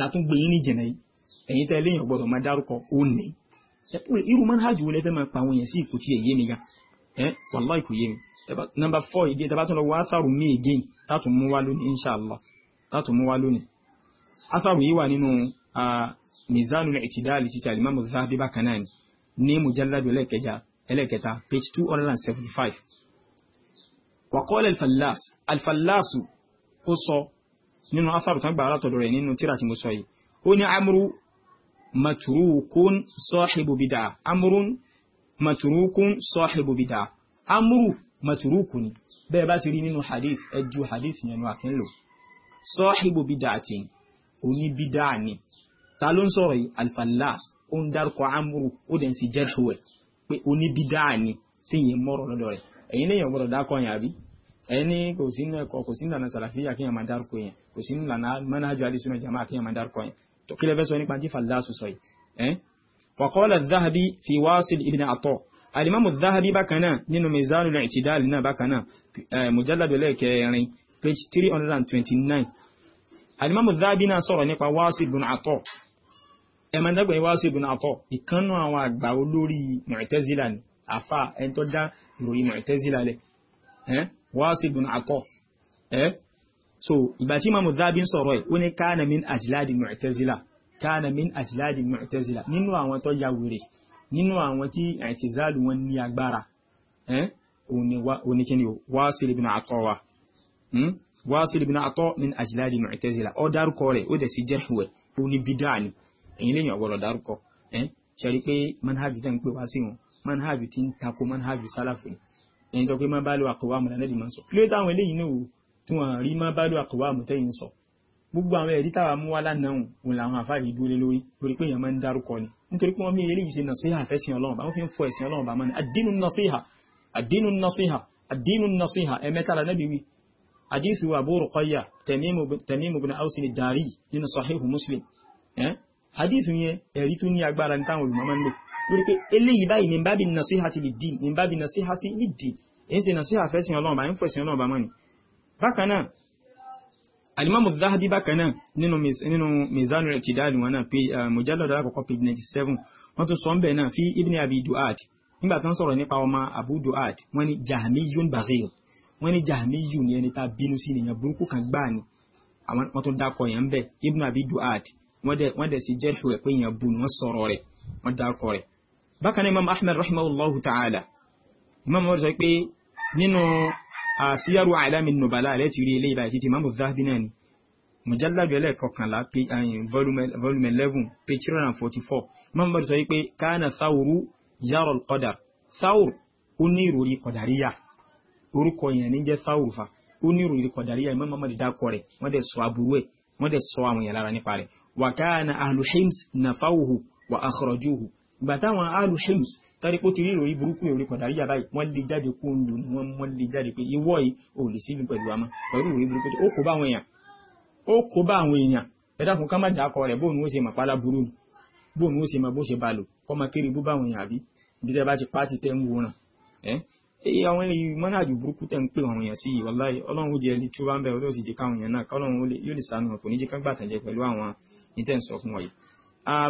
látún gbé yín ní ìjìnlẹ̀ yìí ẹ̀yin tẹ́ lẹ́yìn ọ̀gbọ́dọ̀ máa dárúkọ òní irú máa ń hájú wọlé fẹ́ máa pa àwọn èèyàn sí ìkùtì èyí mi gan ẹ̀ wàláì kò yé mi nọ́mbà fọ́ ìgé tẹ́ bá tún lọ wọ átàrù mí ègé tààtù mú wá lónìí inṣàlá tààtù mú wá lónìí átàrù yìí wà nínú ah, mizanul ìtìdáàlì títí alimami zahabi bákan náà ni ní mujalladu lẹ́kẹjà ẹlẹ́kẹta page two hundred and seventy five waqala alfalas alfalasu ó sọ nínú afáàrù tán gbà látọ̀dọ̀ rẹ̀ nínú tíra tí mo sọ yìí ó ní amru maturukun sahibu bid'a amrun maturukun sahibu bid'a amru maturukun bẹ́ẹ̀ bá ti rí nínú hadith ẹjú hadith yẹn ni wà ń lò sahibu bid'a ti oní ni ta ló ń sọ̀rọ̀ yìí alfalas ó ń dárúkọ amru ó dẹ̀ ń sì jẹ́ pé oníbídà ni téèyàn mọ̀rọ̀ lọ́dọ̀ rẹ̀ ẹ̀yin lẹ́yìn ọ̀gbọ́dọ̀ dákọ̀ yẹn àbí ẹni kò sí nínú ẹ̀kọ́ kò sí nínú ìlànà sàlàfíà kéèyàn máa dárúkọ yẹn kò sí nínú ìlànà manhaj alisuna kéèyàn máa dárúkọ yẹn tó kílẹ̀ fẹ́ sọ nípa tí fàlásù sọ yìí. wa qala adh-dhahabi fi wasil ibn ato alimamu adh bákan náà nínú mizanul i'tidal náà bákan náà mujalladu lẹ́ẹ̀kẹrin page three hundred and twenty nine alimamu adh náà sọ̀rọ̀ nípa wasil ibn ato ẹ̀mọ́ ìdàgbọ̀n yìí wá sí ibùdó àtọ̀ ìkànnù àwọn àgbà olórí Mu'tazila ni àfa ẹni tó dá ìròyìn Mu'tazila lẹ̀ ẹ́ wá sí ibùdó àtọ̀ ẹ́ so ìgbà tí Imam Dhahabi ń sọ̀rọ̀ ẹ̀ ó ní kana min ajladi Mu'tazila kana min ajladi Mu'tazila nínú àwọn tó ya wèrè nínú àwọn tí àìtìzáàlù wọn ní agbára ẹ́ òní kí ẹ̀yin lèyìn ọ̀gbọ́dọ̀ dárúkọ ẹ̀ ṣe rí pé manhaj tẹ̀ ń pè wá sí wọn manhaj ti ń tako manhaj sálàfù ni ẹ̀yin sọ pé má bá lo àkọwà àmọ̀ lánàá di máa ń sọ kílódé táwọn eléyìí náà tí wọ́n rí má bá lo àkọwà àmọ̀ tẹ́yìn sọ gbogbo àwọn ẹ̀rí táwa mú wá lánàá òun làwọn àfáàrí dúró lórí lórí pé èèyàn máa ń dárúkọ ni nítorí pé wọ́n mí eléyìí ṣe nàṣíhà fẹ́sìn ọlọ́run bá wọ́n fi ń fọ ẹ̀sìn ọlọ́run bá máa ní àdínú nàṣíhà àdínú nàṣíhà àdínú nàṣíhà ẹ̀mẹ́ta la Nábì wí àdínú Abu Ruqayyah Tamim ibn Aws ad-Dari nínú Sahihu hadith yẹn ẹ̀rí tó ní agbára ní táwọn olùmọ́mọ́ ń lò lórí pé eléyìí báyìí min babi nasihati lid-din min babi nasihati lid-din èyí ṣe nasiha fẹ́sìn ọlọ́run bá ń fẹ̀sìn ọlọ́run bá mọ́ ni. bákan náà alimamu zahabi bákan náà nínú mizanu al-i'tidal wọn náà pé mujallada àkọ́kọ́ page eh, ninety seven tún sọ ń náà fi ibn abi duad nígbà tó ń nípa ọmọ abu duad wọ́n dẹ̀ sí jẹ́rìí rẹ̀ pé èèyàn bu ni wọ́n sọ̀rọ̀ rẹ̀ wọ́n dárúkọ rẹ̀ bákan náà imam ahmed rahimahullahu ta'ala imam ahmed sọ pé nínú àṣíyàrú àìlámi nùbàlá rẹ̀ ti rí ilé ìbáyìí títí imam zahabi náà ni mujalladu ẹlẹ́kọkànlá volume eleven page three hundred and forty four imam ahmed sọ pé káàna sáwùrú yàrá kọdà sáwùr ó ní ìròrí kọdàríyà orúkọ yẹn ní jẹ́ sáwùr fa ó ní ìròrí kọdàríyà imam ahmed dákọ rẹ̀ wọ́n dẹ̀ sọ aburú ẹ̀ wọ́n dẹ̀ sọ àwọn yẹn lára nípa rẹ̀ wàkáàna ahlu hims nafawuhu wa akhrajuhu ìgbà táwọn ahlu hims tọ́rí pé ó ti ríro ìburúkú ìròrí kọ̀dáríyà báyìí wọ́n lè jáde kó ń lò ní wọ́n wọ́n lè jáde pé ìwọ yìí ò lè sílùú pẹ̀lú àmọ́ pẹ̀lú ìròrí burúkú ó kó bá àwọn èèyàn ó kó bá àwọn èèyàn ẹ̀dá kan ká má rẹ̀ bóun ó ṣe mà pálá burú bóun ó ṣe mà bó ṣe balò kọ́ máa kéré bó bá àwọn èèyàn àbí bí tẹ́ bá ti pa ti tẹ́ ń wòran èyí àwọn èyí mọ́nàjù burúkú tẹ̀ ń pè àwọn èèyàn sí yìí wàláhì ọlọ́run ó jẹ́ ẹni tí ó bá ń bẹ̀rù ó sì jẹ́ káwọn èèyàn náà kọ́lọ́run yóò lè sànù kò ní kágbà tẹ̀jẹ̀ pẹ̀lú àwọn ìtẹ̀n fún wa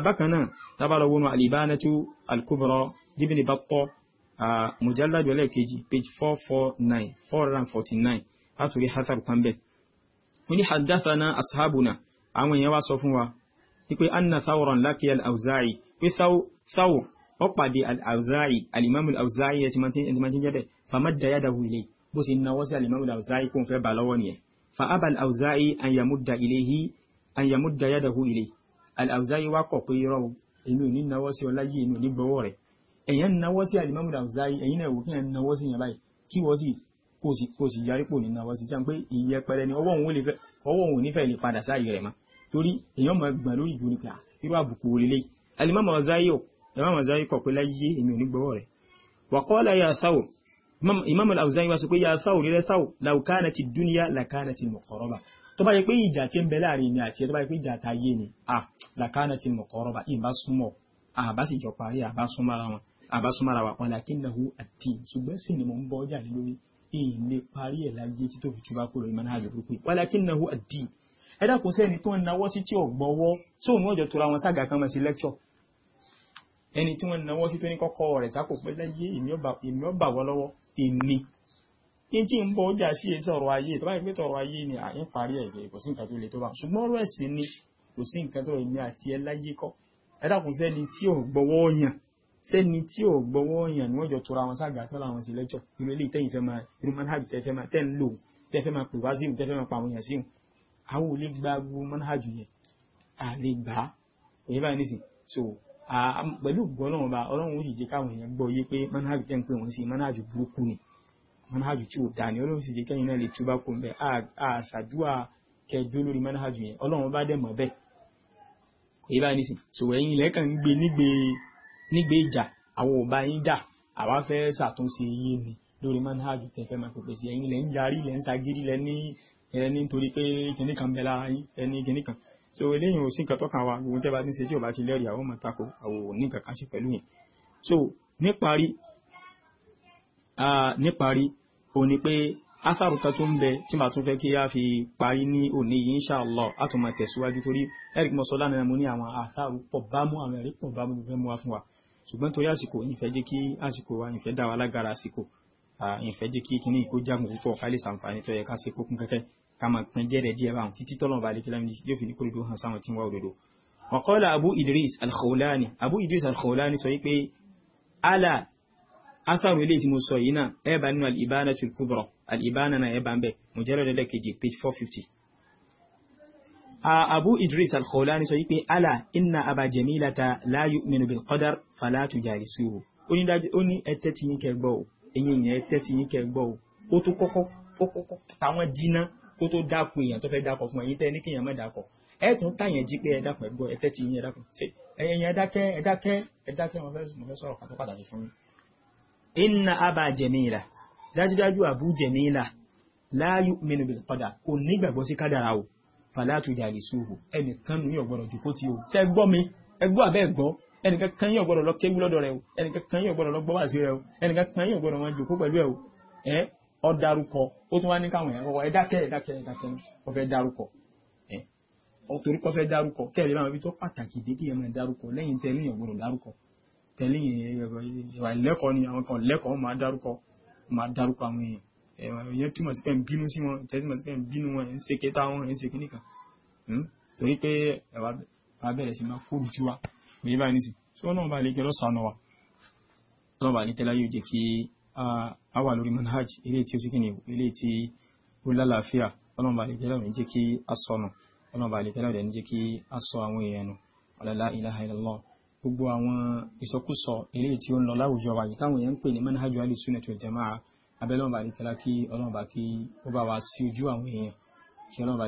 bákan náà tábàlọ́ wọnú al-Ibanatu al-Kubra bá pọ̀ mujalladu ó pàdé al-Awza'i al-Imam al-Awza'i ẹ̀ tí máa ti ń jẹ́ bẹ́ẹ̀ famadda yadahu ilayhi bó ṣe náwó sí al-Imam al-Awza'i kó n fẹ́ bà lọ́wọ́ nìyẹn fa aba an yamudda ilayhi an yamudda yadahu ilayhi wá kọ̀ pé irọ́ èmi ní náwó sí ọlá yìí ní gbọ́wọ́ rẹ̀ ẹ̀yẹn náwó sí al-Imam al náà wò kí ẹ̀ náwó sí yẹn kí wọ́n sì kò sì yarí pò ní náwó sí sáà pé ìyẹpẹrẹ ni ọwọ́ òun ò lè padà sáàyè rẹ̀ mọ́ torí èèyàn máa gbà lórí ìgbóni pé ah, àbùkù òrìlé alimami ọ̀záyò imam al-awza'i kọ̀ pé láyé èmi ò ní gbọ́wọ́ rẹ̀ wa qala ya sáwò imam al-awza'i wá sọ pé ya sáwò rírẹ́ sáwò law kanati dunya la kanati muqaraba tó bá yẹ pé ìjà tí ń bẹ láàrin ni àti ẹ tó bá yẹ pé ìjà ta yé ni à la kanati muqaraba ìbá súnmọ́ àbá sì jọ parí àbá súnmọ́ra wọn àbá súnmọ́ra wa walakinahu àti ṣùgbọ́n sì ni sẹ́ni tó ń nawọ́ sí tí ò gbọ́wọ́ sóun ní ọjọ́ tora wọn ságà kan mọ̀ sí ẹni tí wọ́n náwó sí tó ní kọ́kọ́ rẹ̀ sápò pé láyé èmi ọ̀bà wọ́ lọ́wọ́ èmi ní tí ń bọ ọjà sí èsì ọ̀rọ̀ ayé tó bá yẹ pé tọ̀rọ̀ ayé ni à ń parí ẹ̀ kò sí nǹkan tó le tó bá ṣùgbọ́n ọ̀rọ̀ ẹ̀sìn ni kò sí nǹkan tó èmi àti ẹ láyé kọ́ ẹ dákun sẹ́ni tí ò gbọ́wọ́ yàn sẹ́ni tí ò gbọ́wọ́ yàn ni wọ́n jọ tora wọn sága tó làwọn sì lẹ́jọ́ irú eléyìí tẹ́yìn fẹ́ máa irú manhaj tẹ́ fẹ́ máa tẹ́ ń lò tẹ́ fẹ́ máa pè wá síhùn tẹ́ fẹ́ máa pa àwọn yàn síhùn àwọn ò lè gba gbogbo manhaj yẹn à lè gbà á èyí báyìí nísìn so pẹ̀lú gbọ́ ọlọ́run ọba ọlọ́run ó sì jẹ́ káwọn èèyàn gbọ́ yé pé manhaj tẹ́ ń pè wọ́n sí manhaj burúkú ni manhaj tí ò dá ni ọlọ́run sì jẹ́ kẹ́yìn náà lè túbá kó ń bẹ́ a ṣàdúrà kẹjọ lórí manhaj yẹn ọlọ́run bá dẹ̀ mọ̀ bẹ́ẹ̀ kò yí báyìí nísìn ṣòwò ẹ̀yin ilẹ̀ kan ń gbé nígbè ìjà àwọn ò bá yín jà àwa fẹ́ ṣàtúnṣe yé ni lórí manhaj tẹ́ fẹ́ máa pèpè sí ẹ̀yin ilẹ̀ ń yarí ilẹ̀ ń sagírí ilẹ̀ nítorí pé kìnnìkan bẹ lára yín ẹni kìnnìkan so eléyìí ò sí nǹkan tọ́kàn wa gbogbo tẹ́ bá ti ń ṣe tí ò bá ti lẹ́rìí àwọn ọmọ tako àwọn ò ní nǹkan kan ṣe pẹ̀lú yẹn so níparí níparí ò ní pé asaru kan tó ń bẹ tí màá tún fẹ́ kí a fi parí ní òní yìí inshallah a tún tẹ̀síwájú torí eric mọ́sọ́lá náà mo ní àwọn asaru pọ̀ bámú àwọn ẹ̀rí pọ̀ bámú fẹ́ mú wa fún wa ṣùgbọ́n torí àsìkò ìfẹ́ jẹ́ kí àsìkò wa ìfẹ́ dá wa lágara àsìkò ìfẹ́ jẹ́ kí kíní ìkó jágun púpọ̀ ká lè tó yẹ ká ṣe kókún kẹ́kẹ́ ká máa pín jẹ́rẹ̀ díẹ̀ báwọn títí tọ́lọ́mọba alékílámì yóò fi ní kó dodo hàn sáwọn tí ń wá òdodo. wa qala abu idris al-khawlani abu idris al-khawlani sọ wípé ala asaru ilé tí mo sọ yìí náà ẹ bá nínú al-ibana tul kubra al-ibana náà ẹ bá ń bẹ mujallad ẹlẹ́kejì page four fifty. abu idris al-khawlani sọ wípé ala inna aba jamilata la yu'minu bil qadar fala tujalisuhu ó ní ẹ tẹ́tí yín kẹ́ gbọ́ o ẹ̀yin ìyẹn ẹ o ó tó kọ́kọ́ táwọn jiná kó tó dákun èèyàn tó fẹ́ dákọ̀ fún ẹ̀yin tẹ́ ní kéèyàn má dákọ̀ ẹ tún táyẹn jí pé ẹ dákun ẹ gbọ́ ẹ tẹ́tí yín ẹ dákun ṣe ẹ̀yìn yẹn dákẹ́ ẹ dákẹ́ ẹ dákẹ́ mo fẹ́ sọ̀rọ̀ kan tó pàtàkì fún mi. inna aba jẹ̀míìlà dájúdájú àbú jẹ̀míìlà láàyò mẹ́nu bẹ̀rẹ̀ padà kò ní ìgbàgbọ́ sí kádàrà o fàlàtù jàlè sóhù ẹnìkan ní ọ̀gbọ́dọ̀ jù kó ti o ṣe gbọ́ mi ẹ gbọ́ àbẹ́ gbọ́ ẹnìkan kan yín ọ̀gbọ́dọ̀ lọ kéwú lọ́dọ̀ rẹ o ẹnìkan yín ọ̀gbọ́dọ̀ lọ gbọ́ wàásù rẹ o ẹnìkan yín ọ̀gbọ́dọ̀ wọn jù pẹ̀lú ẹ o ẹ ọ darúkọ ó tún wá ní káwọn èèyàn kọ́kọ́ ẹ dákẹ́ ẹ dákẹ́ ẹ dákẹ́ ọ fẹ́ darúkọ ẹ torí kọ́ fẹ́ darúkọ kẹ́ẹ̀rẹ́ báwọn ibi tó pàtàkì dédé ẹ̀ máa darúkọ lẹ́yìn tẹ́lẹ̀ yẹn gbọ́dọ̀ darúkọ tẹ́lẹ̀ yẹn ìwà ìlẹ́kọ̀ọ́ ni àwọn kan lẹ́kọ̀ọ́ máa darúkọ máa darúkọ àwọn èèyàn ìyẹn túmọ̀ sí pé ń bínú sí wọn tẹ́sí mọ̀ sí pé ń bínú wọn ń ṣe kéta wọn ń ṣe kíní kan hmm? torí pé ẹ̀wà bẹ̀rẹ̀ sí máa fóòrù jù wa bí báyìí nìsí tí wọ́n náà bá lè kẹ́ lọ́sàn-án wa náà bá lè kẹ́ láyé ó a wà lórí manhaj ilé tí ó sì kí ni ilé tí ó lálàáfíà ọlọ́run bá lè jẹ́ lọ́rùn jẹ́ kí a sọnù ọlọ́run bá lè jẹ́ lọ́rùn jẹ́ kí a sọ àwọn èèyàn nù ọ̀làlá gbogbo àwọn ìsọkúsọ ilé tí ó ń lọ láwùjọ wa yìí táwọn èèyàn ń pè ní manhaj ali sunnah wal jamaa abẹ́lọ́run bá lè jẹ́ kí ọlọ́run bá kí ó bá wa sí ojú àwọn èèyàn kí ọlọ́run bá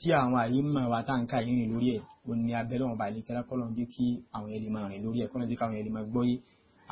tí àwọn àyímọ̀ wa tá ń ká ìrìn lórí ẹ̀ o ní abẹ́lẹ̀ wọn bá ilé kẹ́lá kọ́lọ̀ jẹ́ kí àwọn ẹlẹ́ máa rìn lórí ẹ̀ kọ́lọ̀ jẹ́ káwọn ẹlẹ́ máa gbọ́yé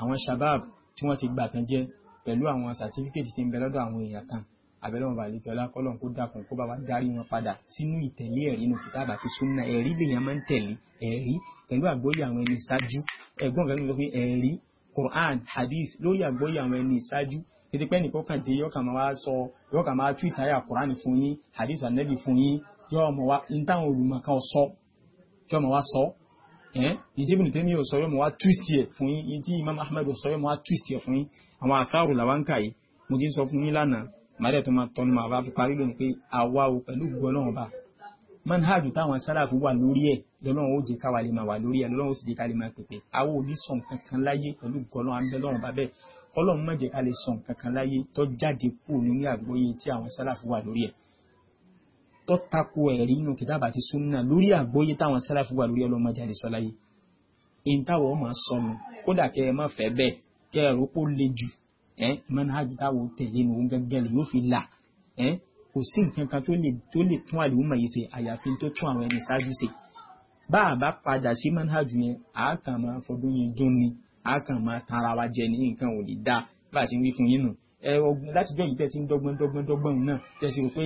àwọn shabab tí wọ́n ti gbà kan jẹ́ pẹ̀lú àwọn sàtífíkètì tí ń bẹ lọ́dọ̀ àwọn èèyàn kan abẹ́lẹ̀ wọn bá ilé kẹ́lá kọ́lọ̀ kó dákun kó bá wa darí wọn padà sínú ìtẹ̀lé ẹ̀rí nù kìtàbà ti súnmọ́ ẹ̀rí lèèyàn máa ń tẹ̀lé ẹ̀rí pẹ̀lú àgbóyè àwọn ẹni ìṣáájú ẹ̀gbọ́n kan ló fi ẹ̀rí Quran hadith lórí àgbóyè àwọn ẹni ìṣáájú títí pẹ́ nìkan kan dé yọ́kàn máa sọ yọ́kàn máa tú ìsáyà Quran fún yín hadith anabi fún yín yóò mọ̀ wá ní táwọn olùmọ̀kan sọ yóò mọ̀ wá sọ ẹ́n ìdí Ibn Taymiyyah ò sọ yóò mọ̀ wá twist ẹ̀ fún yín ìdí Imam Ahmed ò sọ yóò mọ̀ wá twist ẹ̀ fún yín àwọn àtàrù làwọn ń kà yìí mo ti ń sọ fún yín lánàá màdẹ́ tó máa tọ́nu màá bá fi parí lónìí pé àwa o pẹ̀lú gbogbo náà bá manhaj táwọn sálàfù wà lórí ẹ̀ lọ́lọ́run ó jẹ́ káwa lè máa wà lórí ẹ̀ lọ́lọ́run ó sì jẹ́ ká lè máa pèpè àwọn òní sọ nǹkan kan láyé pẹ̀lú gbọ́nà bá bẹ́ẹ̀ ọlọ́run má jẹ́ ká lè sọ nǹkan láyé tó jáde kúrò nínú àgbọ́yé tí àwọn sálàfù wà lórí ẹ̀ tó tako ẹ̀rí inú kìtàbà àti súnà lórí àgbóyé táwọn sẹ́láfù wà lórí ọlọ́mọ jáde sọ láyé in táwọn ọmọ sọnù kódà kẹ ẹ má fẹ́ bẹ́ẹ̀ kẹ ẹ rò pó le jù ẹ mọ́nájú táwọn tẹ̀lé nu òun gẹ́gẹ́ lè yóò fi là ẹ kò sí nǹkan kan tó lè tó lè tún yìí ṣe àyàfi tó tún àwọn ẹni ṣáájú ṣe bá a bá padà sí mọ́nájú yẹn a kàn máa fọdún yẹn dún ni a kàn máa tara wa jẹ ní nǹkan ò lè dáa bá a ṣe ń wí fún yín nù ọgbọ́n láti jọ ìtẹ́ tí ń dọ́gbọ́n dọ́gbọ́n dọ́gbọ́n náà tẹ́ sì rò pé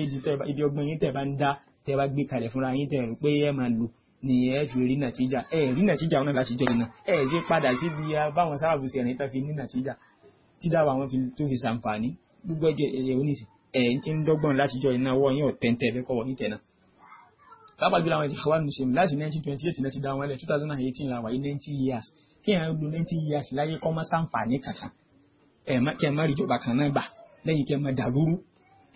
ibi ọgbọ́n yín tẹ́ bá ń dá tẹ́ bá gbé kalẹ̀ fúnra yín tẹ́ rò pé ẹ máa lò ni ẹ fi rí nàtíjà ẹ rí nàtíjà ọ̀nà láti jọ ìnà ẹ ṣe padà síbi báwọn sáàbù sí ẹ̀rìn tẹ́ fi ní nàtíjà tí dáwà wọn tó fi ṣàǹfààní gbogbo ẹ̀jẹ̀ ẹ̀yẹ̀ oníṣì ẹ̀ ń ti ń dọ́gbọ́n láti jọ ìnà wọ́ yín ọ̀tẹ́ntẹ́ fẹ́ kọ́wọ́ yín tẹ̀nà. pápá jùlọ àwọn ìjọba mùsùlùmí láti 1928 náà ti dá wọn lẹ̀ 2018 làwọn yìí 90 years kí ẹ̀ ń lo 90 years láyé kọ́ mọ́ ṣàǹfààní kankan ẹ má kẹ́ ẹ má rí ìjọba kan náà gbà lẹ́yìn kẹ́ ẹ má dàlúrú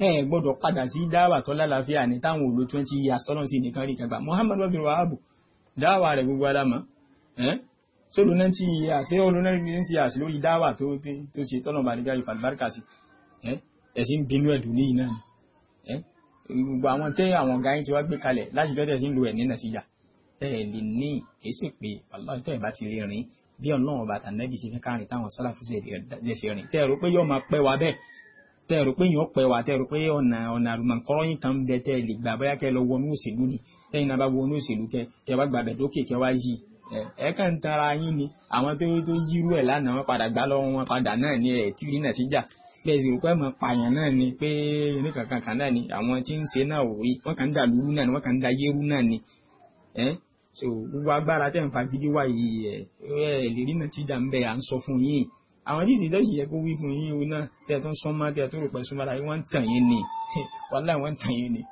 ẹ gbọ́dọ̀ padà sí dáwà tó lálàáfíà ní táwọn òòlù twenty years tọ́lọ́ sí nìkan rí kẹgbà Muhammadu bin Wahab dáwà rẹ̀ gbogbo alámọ̀ ẹ́ sóòlù náà ti yẹ àṣẹ olóòlù náà ti yẹ àṣẹ lórí dáwà tó tó ṣe tọ́lọ̀ bàdìgá ìfàlùbáríkà sí ẹ́ ẹ̀sìn bínú ẹ̀dùn níyì náà ẹ́ gbogbo àwọn tẹ́ àwọn ọ̀gá yín ti wá gbé kalẹ̀ láti fẹ́ tẹ̀sí ń lo ẹ̀ nínà sí yà ẹ̀ lè ní kìí sì pé wàlúwà tẹ́ ẹ̀ bá ti lè rìn bí ọ̀nà ọba àtànẹ́bì ṣe fẹ́ káàrin táwọn sálàfù ṣe ṣe rìn tẹ́ ẹ rò pé yóò máa pẹ́ wa bẹ́ẹ̀ tẹ́ ẹ rò pé yóò pẹ́ wa tẹ́ ẹ rò pé ọ̀nà ọ̀nà àrùmọ̀kọ́rọ́yìn kan bẹ tẹ́ ẹ lè gbà bóyá lọ wọnú òṣèlú ni tẹ́yìn náà bá wọnú òṣèlú kẹ́ kẹ́ wá gbàgbẹ́ dókè kẹ́ wá yí ẹ kàn tara yín ni àwọn tó tó yírú lánàá wọn padà gbá lọ́wọ́ wọn padà náà ni tí jà bẹ́ẹ̀ sì mọ̀ pààyàn náà ni pé so gbogbo agbára tẹ̀ ń fa gidi wá yìí ẹ̀ ẹ̀ lè rí náà tíjà ń bẹ̀ à ń sọ fún yín àwọn ìdí ìsìlẹ̀ yìí yẹ kó wí fún yín o náà tẹ̀ tó ń sọ mọ́ tẹ̀ tó rò pẹ̀ súnmọ́ra yín wọ́n ń tàn yín ni (laughs) wàhálà wọ́n ń tàn yín ni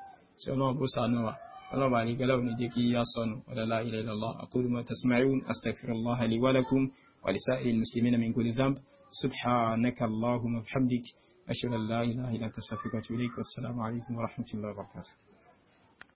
ṣé ọlọ́run kó sànú wa ọlọ́run bá rí gẹ́lẹ́ òní jẹ́ kí yá sọnù ọ̀dọ́lá ilẹ̀ lọ́lọ́ aqulu ma